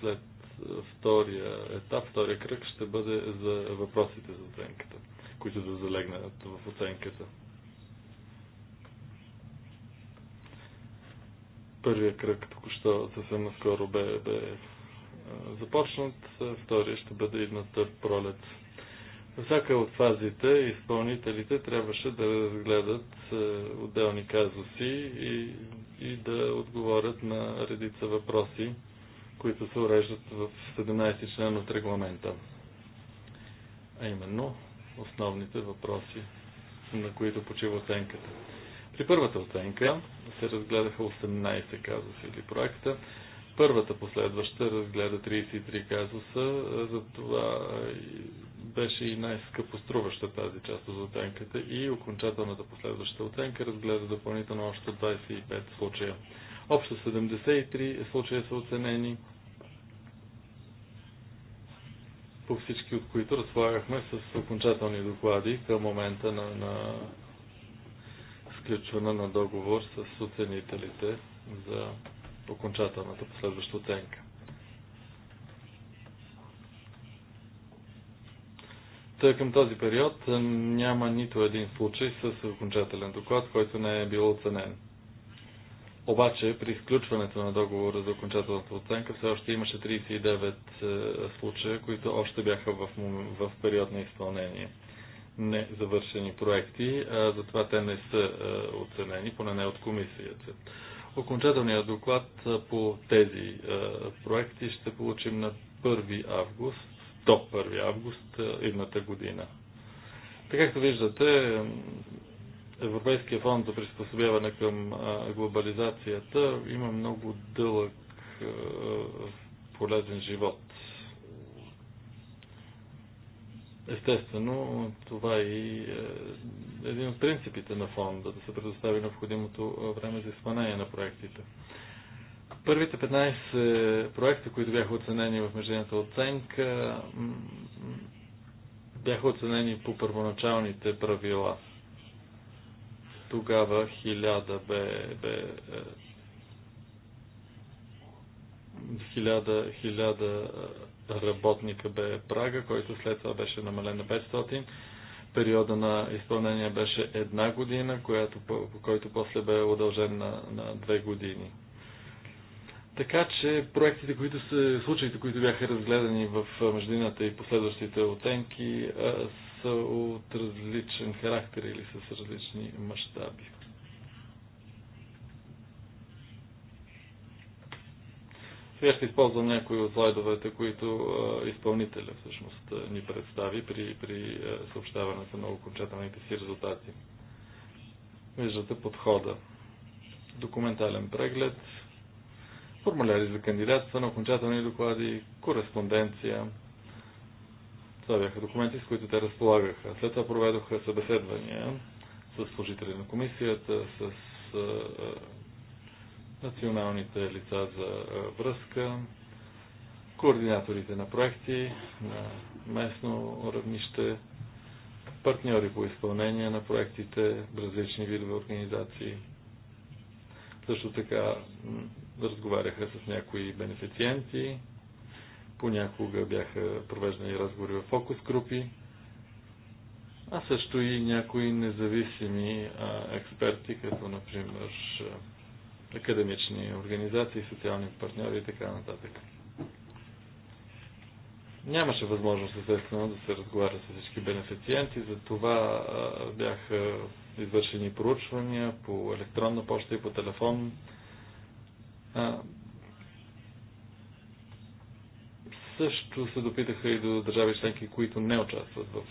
след втория етап, втория кръг ще бъде за въпросите за оценката, които да залегнат в оценката. Първия кръг току-що съвсем наскоро бе, бе е, започнат, втория ще бъде идната пролет. Всяка от фазите изпълнителите трябваше да разгледат е, отделни казуси и, и да отговорят на редица въпроси, които се уреждат в 17 член от регламента. А именно основните въпроси, на които почива оценката. При първата оценка се разгледаха 18 казуса или проекта. Първата последваща разгледа 33 казуса, затова беше и най-скъпо струваща тази част от оценката и окончателната последваща оценка разгледа допълнително още 25 случая. Общо 73 случая са оценени, по всички от които разполагахме с окончателни доклади към момента на, на сключване на договор с оценителите за окончателната последваща оценка. Тъй към този период е, няма нито един случай с окончателен доклад, който не е бил оценен. Обаче при изключването на договора за окончателната оценка все още имаше 39 е, случая, които още бяха в, в период на изпълнение незавършени проекти, а, затова те не са оценени, поне не от комисията. Окончателният доклад по тези проекти ще получим на 1 август, до 1 август едната година. Така както виждате, Европейския фонд за приспособяване към глобализацията има много дълъг полезен живот. Естествено, това е и е, един от принципите на фонда, да се предостави необходимото е, време за изпълнение на проектите. Първите 15 е, проекта, които бяха оценени в междуната оценка, бяха оценени по първоначалните правила. Тогава 1000 бе, бе 1000, 1000 работника бе прага, който след това беше намален на 500. Периода на изпълнение беше една година, която, който после бе удължен на, на две години. Така че проектите, които са, случаите, които бяха разгледани в междината и последващите оценки, са от различен характер или с различни мащаби. Сега ще използвам някои от слайдовете, които изпълнителя всъщност ни представи при, при съобщаването на окончателните си резултати. Виждате подхода. Документален преглед, формуляри за кандидатства на окончателни доклади, кореспонденция. Това бяха документи, с които те разполагаха. След това проведоха събеседвания с служители на комисията, с националните лица за връзка, координаторите на проекти на местно равнище, партньори по изпълнение на проектите, различни видове организации. Също така разговаряха с някои бенефициенти, понякога бяха провеждани разговори в фокус групи, а също и някои независими експерти, като например академични организации, социални партньори и така нататък. Нямаше възможност, естествено, да се разговаря с всички бенефициенти, за това бяха извършени проучвания по електронна почта и по телефон. също се допитаха и до държави членки, които не участват в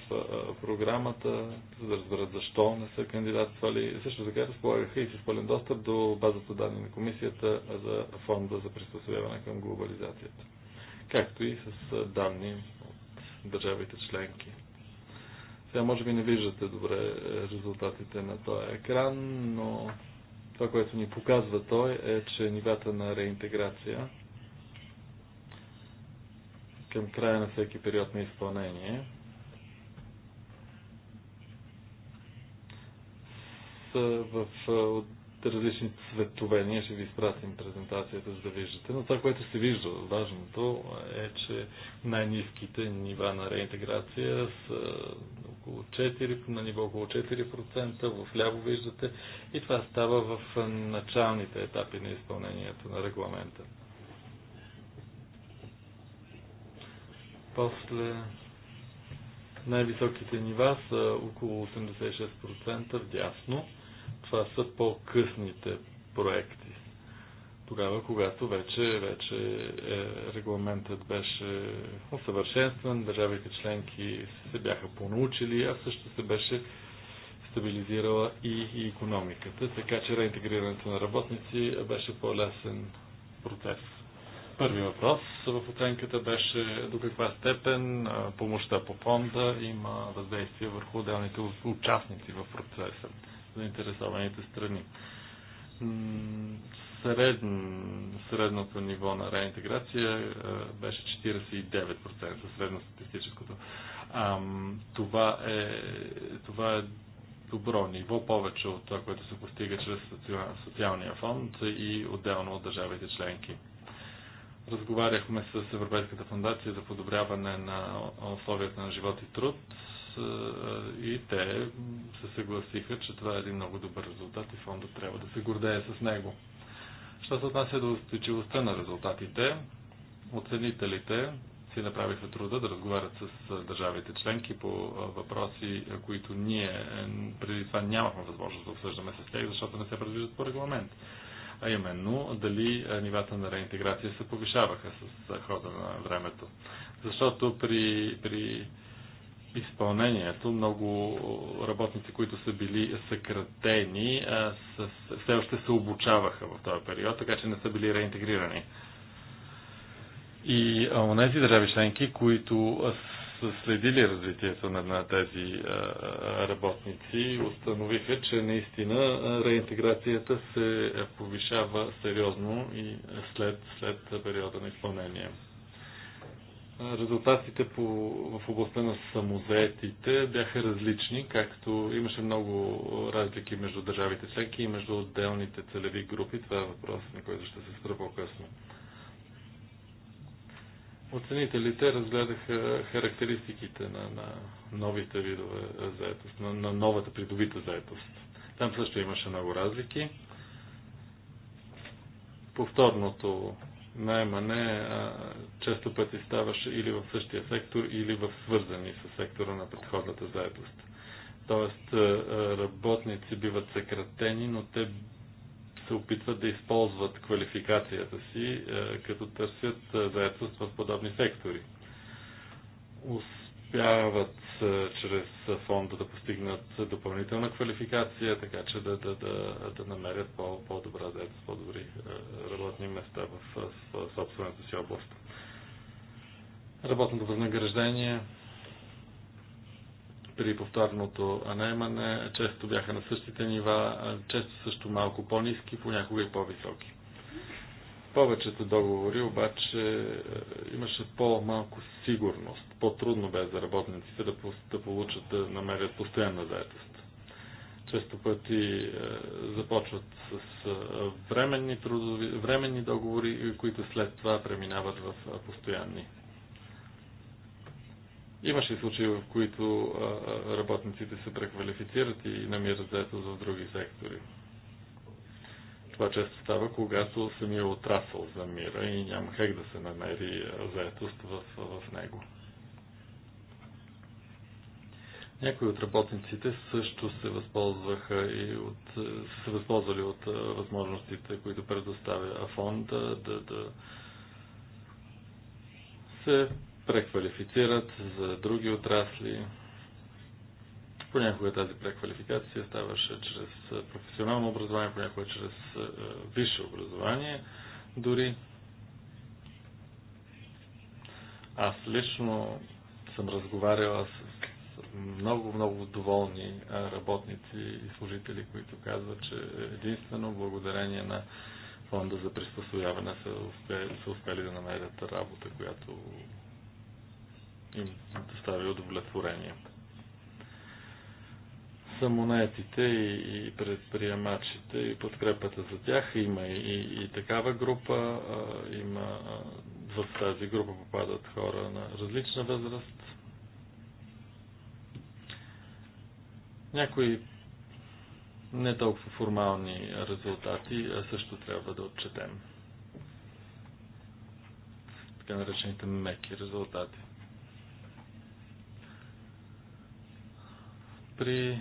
програмата, за да разберат защо не са кандидатствали. Също така разполагаха и с пълен достъп до базата данни на комисията за фонда за приспособяване към глобализацията, както и с данни от държавите членки. Сега може би не виждате добре е, резултатите на този екран, но това, което ни показва той е, че нивата на реинтеграция към края на всеки период на изпълнение са в различни цветове. Ние ще ви изпратим презентацията, за да виждате. Но това, което се вижда, важното е, че най-низките нива на реинтеграция са около 4, на ниво около 4%, в ляво виждате, и това става в началните етапи на изпълнението на регламента. После най-високите нива са около 86% дясно. Това са по-късните проекти. Тогава, когато вече, вече е, регламентът беше усъвършенстван, държавите членки се бяха понаучили, а също се беше стабилизирала и, и економиката, така че реинтегрирането на работници беше по-лесен процес. Първи въпрос в оценката беше до каква степен помощта по фонда има въздействие върху отделните участници в процеса, заинтересованите страни. Средно, средното ниво на реинтеграция беше 49% средностатистическото. Това е, това е добро ниво, повече от това, което се постига чрез социалния фонд и отделно от държавите членки. Разговаряхме с Европейската фундация за подобряване на условията на живот и труд е, и те се съгласиха, че това е един много добър резултат и фонда трябва да се гордее с него. Що се отнася до устойчивостта на резултатите, оценителите си направиха труда да разговарят с държавите членки по е, въпроси, които ние е, преди това нямахме възможност да обсъждаме с тях, защото не се предвиждат по регламент а именно дали нивата на реинтеграция се повишаваха с хода на времето. Защото при, при изпълнението много работници, които са били съкратени, все още се обучаваха в този период, така че не са били реинтегрирани. И онези държави членки, които са следили развитието на, на тези работници, установиха, че наистина реинтеграцията се повишава сериозно и след, след периода на изпълнение. Резултатите по, в областта на самозаетите бяха различни, както имаше много разлики между държавите членки и между отделните целеви групи. Това е въпрос, на който ще се спра по-късно. Оценителите разгледаха характеристиките на, на новите видове заетост, на, на новата придобита заетост. Там също имаше много разлики. Повторното найемане често пъти ставаше или в същия сектор, или в свързани с сектора на предходната заедост. Тоест работници биват съкратени, но те се опитват да използват квалификацията си, е, като търсят е, заедност в подобни сектори. Успяват е, чрез фонда да постигнат допълнителна квалификация, така че да, да, да, да намерят по, по-добра заетост, по-добри работни места в, в собствената си област. Работното възнаграждение при повторното наемане често бяха на същите нива, често също малко по-низки, понякога и по-високи. Повечето договори обаче е, имаше по-малко сигурност. По-трудно бе за работниците да, да получат, да намерят постоянна заетост. Често пъти е, започват с е, временни, трудови, временни договори, които след това преминават в постоянни Имаше случаи, в които работниците се преквалифицират и намират заетост в други сектори. Това често става, когато самия отрасъл замира и няма как да се намери заетост в, в него. Някои от работниците също се възползваха и от, са се възползвали от възможностите, които предоставя фонда да, да се преквалифицират за други отрасли. Понякога тази преквалификация ставаше чрез професионално образование, понякога чрез е, висше образование дори. Аз лично съм разговаряла с много, много доволни е, работници и служители, които казват, че единствено благодарение на фонда за приспособяване са успели, са успели да намерят работа, която им достави удовлетворение. Самонетите и, и предприемачите и подкрепата за тях има и, и такава група, а, има а, в тази група попадат хора на различна възраст. Някои не толкова формални резултати също трябва да отчетем. Така наречените меки резултати. при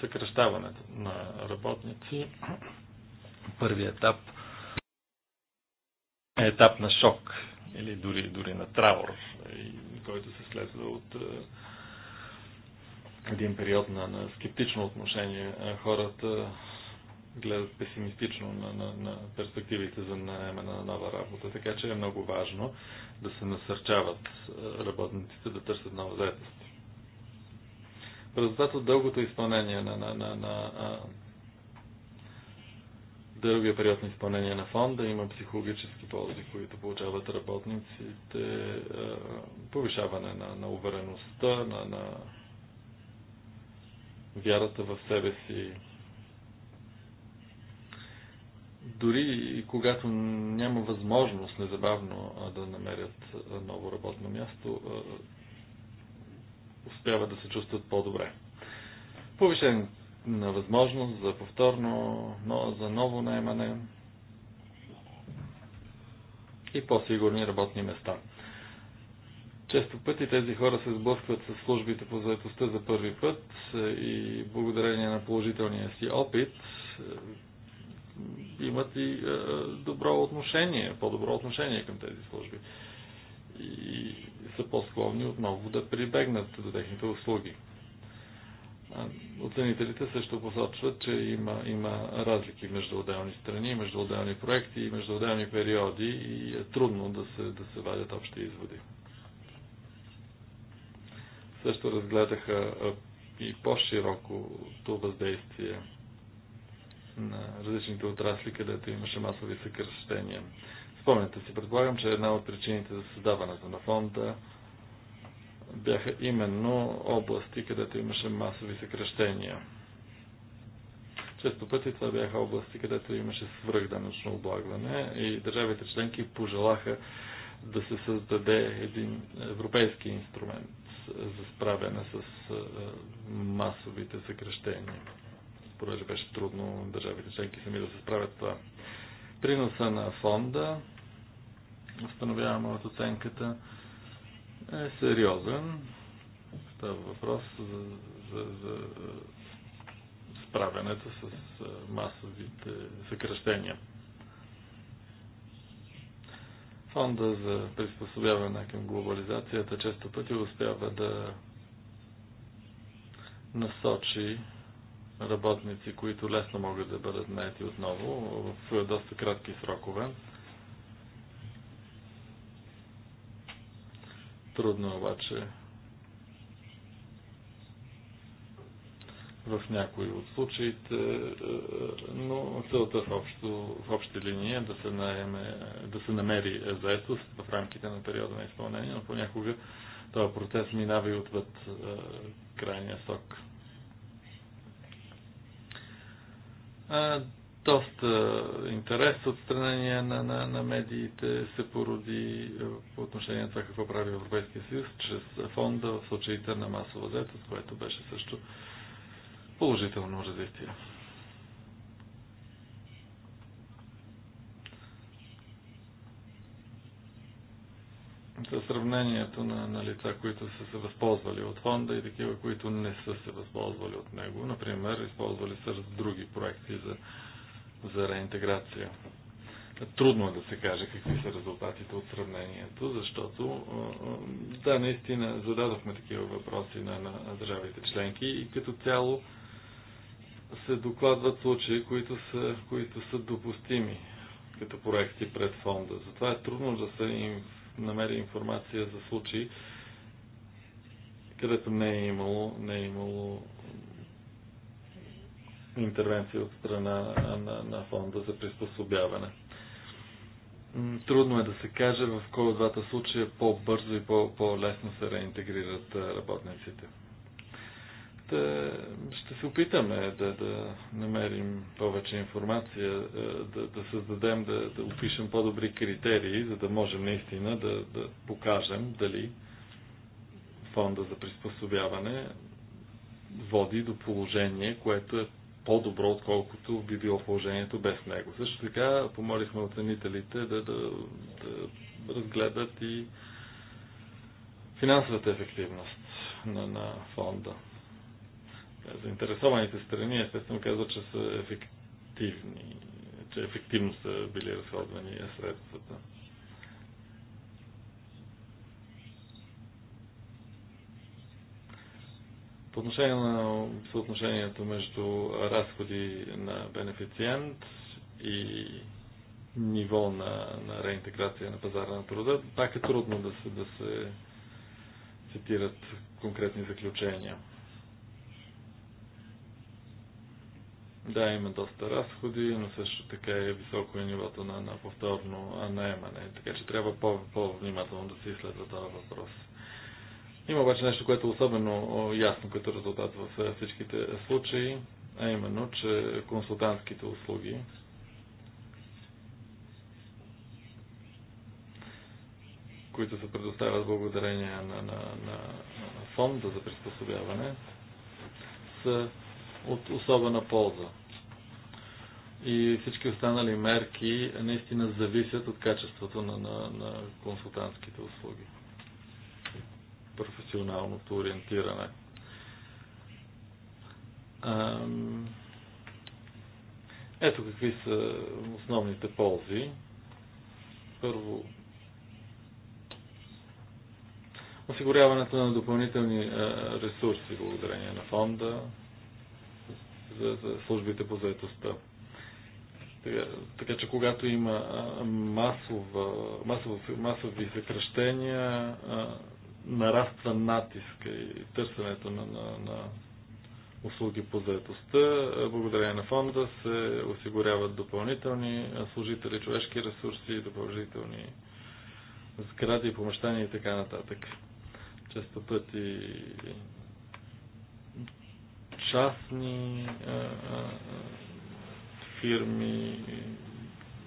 съкръщаването на работници. Първият етап е етап на шок или дори, дори на траур, който се следва от е, един период на, на скептично отношение. Е, хората гледат песимистично на, на, на перспективите за наемане на нова работа. Така че е много важно да се насърчават е, работниците да търсят нова заедност в резултат от дългото изпълнение на, на, на, на а, дългия период на изпълнение на фонда има психологически ползи, които получават работниците, а, повишаване на, на увереността, на, на вярата в себе си. Дори когато няма възможност незабавно да намерят ново работно място, успяват да се чувстват по-добре. Повишен на възможност за повторно, но за ново наемане и по-сигурни работни места. Често пъти тези хора се сблъскват с службите по заедостта за първи път и благодарение на положителния си опит имат и добро отношение, по-добро отношение към тези служби и са по-склонни отново да прибегнат до техните услуги. Оценителите също посочват, че има, има разлики между отделни страни, между отделни проекти и между отделни периоди и е трудно да се, да се вадят общи изводи. Също разгледаха и по-широкото въздействие на различните отрасли, където имаше масови съкръщения. Спомняте си, предполагам, че една от причините за създаването на фонда бяха именно области, където имаше масови съкрещения. Често пъти това бяха области, където имаше свръхданъчно облагане и държавите членки пожелаха да се създаде един европейски инструмент за справяне с масовите съкрещения. Според беше трудно държавите членки сами да се справят това. Приноса на фонда установяваме от оценката, е сериозен. Става въпрос за, за, за е, справянето с е, масовите съкръщения. Фонда за приспособяване към глобализацията често пъти успява да насочи работници, които лесно могат да бъдат наети отново в доста кратки срокове Трудно е обаче в някои от случаите, е, е, но целта в, общо, в общи линии е да се, наеме, да се намери заетост в рамките на периода на изпълнение, но понякога този процес минава и отвъд крайния сок доста е, интерес от страна е на, на, на медиите се породи е, по отношение на това какво прави Европейския съюз чрез фонда в случаите на масова заетост, което беше също положително развитие. за сравнението на, на лица, които са се възползвали от фонда и такива, които не са се възползвали от него. Например, използвали са други проекти за за реинтеграция. Трудно е да се каже какви са резултатите от сравнението, защото да, наистина зададохме такива въпроси на, на държавите членки и като цяло се докладват случаи, които са, които са допустими като проекти пред фонда. Затова е трудно да се им намери информация за случаи, където не е имало, не е имало интервенции от страна на, на фонда за приспособяване. Трудно е да се каже в кой от двата случая по-бързо и по-лесно -по се реинтегрират работниците. Та, ще се опитаме да, да намерим повече информация, да, да създадем, да, да опишем по-добри критерии, за да можем наистина да, да покажем дали фонда за приспособяване води до положение, което е по-добро, отколкото би било положението без него. Също така помолихме оценителите да, да, да разгледат и финансовата ефективност на, на фонда. Е, заинтересованите страни естествено казват, че са ефективни, че ефективно са били разходвани средствата. По отношение на съотношението между разходи на бенефициент и ниво на, на реинтеграция на пазара на труда, пак е трудно да се, да се цитират конкретни заключения. Да, има доста разходи, но също така е високо и нивото на, на повторно наемане, така че трябва по-внимателно по да се изследва този въпрос. Има обаче нещо, което е особено ясно като резултат в е, всичките случаи, а именно, че консултантските услуги които се предоставят благодарение на, на, на фонда за приспособяване, са от особена полза. И всички останали мерки наистина зависят от качеството на, на, на консултантските услуги професионалното ориентиране. Ето какви са основните ползи. Първо, осигуряването на допълнителни ресурси благодарение на фонда за, службите по заедостта. Така, така че когато има масова, масово, масови съкръщения, нараства натиска и търсенето на, на, на услуги по заедостта. Благодарение на фонда се осигуряват допълнителни служители, човешки ресурси, допълнителни сгради, помещания и така нататък. Често пъти частни а, а, фирми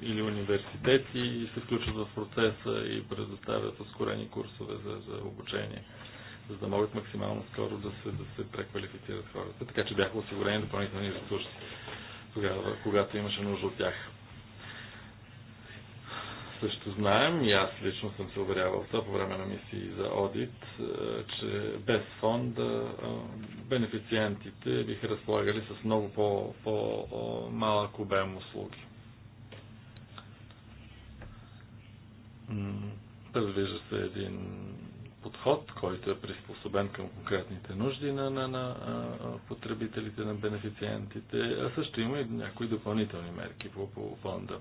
или университети и се включват в процеса и предоставят ускорени курсове за, за обучение, за да могат максимално скоро да се, да се преквалифицират хората. Така че бяха осигурени допълнителни ресурси тогава, когато имаше нужда от тях също знаем, и аз лично съм се уверявал това по време на мисии за одит, е, че без фонда е, бенефициентите биха разполагали с много по-малък по обем услуги. Предвижда се един подход, който е приспособен към конкретните нужди на, на, на потребителите, на бенефициентите, а също има и някои допълнителни мерки по, по фонда.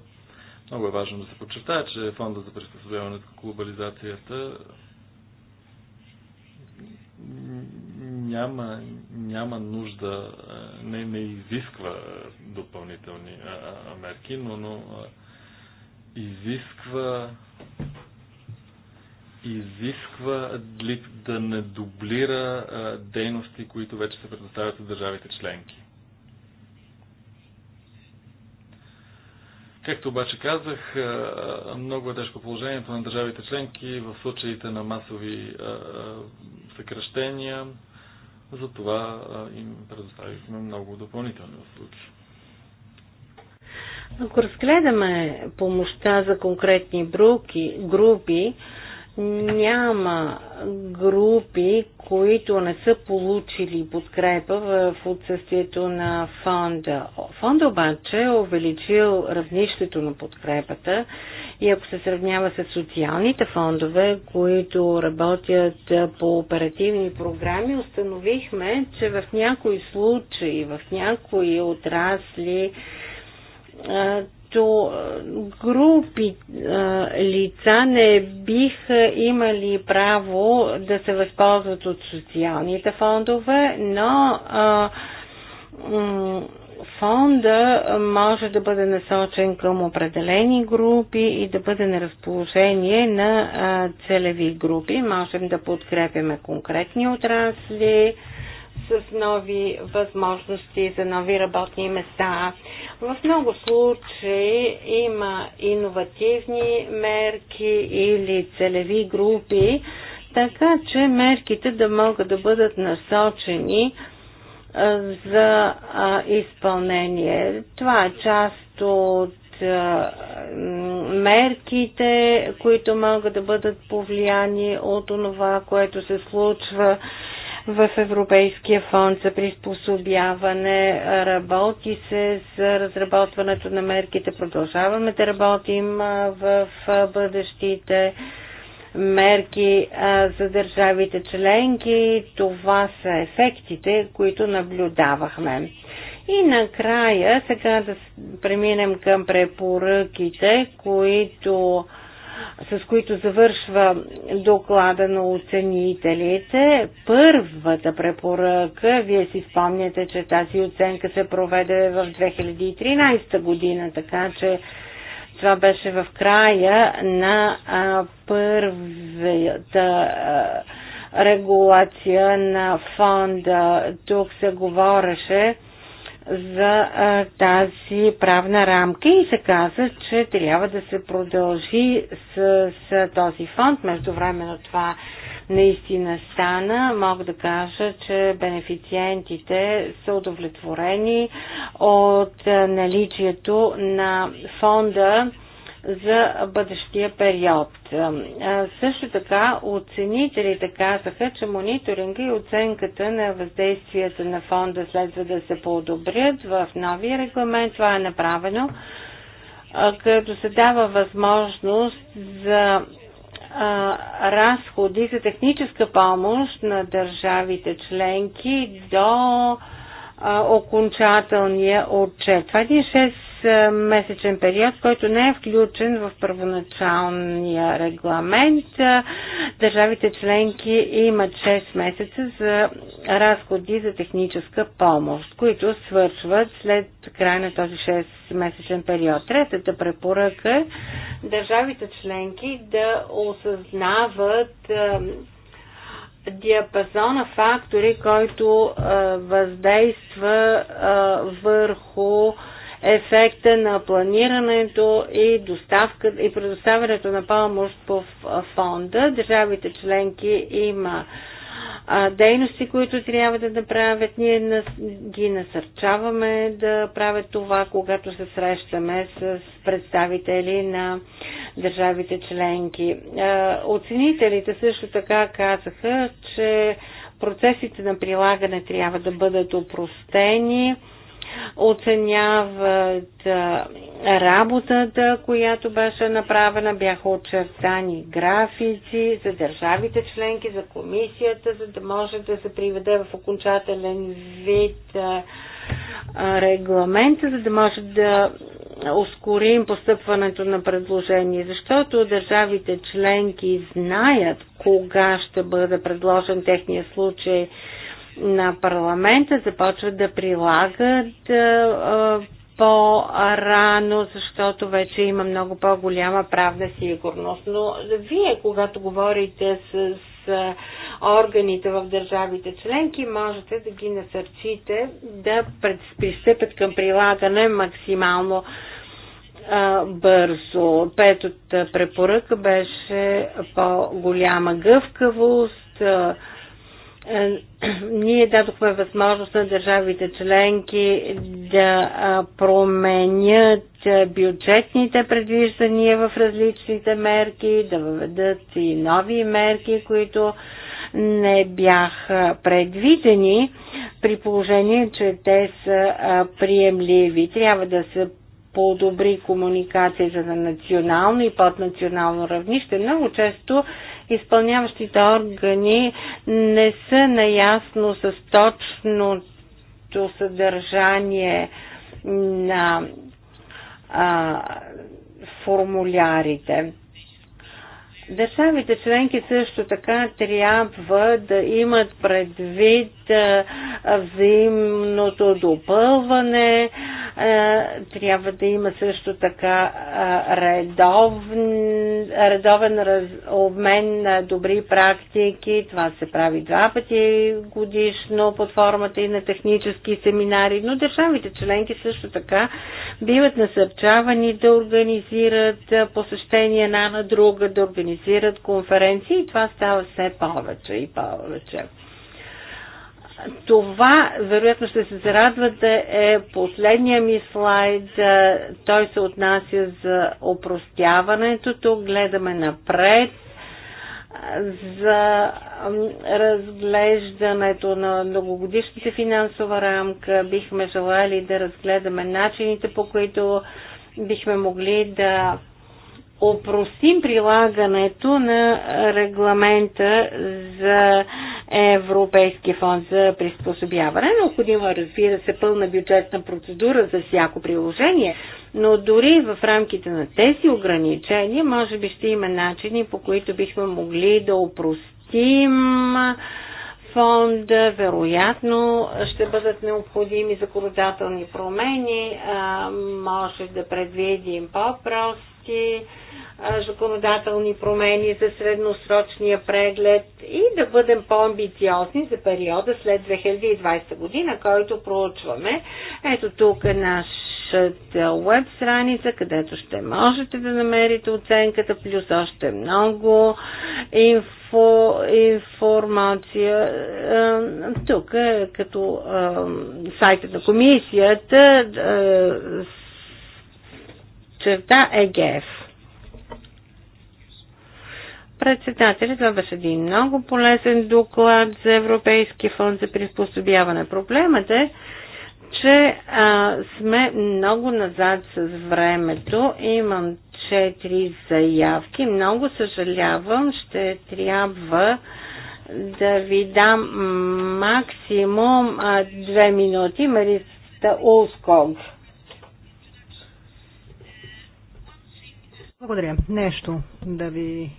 Много е важно да се подчертая, че фонда за приспособяване към глобализацията няма, няма нужда, не, не изисква допълнителни мерки, но, но изисква изисква да не дублира дейности, които вече се предоставят от държавите членки. Както обаче казах, много е тежко положението на държавите членки в случаите на масови съкръщения. Затова им предоставихме много допълнителни услуги. Ако разгледаме помощта за конкретни бруки, групи, няма групи, които не са получили подкрепа в отсъствието на фонда. Фонда обаче е увеличил равнището на подкрепата и ако се сравнява с социалните фондове, които работят по оперативни програми, установихме, че в някои случаи, в някои отрасли, то групи лица не биха имали право да се възползват от социалните фондове, но фонда може да бъде насочен към определени групи и да бъде на разположение на целеви групи. Можем да подкрепяме конкретни отрасли, с нови възможности за нови работни места. В много случаи има иновативни мерки или целеви групи, така че мерките да могат да бъдат насочени за изпълнение. Това е част от мерките, които могат да бъдат повлияни от това, което се случва в Европейския фонд за приспособяване. Работи се за разработването на мерките. Продължаваме да работим в бъдещите мерки за държавите членки. Това са ефектите, които наблюдавахме. И накрая, сега да преминем към препоръките, които с които завършва доклада на оценителите. Първата препоръка, вие си спомняте, че тази оценка се проведе в 2013 година, така че това беше в края на а, първата а, регулация на фонда. Тук се говореше за а, тази правна рамка и се каза, че трябва да се продължи с, с този фонд. Между време на това наистина стана. Мога да кажа, че бенефициентите са удовлетворени от наличието на фонда за бъдещия период. Също така оценителите казаха, че мониторинга и оценката на въздействията на фонда следва да се подобрят в новия регламент. Това е направено, като се дава възможност за разходи за техническа помощ на държавите членки до окончателния отчет. Това е един е, месечен период, който не е включен в първоначалния регламент. Е, държавите членки имат 6 месеца за разходи за техническа помощ, които свършват след края на този 6 месечен период. Третата препоръка е държавите членки да осъзнават е, диапазона фактори, който въздейства върху ефекта на планирането и, доставка, и предоставянето на помощ по фонда. Държавите членки има а, дейности, които трябва да направят. Ние нас, ги насърчаваме да правят това, когато се срещаме с представители на държавите членки. А, оценителите също така казаха, че процесите на прилагане трябва да бъдат опростени оценяват работата, която беше направена, бяха очертани графици за държавите членки, за комисията, за да може да се приведе в окончателен вид регламента, за да може да ускорим постъпването на предложение, защото държавите членки знаят кога ще бъде предложен техния случай на парламента започват да прилагат по-рано, защото вече има много по-голяма правна сигурност. Но вие, когато говорите с, с органите в държавите членки, можете да ги насърчите да пристъпят към прилагане максимално а, бързо. Петата препоръка беше по-голяма гъвкавост. А, е, ние дадохме възможност на държавите членки да променят е, бюджетните предвиждания в различните мерки, да въведат и нови мерки, които не бяха предвидени, при положение, че те са приемливи. Трябва да се подобри комуникацията на национално и поднационално равнище. Много често изпълняващите органи не са наясно с точното съдържание на а, формулярите. Държавите членки също така трябва да имат предвид е, взаимното допълване. Е, трябва да има също така е, редовен, редовен раз, обмен на добри практики. Това се прави два пъти годишно под формата и на технически семинари, но държавите членки също така биват насърчавани да организират посещения една на друга, да организират конференции и това става все повече и повече. Това, вероятно ще се зарадвате, е последния ми слайд. Е, той се отнася за опростяването. Тук гледаме напред за разглеждането на многогодишната финансова рамка. Бихме желали да разгледаме начините, по които бихме могли да опростим прилагането на регламента за Европейския фонд за приспособяване. Необходима, разбира се, пълна бюджетна процедура за всяко приложение, но дори в рамките на тези ограничения, може би ще има начини, по които бихме могли да опростим фонда, вероятно ще бъдат необходими законодателни промени, може да предвидим по-прости законодателни промени за средносрочния преглед и да бъдем по-амбициозни за периода след 2020 година, който проучваме. Ето тук е нашата веб страница, където ще можете да намерите оценката, плюс още много инфо, информация. Тук, е като сайта на комисията, черта ЕГЕФ председателя. Това беше един много полезен доклад за Европейския фонд за приспособяване. Проблемът е, че а, сме много назад с времето. Имам четири заявки. Много съжалявам, ще трябва да ви дам максимум а, две минути. Мариста Уског. Благодаря. Нещо да ви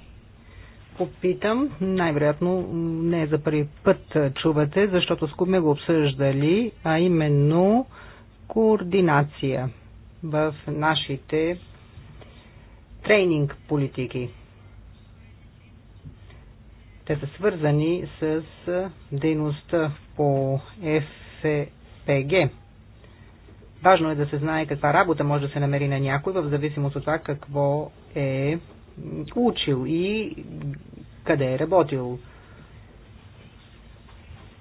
попитам, най-вероятно не е за първи път чувате, защото сме го обсъждали, а именно координация в нашите тренинг политики. Те са свързани с дейността по ФПГ. Важно е да се знае каква работа може да се намери на някой, в зависимост от това какво е учил и къде е работил.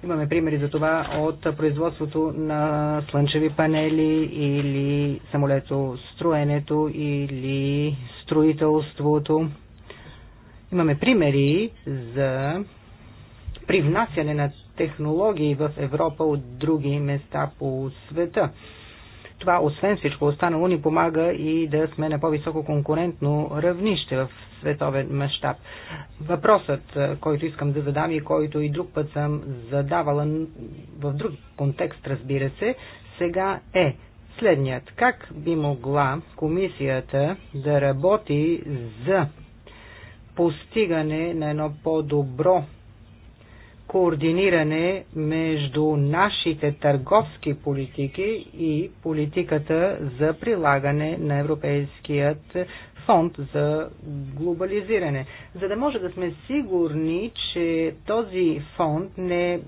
Имаме примери за това от производството на слънчеви панели или самолето строенето или строителството. Имаме примери за привнасяне на технологии в Европа от други места по света това, освен всичко останало, ни помага и да сме на по-високо конкурентно равнище в световен мащаб. Въпросът, който искам да задам и който и друг път съм задавала в друг контекст, разбира се, сега е следният. Как би могла комисията да работи за постигане на едно по-добро координиране между нашите търговски политики и политиката за прилагане на Европейският фонд за глобализиране, за да може да сме сигурни, че този фонд не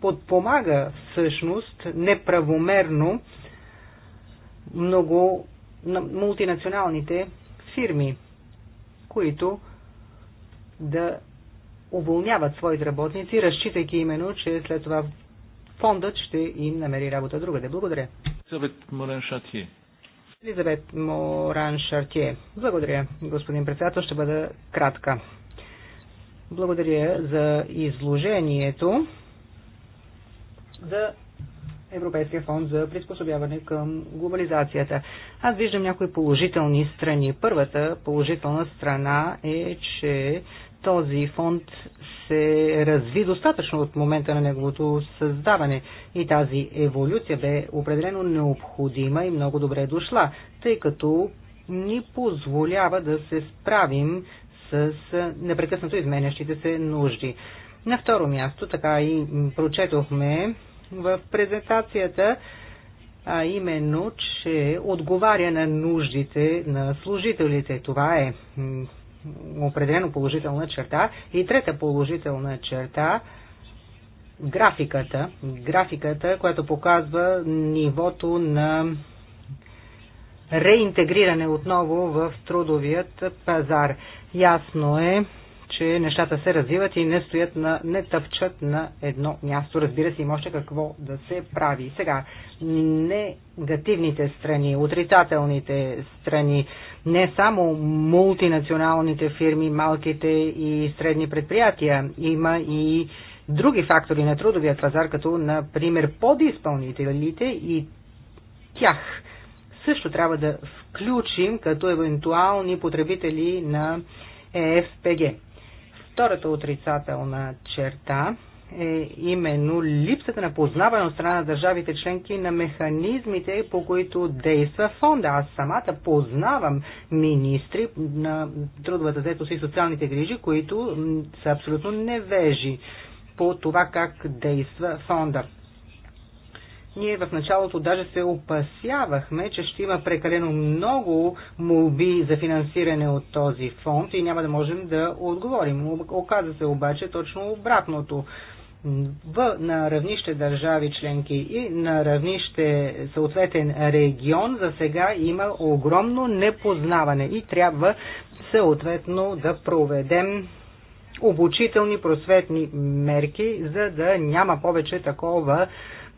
подпомага всъщност неправомерно много мултинационалните фирми, които да уволняват своите работници, разчитайки именно, че след това фондът ще им намери работа другаде. Благодаря. Елизабет Моран Шартие. Елизабет Моран Шартие. Благодаря, господин председател. Ще бъда кратка. Благодаря за изложението за Европейския фонд за приспособяване към глобализацията. Аз виждам някои положителни страни. Първата положителна страна е, че този фонд се разви достатъчно от момента на неговото създаване и тази еволюция бе определено необходима и много добре дошла, тъй като ни позволява да се справим с непрекъснато изменящите се нужди. На второ място, така и прочетохме в презентацията, а именно, че отговаря на нуждите на служителите. Това е определено положителна черта. И трета положителна черта графиката, графиката, която показва нивото на реинтегриране отново в трудовият пазар. Ясно е, че нещата се развиват и не стоят на, не тъпчат на едно място. Разбира се, има още какво да се прави. Сега, негативните страни, отрицателните страни, не само мултинационалните фирми, малките и средни предприятия. Има и други фактори на трудовия пазар, като например подиспълнителите и тях също трябва да включим като евентуални потребители на ЕФПГ. Втората отрицателна черта е именно липсата на познаване от страна на държавите членки на механизмите, по които действа фонда. Аз самата познавам министри на трудовата заетост и социалните грижи, които са абсолютно невежи по това как действа фонда. Ние в началото даже се опасявахме, че ще има прекалено много молби за финансиране от този фонд и няма да можем да отговорим. Оказа се обаче точно обратното в на равнище държави членки и на равнище съответен регион за сега има огромно непознаване и трябва съответно да проведем обучителни просветни мерки, за да няма повече такова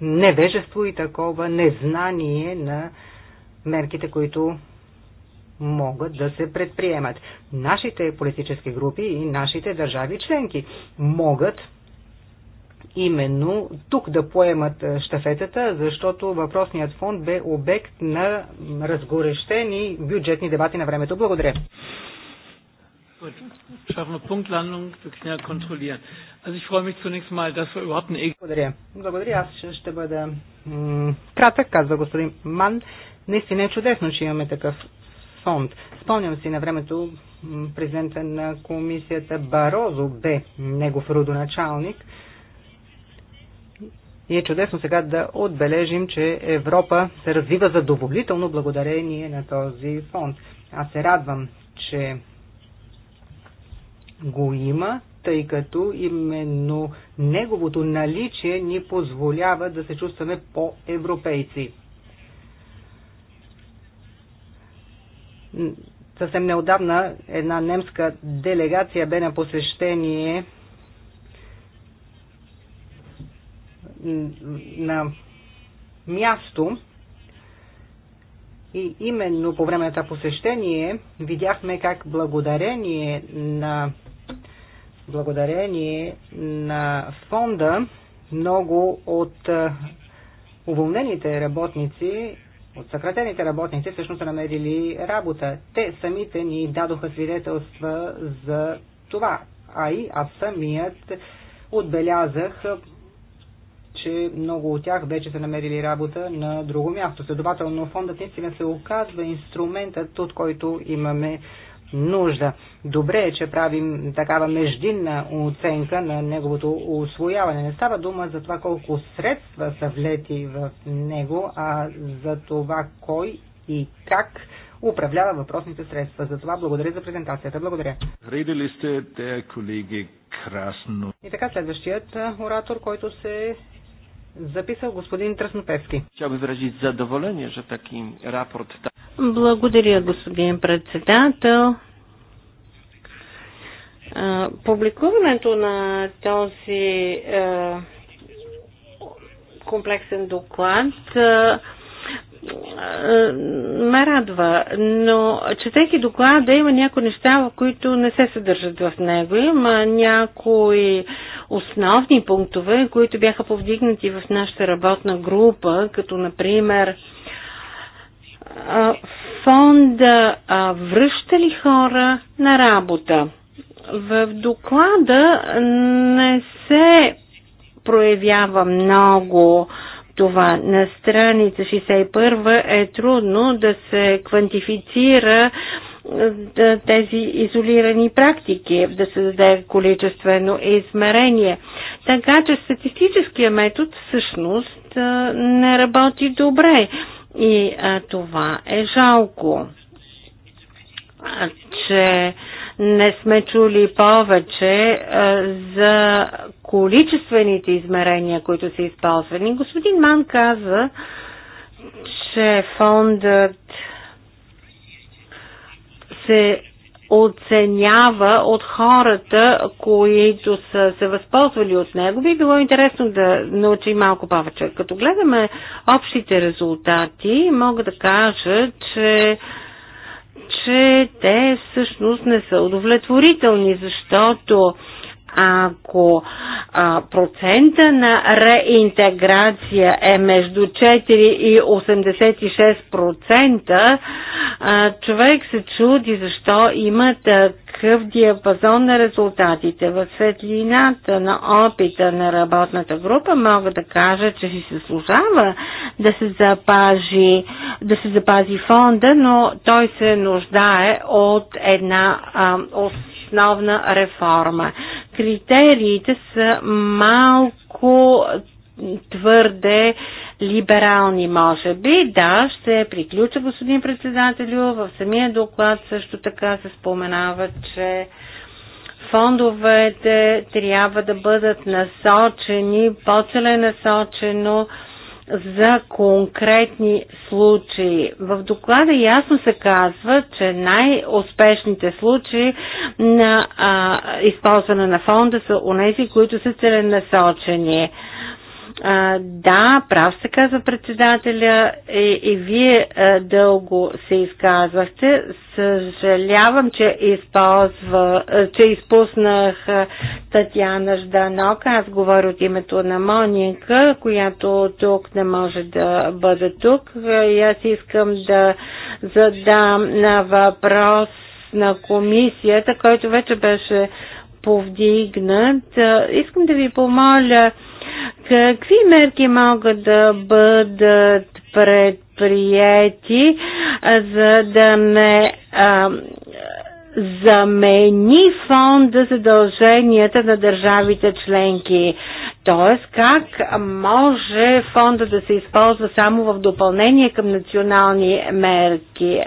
невежество и такова незнание на мерките, които могат да се предприемат. Нашите политически групи и нашите държави членки могат именно тук да поемат е, щафетата, защото въпросният фонд бе обект на разгорещени бюджетни дебати на времето. Благодаря. Благодаря. Благодаря. Аз ще бъда кратък, казва господин Ман. Наистина е чудесно, че имаме такъв фонд. Спомням си на времето президента на комисията Барозо бе негов родоначалник и е чудесно сега да отбележим, че Европа се развива задоволително благодарение на този фонд. Аз се радвам, че го има, тъй като именно неговото наличие ни позволява да се чувстваме по-европейци. Съвсем неодавна една немска делегация бе на посещение на място и именно по време на това посещение видяхме как благодарение на, благодарение на фонда много от уволнените работници, от съкратените работници всъщност са намерили работа. Те самите ни дадоха свидетелства за това. А и аз самият отбелязах че много от тях вече са намерили работа на друго място. Следователно, фондът наистина се оказва инструментът, от който имаме нужда. Добре е, че правим такава междинна оценка на неговото освояване. Не става дума за това колко средства са влети в него, а за това кой и как управлява въпросните средства. За това благодаря за презентацията. Благодаря. Редели сте те, колеги, красно. И така следващият оратор, който се Записал господин Тръснопевски. Chciałbym wyrazić zadowolenie, że taki raport... Благодаря, господин председател. Публикуването на този е, комплексен доклад е, ме радва, но четейки доклада има някои неща, които не се съдържат в него. Има някои основни пунктове, които бяха повдигнати в нашата работна група, като например фонда връща ли хора на работа? В доклада не се проявява много това. На страница 61 е трудно да се квантифицира тези изолирани практики, да се даде количествено измерение. Така че статистическия метод всъщност не работи добре и а, това е жалко, че не сме чули повече а, за количествените измерения, които са използвани. Господин Ман каза, че фондът се оценява от хората, които са се възползвали от него. Би било интересно да научим малко повече. Като гледаме общите резултати, мога да кажа, че че те всъщност не са удовлетворителни, защото ако а, процента на реинтеграция е между 4 и 86%, а, човек се чуди защо има такъв диапазон на резултатите. В светлината на опита на работната група мога да кажа, че си се служава да се запази, да се запази фонда, но той се нуждае от една а, основна реформа. Критериите са малко твърде либерални, може би. Да, ще приключа, господин председателю. В самия доклад също така се споменава, че фондовете трябва да бъдат насочени по-целенасочено насочено за конкретни случаи. В доклада ясно се казва, че най-успешните случаи на а, използване на фонда са у нези, които са целенасочени. А, да, прав се казва председателя и, и вие а, дълго се изказвахте. Съжалявам, че, използва, а, че изпуснах а, Татьяна Жданок. Аз говоря от името на Моника, която тук не може да бъде тук. И аз искам да задам на въпрос на комисията, който вече беше повдигнат. Искам да ви помоля Какви мерки могат да бъдат предприяти, за да не а, замени фонда задълженията на държавите членки. Тоест, как може фонда да се използва само в допълнение към национални мерки?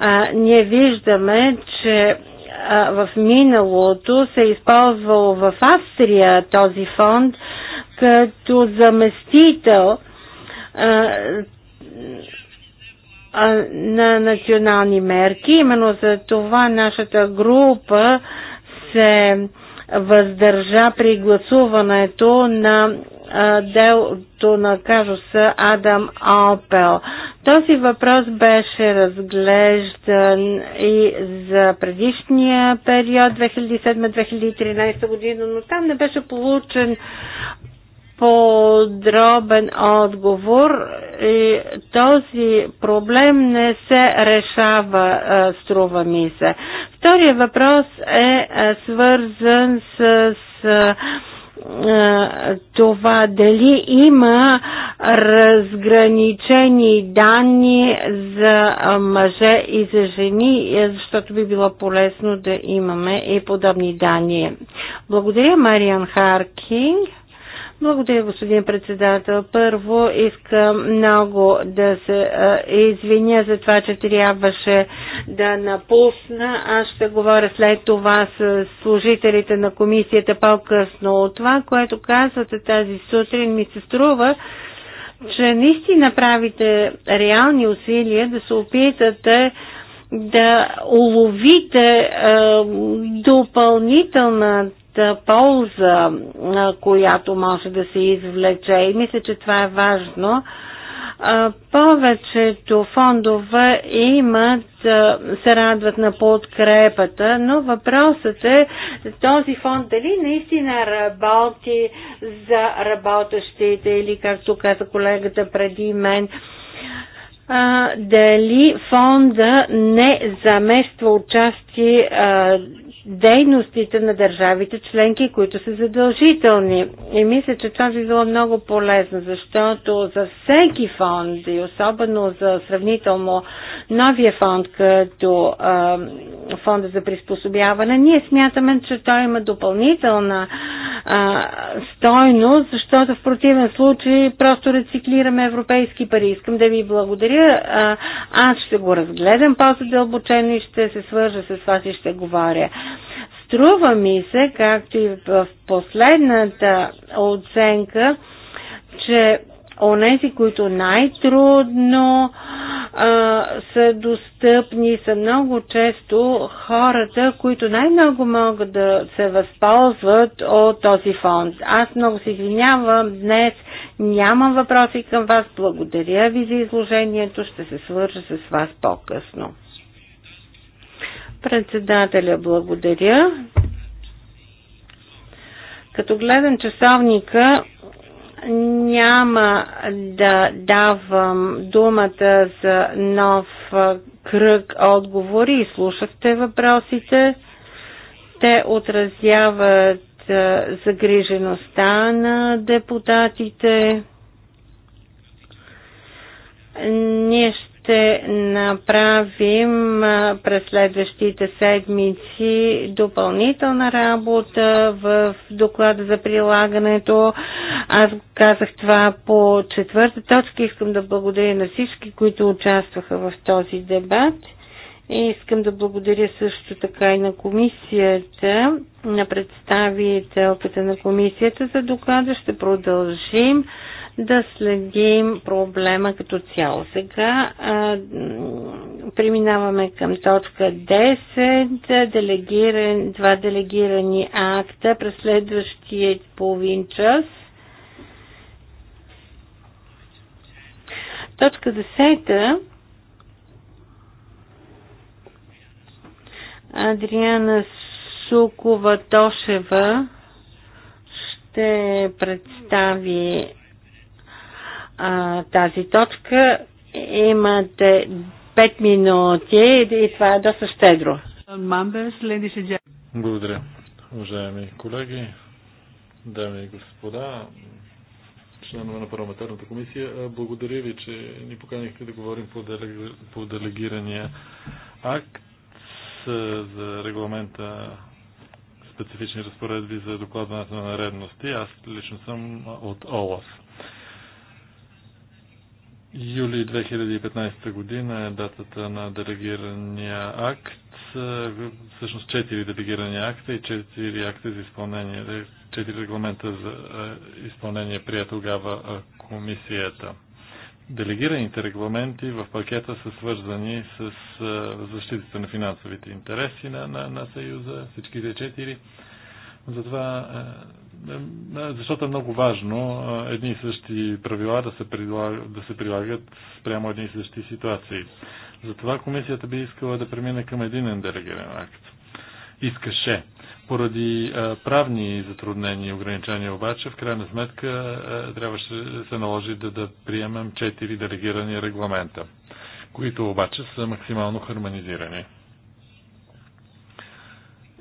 А, ние виждаме, че а, в миналото се е използвал в Австрия този фонд като заместител а, а, на национални мерки. Именно за това нашата група се въздържа при гласуването на делото на кажуса Адам Алпел. Този въпрос беше разглеждан и за предишния период 2007-2013 година, но там не беше получен подробен отговор. И този проблем не се решава, струва ми се. Втория въпрос е свързан с това дали има разграничени данни за мъже и за жени, е, защото би било полезно да имаме и подобни данни. Благодаря, Мариан Харкинг. Благодаря, господин председател. Първо искам много да се а, извиня за това, че трябваше да напусна. Аз ще говоря след това с служителите на комисията по-късно. Това, което казвате тази сутрин, ми се струва, че наистина правите реални усилия да се опитате да уловите а, допълнителна полза, която може да се извлече. И мисля, че това е важно. Повечето фондове имат, се радват на подкрепата, но въпросът е този фонд дали наистина работи за работещите или, както каза колегата преди мен, дали фонда не замества участие дейностите на държавите членки, които са задължителни. И мисля, че това би било много полезно, защото за всеки фонд и особено за сравнително новия фонд, като а, фонда за приспособяване, ние смятаме, че той има допълнителна а, стойност, защото в противен случай просто рециклираме европейски пари. Искам да ви благодаря. А, аз ще го разгледам по-задълбочено и ще се свържа с вас и ще говоря. Струва ми се, както и в последната оценка, че онези, които най-трудно са достъпни, са много често хората, които най-много могат да се възползват от този фонд. Аз много се извинявам, днес нямам въпроси към вас. Благодаря ви за изложението, ще се свържа с вас по-късно. Председателя, благодаря. Като гледам часовника, няма да давам думата за нов кръг отговори. Слушахте въпросите. Те отразяват загрижеността на депутатите. Ние ще направим през следващите седмици допълнителна работа в доклада за прилагането. Аз казах това по четвърта точка. Искам да благодаря на всички, които участваха в този дебат. И искам да благодаря също така и на комисията, на представителката на комисията за доклада. Ще продължим да следим проблема като цяло. Сега а, преминаваме към точка 10. Делегиран, два делегирани акта през следващия половин час. Точка 10. Адриана Сукова Тошева ще представи а, тази точка. Имате 5 минути и това е доста щедро. Благодаря, уважаеми колеги, дами и господа, членове на парламентарната комисия. Благодаря ви, че ни поканихте да говорим по, делег... по делегирания акт за регламента специфични разпоредби за докладването на наредности. Аз лично съм от ОЛАС. Юли 2015 година е датата на делегирания акт. Е, всъщност 4 делегирани акта и 4 акта за изпълнение, 4 е, регламента за е, изпълнение прия тогава комисията. Делегираните регламенти в пакета са свързани с защитата на финансовите интереси на, на, на Съюза, всичките 4. Затова е, е, защото е много важно е, едни и същи правила да се, прилагат, да се прилагат прямо едни и същи ситуации. Затова комисията би искала да премине към единен делегиран акт. Искаше. Поради правни затруднения и ограничения обаче, в крайна сметка трябваше да се наложи да, да приемем четири делегирани регламента, които обаче са максимално хармонизирани.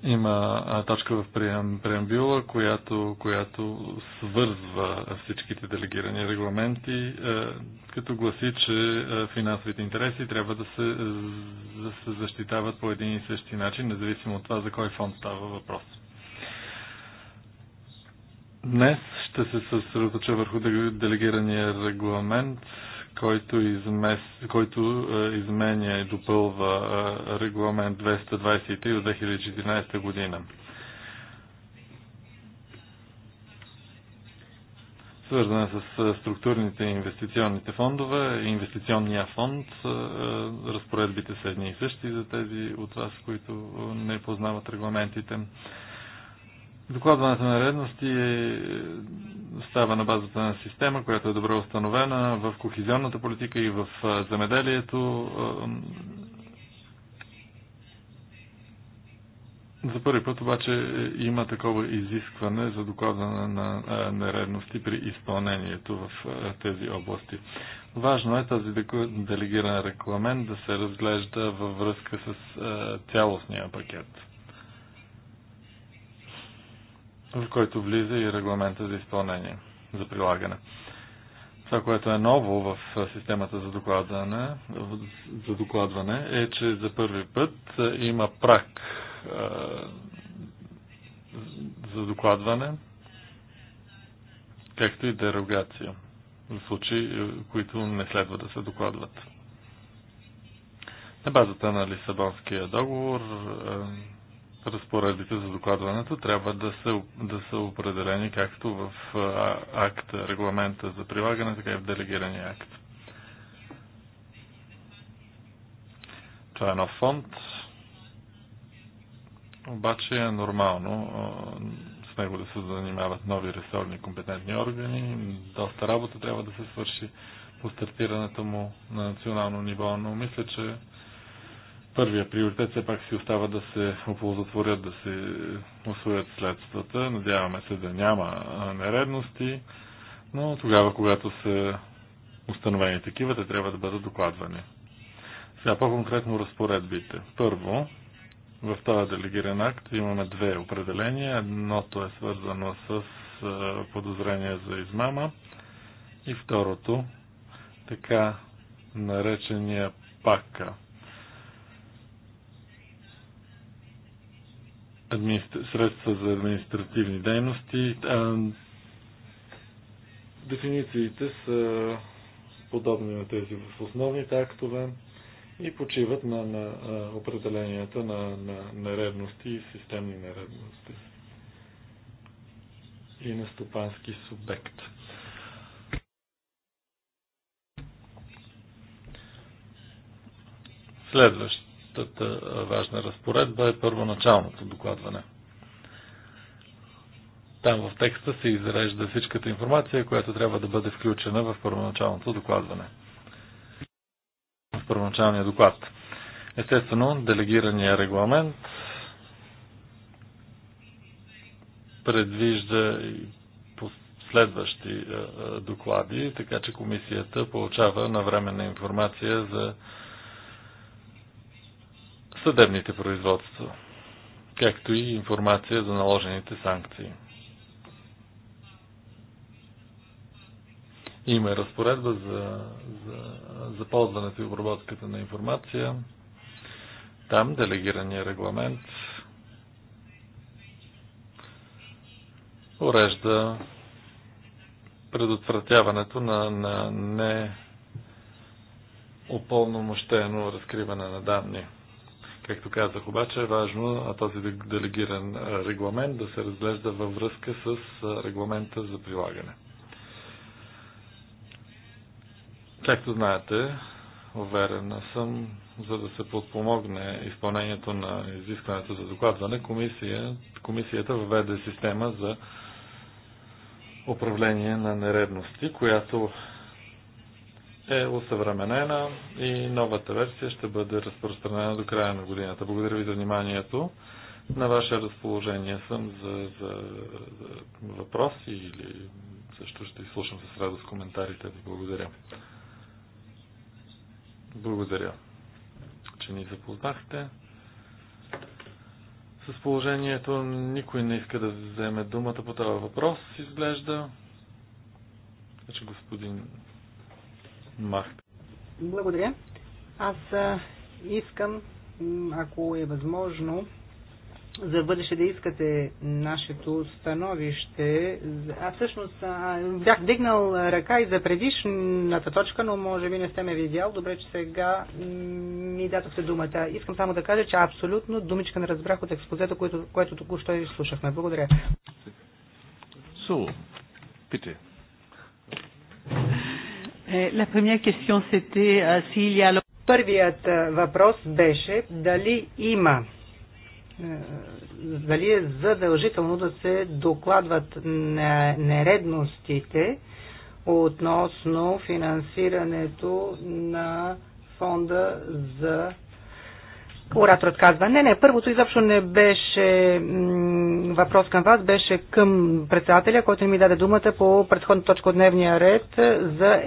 Има точка в преамбюла, която, която свързва всичките делегирани регламенти, е, като гласи, че е, финансовите интереси трябва да се, да се защитават по един и същи начин, независимо от това за кой фонд става въпрос. Днес ще се съсредоточа върху делегирания регламент който, измес, който е, изменя и допълва е, регламент 223 от 2014 година. свързана с е, структурните и инвестиционните фондове, инвестиционния фонд, разпоредбите са едни и същи за тези от вас, които не познават регламентите. Докладването на редности е, става на базата на система, която е добре установена в кохизионната политика и в е, замеделието. Е, за първи път обаче има такова изискване за докладване на нередности при изпълнението в тези области. Важно е тази делегиран рекламент да се разглежда във връзка с цялостния пакет в който влиза и регламента за изпълнение, за прилагане. Това, което е ново в системата за докладване, за докладване е, че за първи път е, има прак е, за докладване, както и дерогация в случаи, които не следва да се докладват. На базата на Лисабонския договор е, разпоредбите за докладването трябва да са, да са определени както в акта, регламента за прилагане, така и в делегирания акт. Това е нов фонд, обаче е нормално с него да се занимават нови ресорни компетентни органи. Доста работа трябва да се свърши по стартирането му на национално ниво, но мисля, че първия приоритет все пак си остава да се оползотворят, да се освоят следствата. Надяваме се да няма нередности, но тогава, когато са установени такива, те трябва да бъдат докладвани. Сега по-конкретно разпоредбите. Първо, в този делегиран акт имаме две определения. Едното е свързано с подозрение за измама и второто, така наречения пака – средства за административни дейности. А, дефинициите са подобни на тези в основните актове и почиват на, на определенията на, на нередности и системни нередности и на стопански субект. Следващ Следващата важна разпоредба е първоначалното докладване. Там в текста се изрежда всичката информация, която трябва да бъде включена в първоначалното докладване. В първоначалния доклад. Естествено, делегирания регламент предвижда и последващи доклади, така че комисията получава навременна информация за съдебните производства, както и информация за наложените санкции. Има разпоредба за, за, за ползването и обработката на информация. Там делегирания регламент урежда предотвратяването на, на не опълномощено разкриване на данни. Както казах, обаче е важно този делегиран регламент да се разглежда във връзка с регламента за прилагане. Както знаете, уверена съм, за да се подпомогне изпълнението на изискването за докладване, комисия, комисията въведе система за управление на нередности, която е усъвременена и новата версия ще бъде разпространена до края на годината. Благодаря ви за вниманието. На ваше разположение съм за, за, за въпроси или също ще изслушам с радост коментарите ви. Благодаря. Благодаря, че ни запознахте. С положението никой не иска да вземе думата по този въпрос, изглежда. Значи господин macht. Благодаря. Аз искам, ако е възможно, за бъдеще да искате нашето становище. Аз всъщност а, бях дигнал ръка и за предишната точка, но може би не сте ме видял. Добре, че сега ми дадохте думата. Искам само да кажа, че абсолютно думичка не разбрах от експозето, което, което току-що изслушахме. Благодаря. So, пите. Е, Първият въпрос беше дали има е, дали е задължително да се докладват нередностите относно финансирането на фонда за Ораторът казва, не, не, първото изобщо не беше въпрос към вас, беше към председателя, който ми даде думата по предходна точка от дневния ред за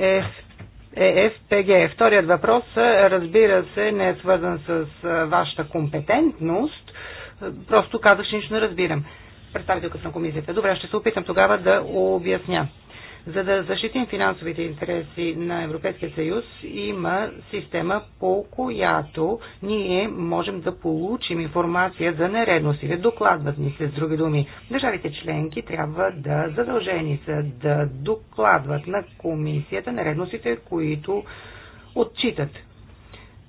ЕФПГ. Е Вторият въпрос, разбира се, не е свързан с вашата компетентност, просто казах, че нищо не разбирам. Представителката на комисията. Добре, ще се опитам тогава да обясня. За да защитим финансовите интереси на Европейския съюз, има система, по която ние можем да получим информация за нередностите. Докладват ни се, с други думи. Държавите членки трябва да задължени са да докладват на комисията нередностите, които отчитат.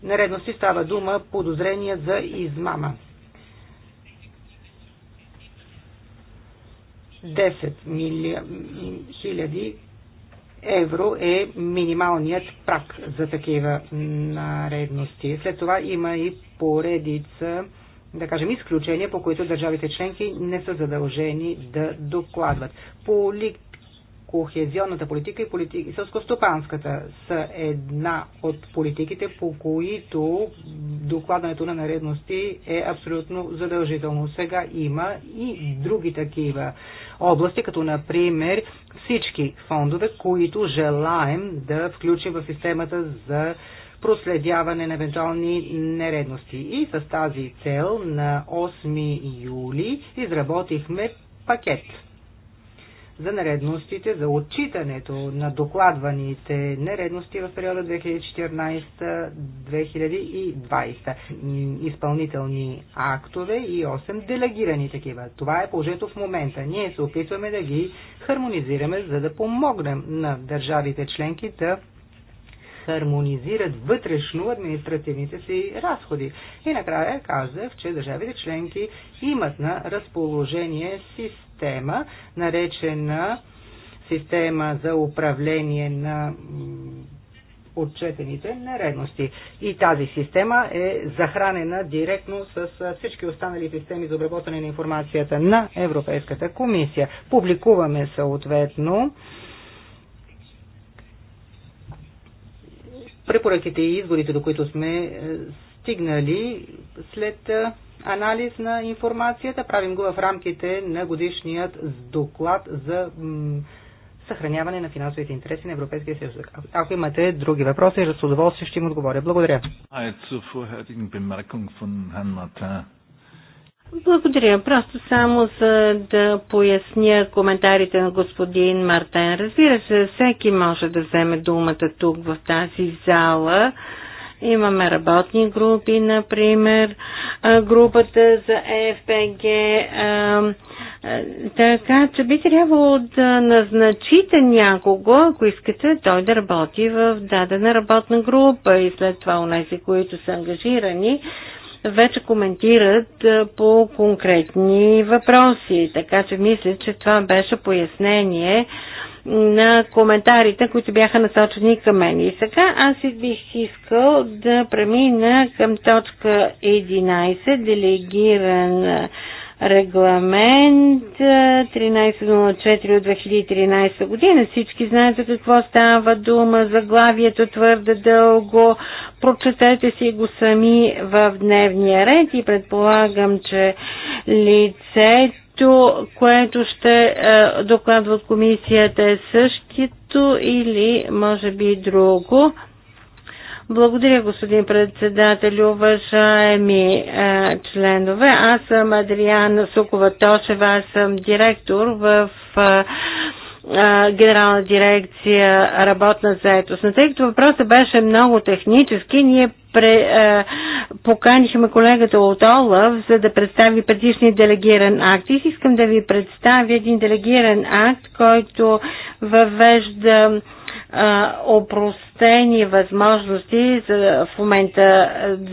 Нередности става дума подозрения за измама. 10 милион, хиляди евро е минималният прак за такива наредности. След това има и поредица да кажем, изключения, по които държавите членки не са задължени да докладват. По, кохезионната политика и, политик... и сълскостопанската са една от политиките, по които докладането на наредности е абсолютно задължително. Сега има и други такива области, като например всички фондове, които желаем да включим в системата за проследяване на евентуални нередности. И с тази цел на 8 юли изработихме пакет за нередностите, за отчитането на докладваните нередности в периода 2014-2020. Изпълнителни актове и 8 делегирани такива. Това е положението в момента. Ние се опитваме да ги хармонизираме, за да помогнем на държавите членки да хармонизират вътрешно административните си разходи. И накрая казах, че държавите членки имат на разположение система система, наречена система за управление на отчетените нередности. И тази система е захранена директно с всички останали системи за обработване на информацията на Европейската комисия. Публикуваме съответно препоръките и изборите, до които сме е, стигнали след анализ на информацията. Правим го в рамките на годишният доклад за съхраняване на финансовите интереси на Европейския съюз. Ако имате други въпроси, с удоволствие ще им отговоря. Благодаря. Благодаря. Просто само за да поясня коментарите на господин Мартен. Разбира се, всеки може да вземе думата тук в тази зала. Имаме работни групи, например, групата за ЕФПГ. Така че би трябвало да назначите някого, ако искате той да работи в дадена работна група и след това у нези, които са ангажирани, вече коментират по конкретни въпроси. Така че мисля, че това беше пояснение на коментарите, които бяха насочени към мен. И сега аз и бих искал да премина към точка 11, делегиран регламент 1304 от 2013 година. Всички знаят за какво става дума, заглавието твърде дълго. Прочетете си го сами в дневния ред и предполагам, че лицето нещо, което ще е, докладва от комисията е същото или може би друго. Благодаря, господин председател, уважаеми е, членове. Аз съм Адриана Сукова Тошева, аз съм директор в е, Генерална дирекция работна заетост. Но тъй като въпросът беше много технически, ние пре, а, поканихме колегата от Олаф, за да представи предишния делегиран акт. И искам да ви представя един делегиран акт, който въвежда опрос съкратени възможности за, в момента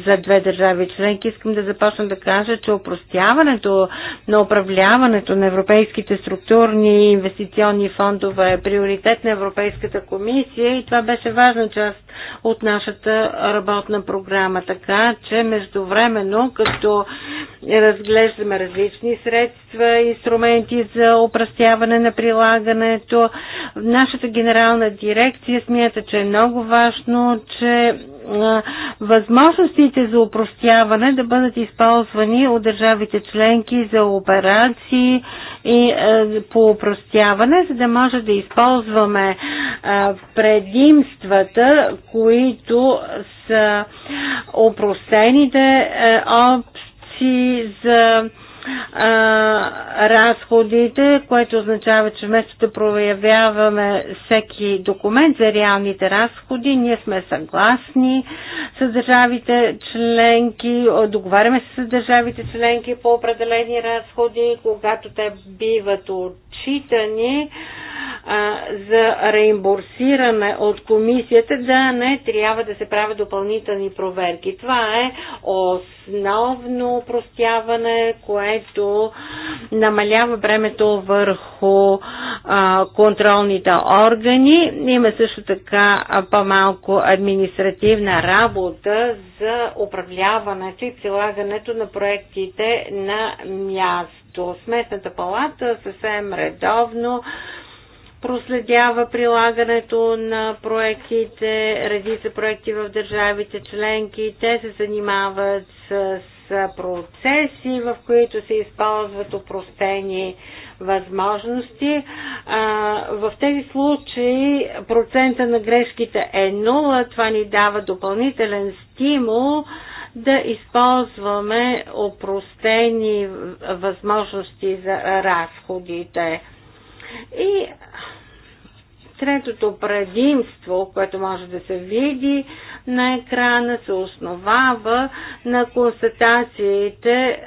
за две държави членки. Искам да започна да кажа, че упростяването на управляването на европейските структурни и инвестиционни фондове е приоритет на Европейската комисия и това беше важна част от нашата работна програма. Така че междувременно, като разглеждаме различни средства, инструменти за упростяване на прилагането, нашата генерална дирекция смята, че е много много важно, че възможностите за упростяване да бъдат използвани от държавите членки за операции и по упростяване, за да може да използваме предимствата, които са упростените опции за а, разходите, което означава, че вместо да проявяваме всеки документ за реалните разходи, ние сме съгласни с държавите членки, договаряме се с държавите членки по определени разходи, когато те биват отчитани. А, за реимбурсиране от комисията да не трябва да се правят допълнителни проверки. Това е основно упростяване, което намалява времето върху а, контролните органи. Има също така по-малко административна работа за управляването и прилагането на проектите на място място. Сметната палата съвсем редовно проследява прилагането на проектите, редица проекти в държавите членки. Те се занимават с, процеси, в които се използват упростени възможности. в тези случаи процента на грешките е 0. Това ни дава допълнителен стимул да използваме опростени възможности за разходите. И третото предимство, което може да се види на екрана, се основава на констатациите е,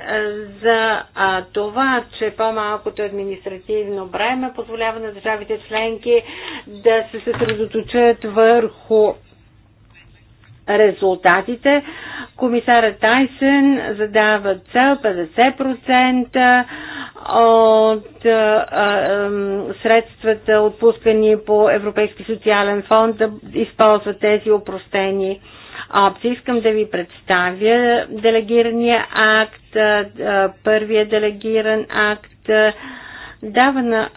за това, че по-малкото административно бреме позволява на държавите членки да се съсредоточат върху резултатите. Комисарът Тайсен задава цел 50% от а, е, а, е, средствата, отпускани по Европейски социален фонд, да използват тези упростени опции. Искам да ви представя делегирания акт, първия делегиран акт, дава на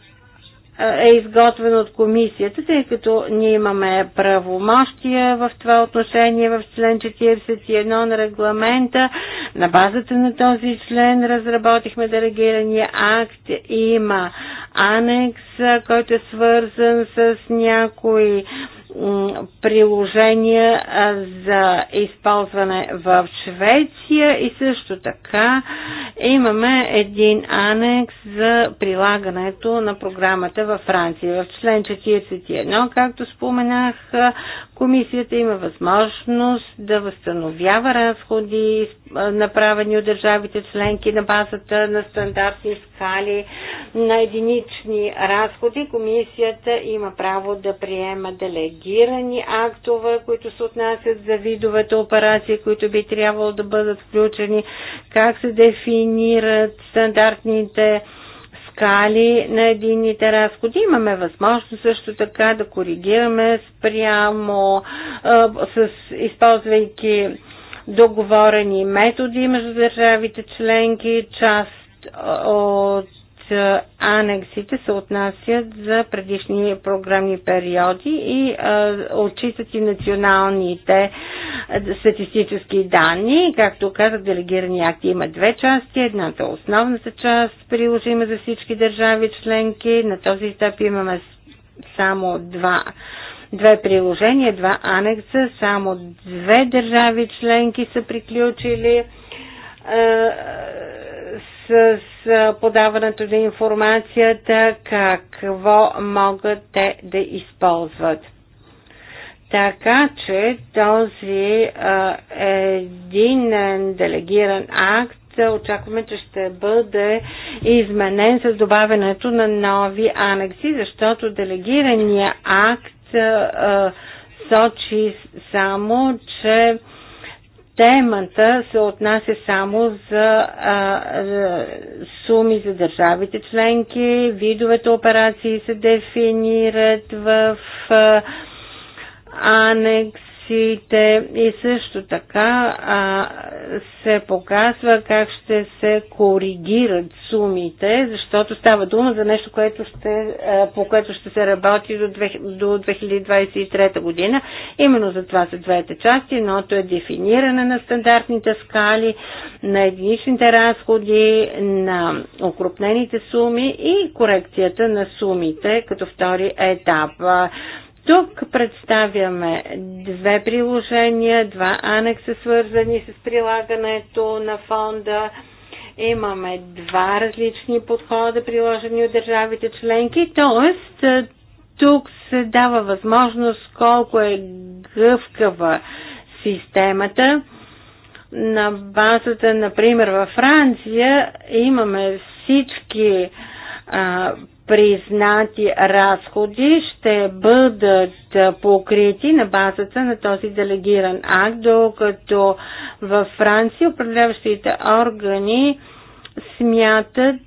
е, е изготвен от комисията, тъй като ние имаме правомощия в това отношение в член 41 на регламента. На базата на този член разработихме делегирания акт. Има анекс, който е свързан с някои приложения за използване в Швеция и също така имаме един анекс за прилагането на програмата във Франция. В член 41, както споменах, комисията има възможност да възстановява разходи, направени от държавите членки на базата на стандартни скали на единични разходи. Комисията има право да приема делегирани актове, които се отнасят за видовете операции, които би трябвало да бъдат включени, как се дефинират стандартните скали на едините разходи. Имаме възможност също така да коригираме спрямо с използвайки договорени методи между държавите членки, част от анексите се отнасят за предишни програмни периоди и отчитат и националните статистически данни. Както казах, делегирани акти има две части. Едната е основната част, приложима за всички държави членки. На този етап имаме само два две приложения, два анекса, само две държави членки са приключили с, подаването на информацията, какво могат те да използват. Така че този а, единен делегиран акт очакваме, че ще бъде изменен с добавянето на нови анекси, защото делегирания акт а, сочи само, че темата се отнася само за а, а, суми за държавите членки, видовете операции се дефинират в а, анекс институциите и също така а, се показва как ще се коригират сумите, защото става дума за нещо, което ще, а, по което ще се работи до, до 2023 година. Именно за това са двете части. Едното е дефиниране на стандартните скали, на единичните разходи, на окрупнените суми и корекцията на сумите като втори етап. Тук представяме две приложения, два анекса свързани с прилагането на фонда. Имаме два различни подхода, приложени от държавите членки, т.е. тук се дава възможност колко е гъвкава системата. На базата, например, във Франция имаме всички признати разходи ще бъдат покрити на базата на този делегиран акт, докато във Франция управляващите органи смятат,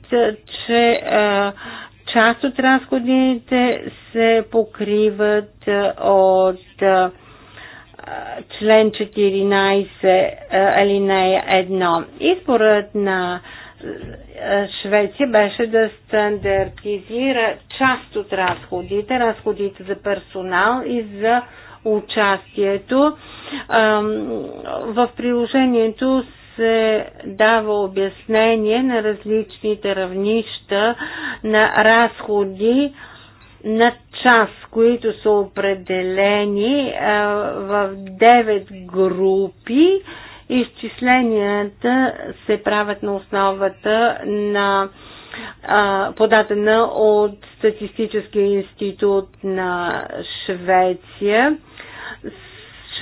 че част от разходите се покриват от член 14 алинея 1. И според на е, Швеция беше да стандартизира част от разходите, разходите за персонал и за участието. В приложението се дава обяснение на различните равнища на разходи на час, които са определени в 9 групи изчисленията се правят на основата на подадена от Статистическия институт на Швеция.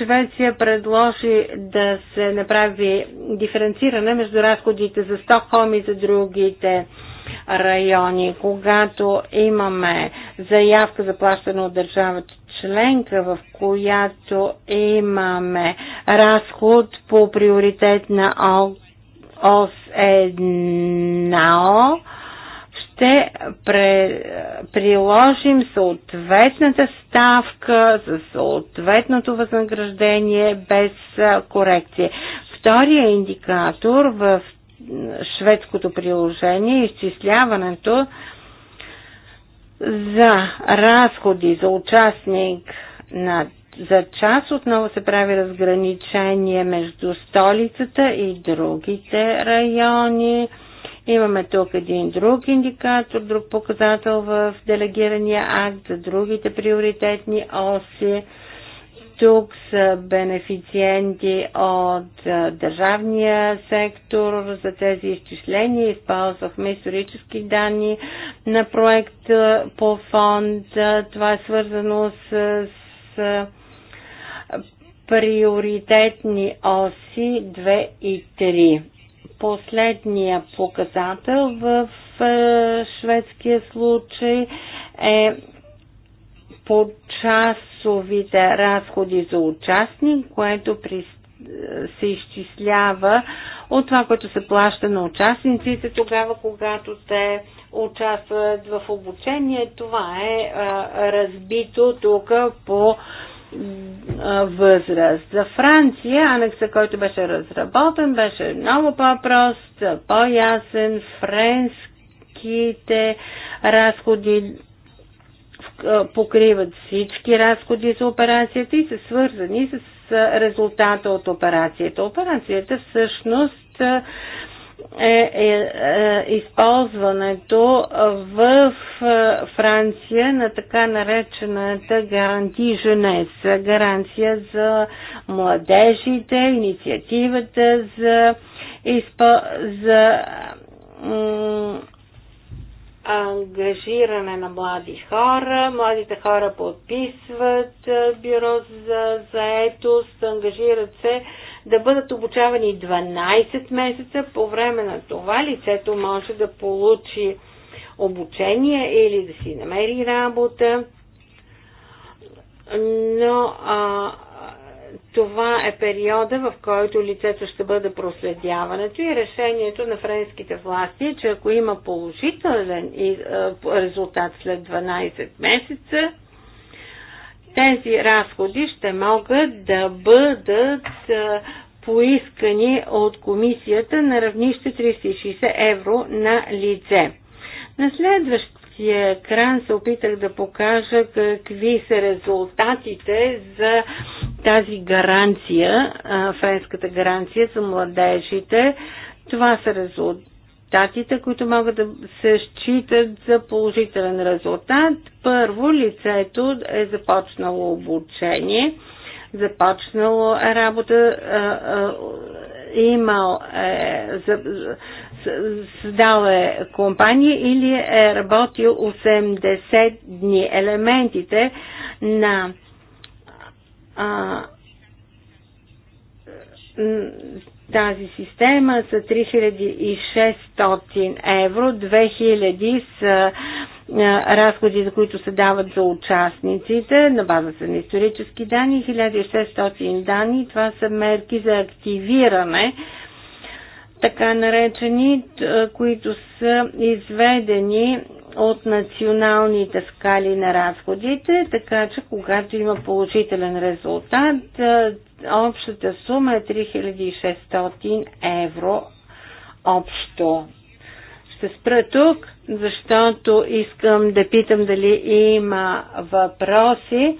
Швеция предложи да се направи диференциране между разходите за Стокхолм и за другите райони. Когато имаме заявка за плащане от държавата членка, в която имаме разход по приоритет на ОС 1 ще пре, приложим съответната ставка за съответното възнаграждение без корекция. Втория индикатор в шведското приложение е изчисляването за разходи за участник на за час отново се прави разграничение между столицата и другите райони. Имаме тук един друг индикатор, друг показател в делегирания акт за другите приоритетни оси. Тук са бенефициенти от държавния сектор за тези изчисления. Използвахме исторически данни на проект по фонд. Това е свързано с, с приоритетни оси 2 и 3. Последния показател в шведския случай е по часовите разходи за участник, което при, се изчислява от това, което се плаща на участниците тогава, когато те участват в обучение. Това е а, разбито тук по възраст. За Франция анекса, който беше разработен, беше много по-прост, по-ясен, френските разходи покриват всички разходи за операцията и са свързани с резултата от операцията. Операцията всъщност е, е, е използването в Франция на така наречената гаранти женес, гаранция за младежите, инициативата за, изпо, за ангажиране на млади хора. Младите хора подписват бюро за заетост, ангажират се да бъдат обучавани 12 месеца. По време на това лицето може да получи обучение или да си намери работа. Но а, това е периода, в който лицето ще бъде проследяването и решението на френските власти че ако има положителен е, резултат след 12 месеца, тези разходи ще могат да бъдат е, поискани от комисията на равнище 360 евро на лице. На следващ следващия екран се опитах да покажа какви са резултатите за тази гаранция, френската гаранция за младежите. Това са резултатите, които могат да се считат за положителен резултат. Първо, лицето е започнало обучение, започнало работа, имал е, за, създал е компания или е работил 80 дни. Елементите на а, тази система са 3600 евро, 2000 са за които се дават за участниците на базата на исторически данни, 1600 данни, това са мерки за активиране така наречени, които са изведени от националните скали на разходите, така че когато има положителен резултат, общата сума е 3600 евро общо. Ще спра тук, защото искам да питам дали има въпроси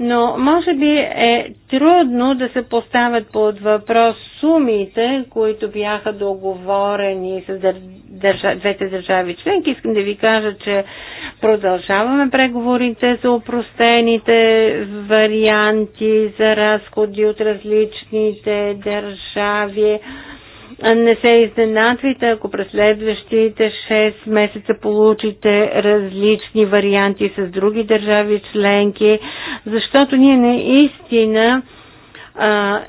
но може би е трудно да се поставят под въпрос сумите, които бяха договорени с държа... двете държави членки. Искам да ви кажа, че продължаваме преговорите за упростените варианти за разходи от различните държави не се изненадвайте, ако през следващите 6 месеца получите различни варианти с други държави членки, защото ние наистина а,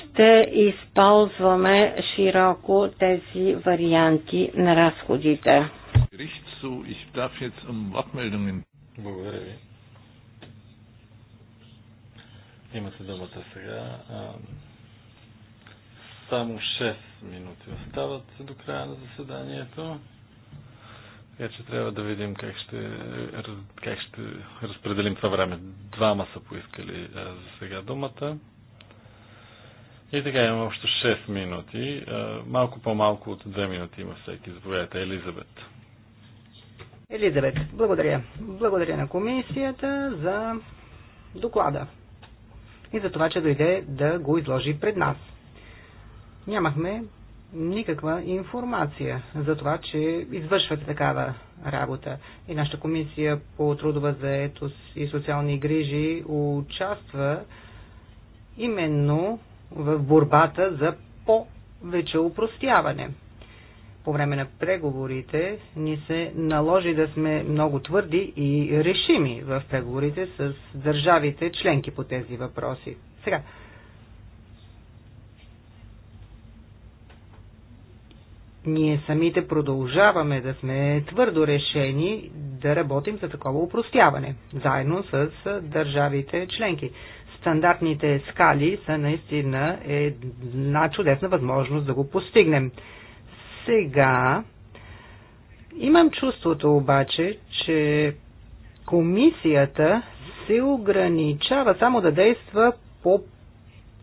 ще използваме широко тези варианти на разходите. Um Благодаря ви. Имате думата сега. Само 6 минути остават до края на заседанието. Така че трябва да видим как ще, как ще разпределим това време. Двама са поискали е, за сега думата. И така имаме общо 6 минути. Е, малко по-малко от 2 минути има всеки. Заповядайте, Елизабет. Елизабет, благодаря. Благодаря на комисията за доклада и за това, че дойде да го изложи пред нас нямахме никаква информация за това, че извършвате такава работа. И нашата комисия по трудова заетост и социални грижи участва именно в борбата за повече упростяване. По време на преговорите ни се наложи да сме много твърди и решими в преговорите с държавите членки по тези въпроси. Сега, Ние самите продължаваме да сме твърдо решени да работим за такова упростяване, заедно с държавите членки. Стандартните скали са наистина една чудесна възможност да го постигнем. Сега имам чувството обаче, че комисията се ограничава само да действа по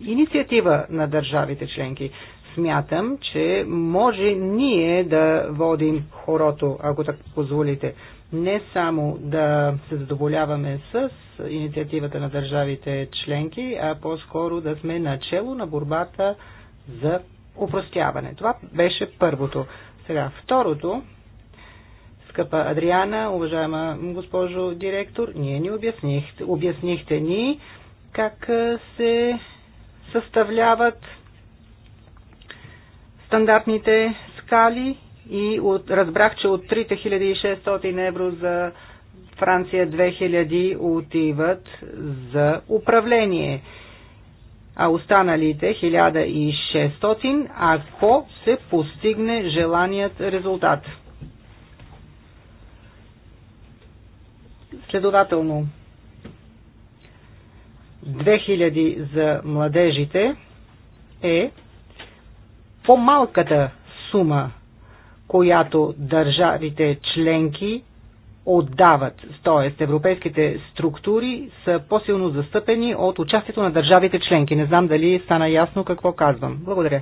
инициатива на държавите членки смятам, че може ние да водим хорото, ако так позволите. Не само да се задоволяваме с инициативата на държавите членки, а по-скоро да сме начало на борбата за упростяване. Това беше първото. Сега, второто, скъпа Адриана, уважаема госпожо директор, ние ни обяснихте, обяснихте ни как се съставляват стандартните скали и от, разбрах, че от 3600 евро за Франция 2000 отиват за управление, а останалите 1600, ако се постигне желаният резултат. Следователно, 2000 за младежите е по-малката сума, която държавите членки отдават. Тоест, европейските структури са по-силно застъпени от участието на държавите членки. Не знам дали стана ясно какво казвам. Благодаря.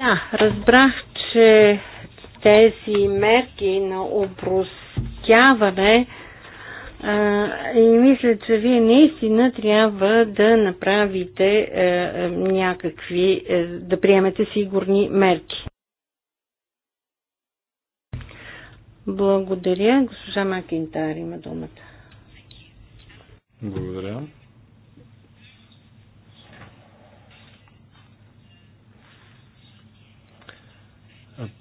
Да, разбрах, че тези мерки на опростяване и мисля, че вие наистина трябва да направите е, е, някакви, е, да приемете сигурни мерки. Благодаря. Госпожа Макинтар има думата. Благодаря.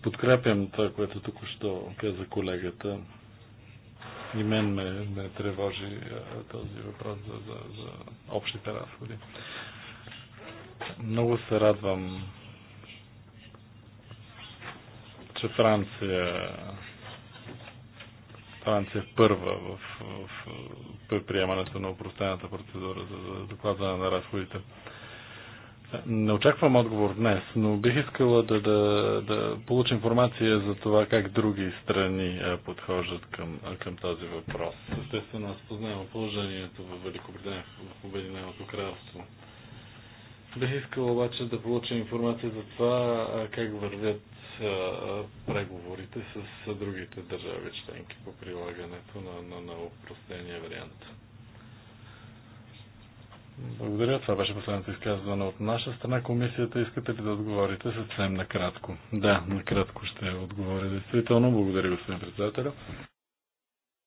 Подкрепям това, което тук що каза колегата. И мен ме, ме тревожи този въпрос за, за, за общите разходи. Много се радвам, че Франция Франция е първа в, в, в приемането на упростената процедура за, докладване на разходите. Не очаквам отговор днес, но бих искала да, да, да получа информация за това как други страни е, подхождат към, е, към този въпрос. Естествено, аз познавам положението в Великобритания, в Обединеното кралство. Бих искала обаче да получа информация за това е, как вървят преговорите с другите държави членки по прилагането на, на, на упростения вариант. Благодаря. Това беше последното изказване от наша страна. Комисията искате ли да отговорите съвсем накратко? Да, накратко ще отговоря действително. Благодаря, господин председател.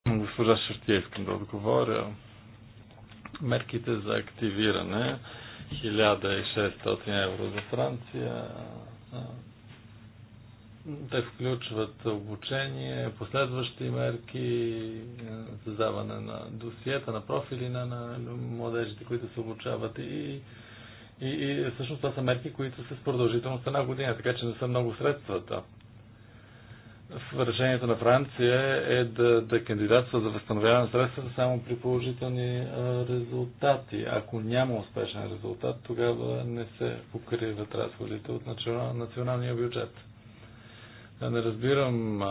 Госпожа Шартия искам да отговоря. Мерките за активиране 1600 евро за Франция, те включват обучение, последващи мерки, създаване на досиета, на профили на, на младежите, които се обучават и, и, и всъщност това са мерки, които са с продължителност една година, така че не са много средствата. В решението на Франция е да, да кандидатства за възстановяване на средствата само при положителни резултати. Ако няма успешен резултат, тогава не се покриват разходите от национал, националния бюджет. Е, не разбирам а,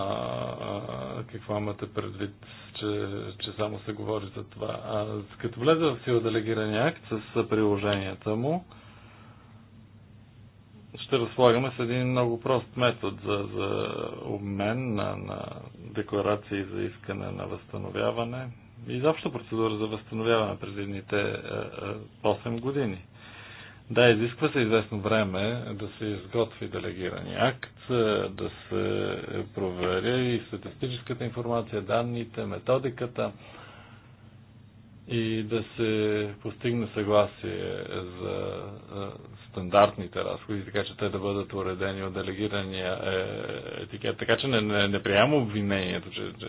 а, какво имате предвид, че, че само се говори за това. А, като влезе в сила делегирания акт с приложенията му, ще разполагаме с един много прост метод за, за обмен на, на декларации за искане на възстановяване и заобщо процедура за възстановяване през едните 8 е, е, години. Да, изисква се известно време да се изготви делегирани акт, е, да се проверя и статистическата информация, данните, методиката и да се постигне съгласие за е, стандартните разходи, така че те да бъдат уредени от делегирания е, етикет. Така че не, не, не приема обвинението, че, че,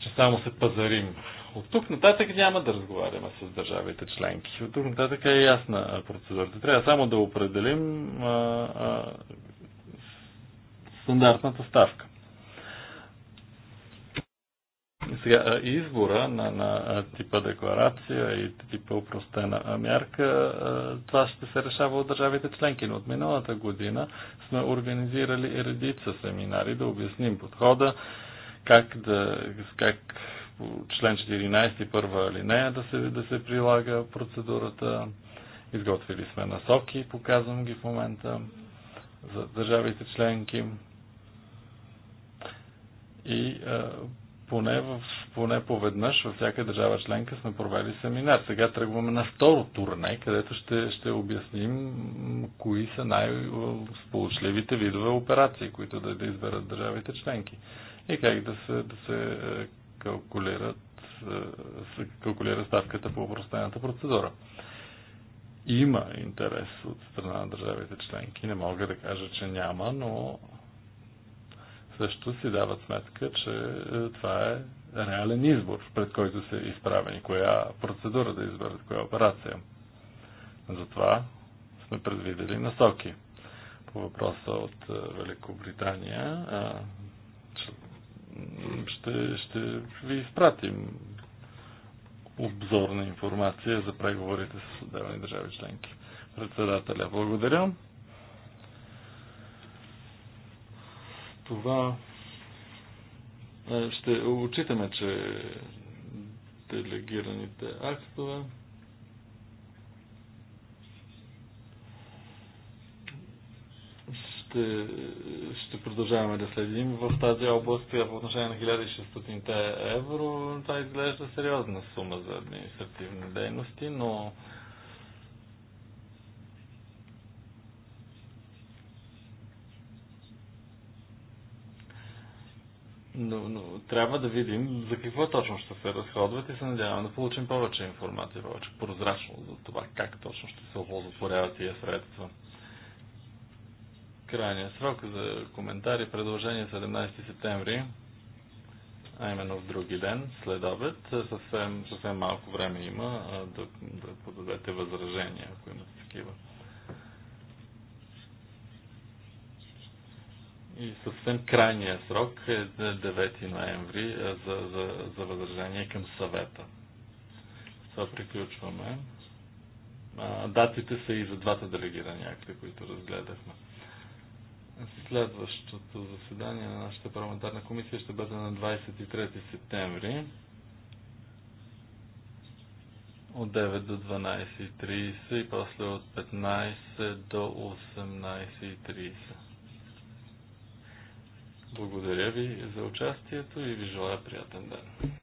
че само се пазарим от тук нататък няма да разговаряме с държавите членки. От тук нататък е ясна процедурата. Трябва само да определим а, а, стандартната ставка. Сега, избора на, на типа декларация и типа упростена мярка, това ще се решава от държавите членки, но от миналата година сме организирали редица семинари да обясним подхода, как, да, как член 14 първа алинея да се, да се прилага процедурата. Изготвили сме насоки, показвам ги в момента за държавите членки. И а, поне, в, поне поведнъж във всяка държава членка сме провели семинар. Сега тръгваме на второ турне, където ще, ще обясним кои са най-сполучливите видове операции, които да, да изберат държавите членки и как да се, да се е, калкулират, е, се калкулира ставката по упростената процедура. Има интерес от страна на държавите членки, не мога да кажа, че няма, но също си дават сметка, че е, това е реален избор, пред който са изправени, коя процедура да изберат, коя операция. Затова сме предвидели насоки. По въпроса от е, Великобритания, ще, ще ви изпратим обзорна информация за преговорите с отделни държави членки. Председателя, благодаря. Това е, ще отчитаме, че делегираните актове ще, ще продължаваме да следим в тази област. По отношение на 1600 евро, това изглежда сериозна сума за административни дейности, но но, но трябва да видим за какво точно ще се разходват и се надяваме да получим повече информация, повече прозрачност за това как точно ще се оползотворяват тия средства. Крайния срок за коментари, предложение 17 е септември, а именно в други ден, след обед. Съвсем, съвсем малко време има да, да подадете възражения, ако имате такива. И съвсем крайния срок е 9 ноември за, за, за възражение към съвета. това приключваме. датите са и за двата делегирани акта, които разгледахме. Следващото заседание на нашата парламентарна комисия ще бъде на 23 септември от 9 до 12.30 и после от 15 до 18.30. Благодаря ви за участието и ви желая приятен ден.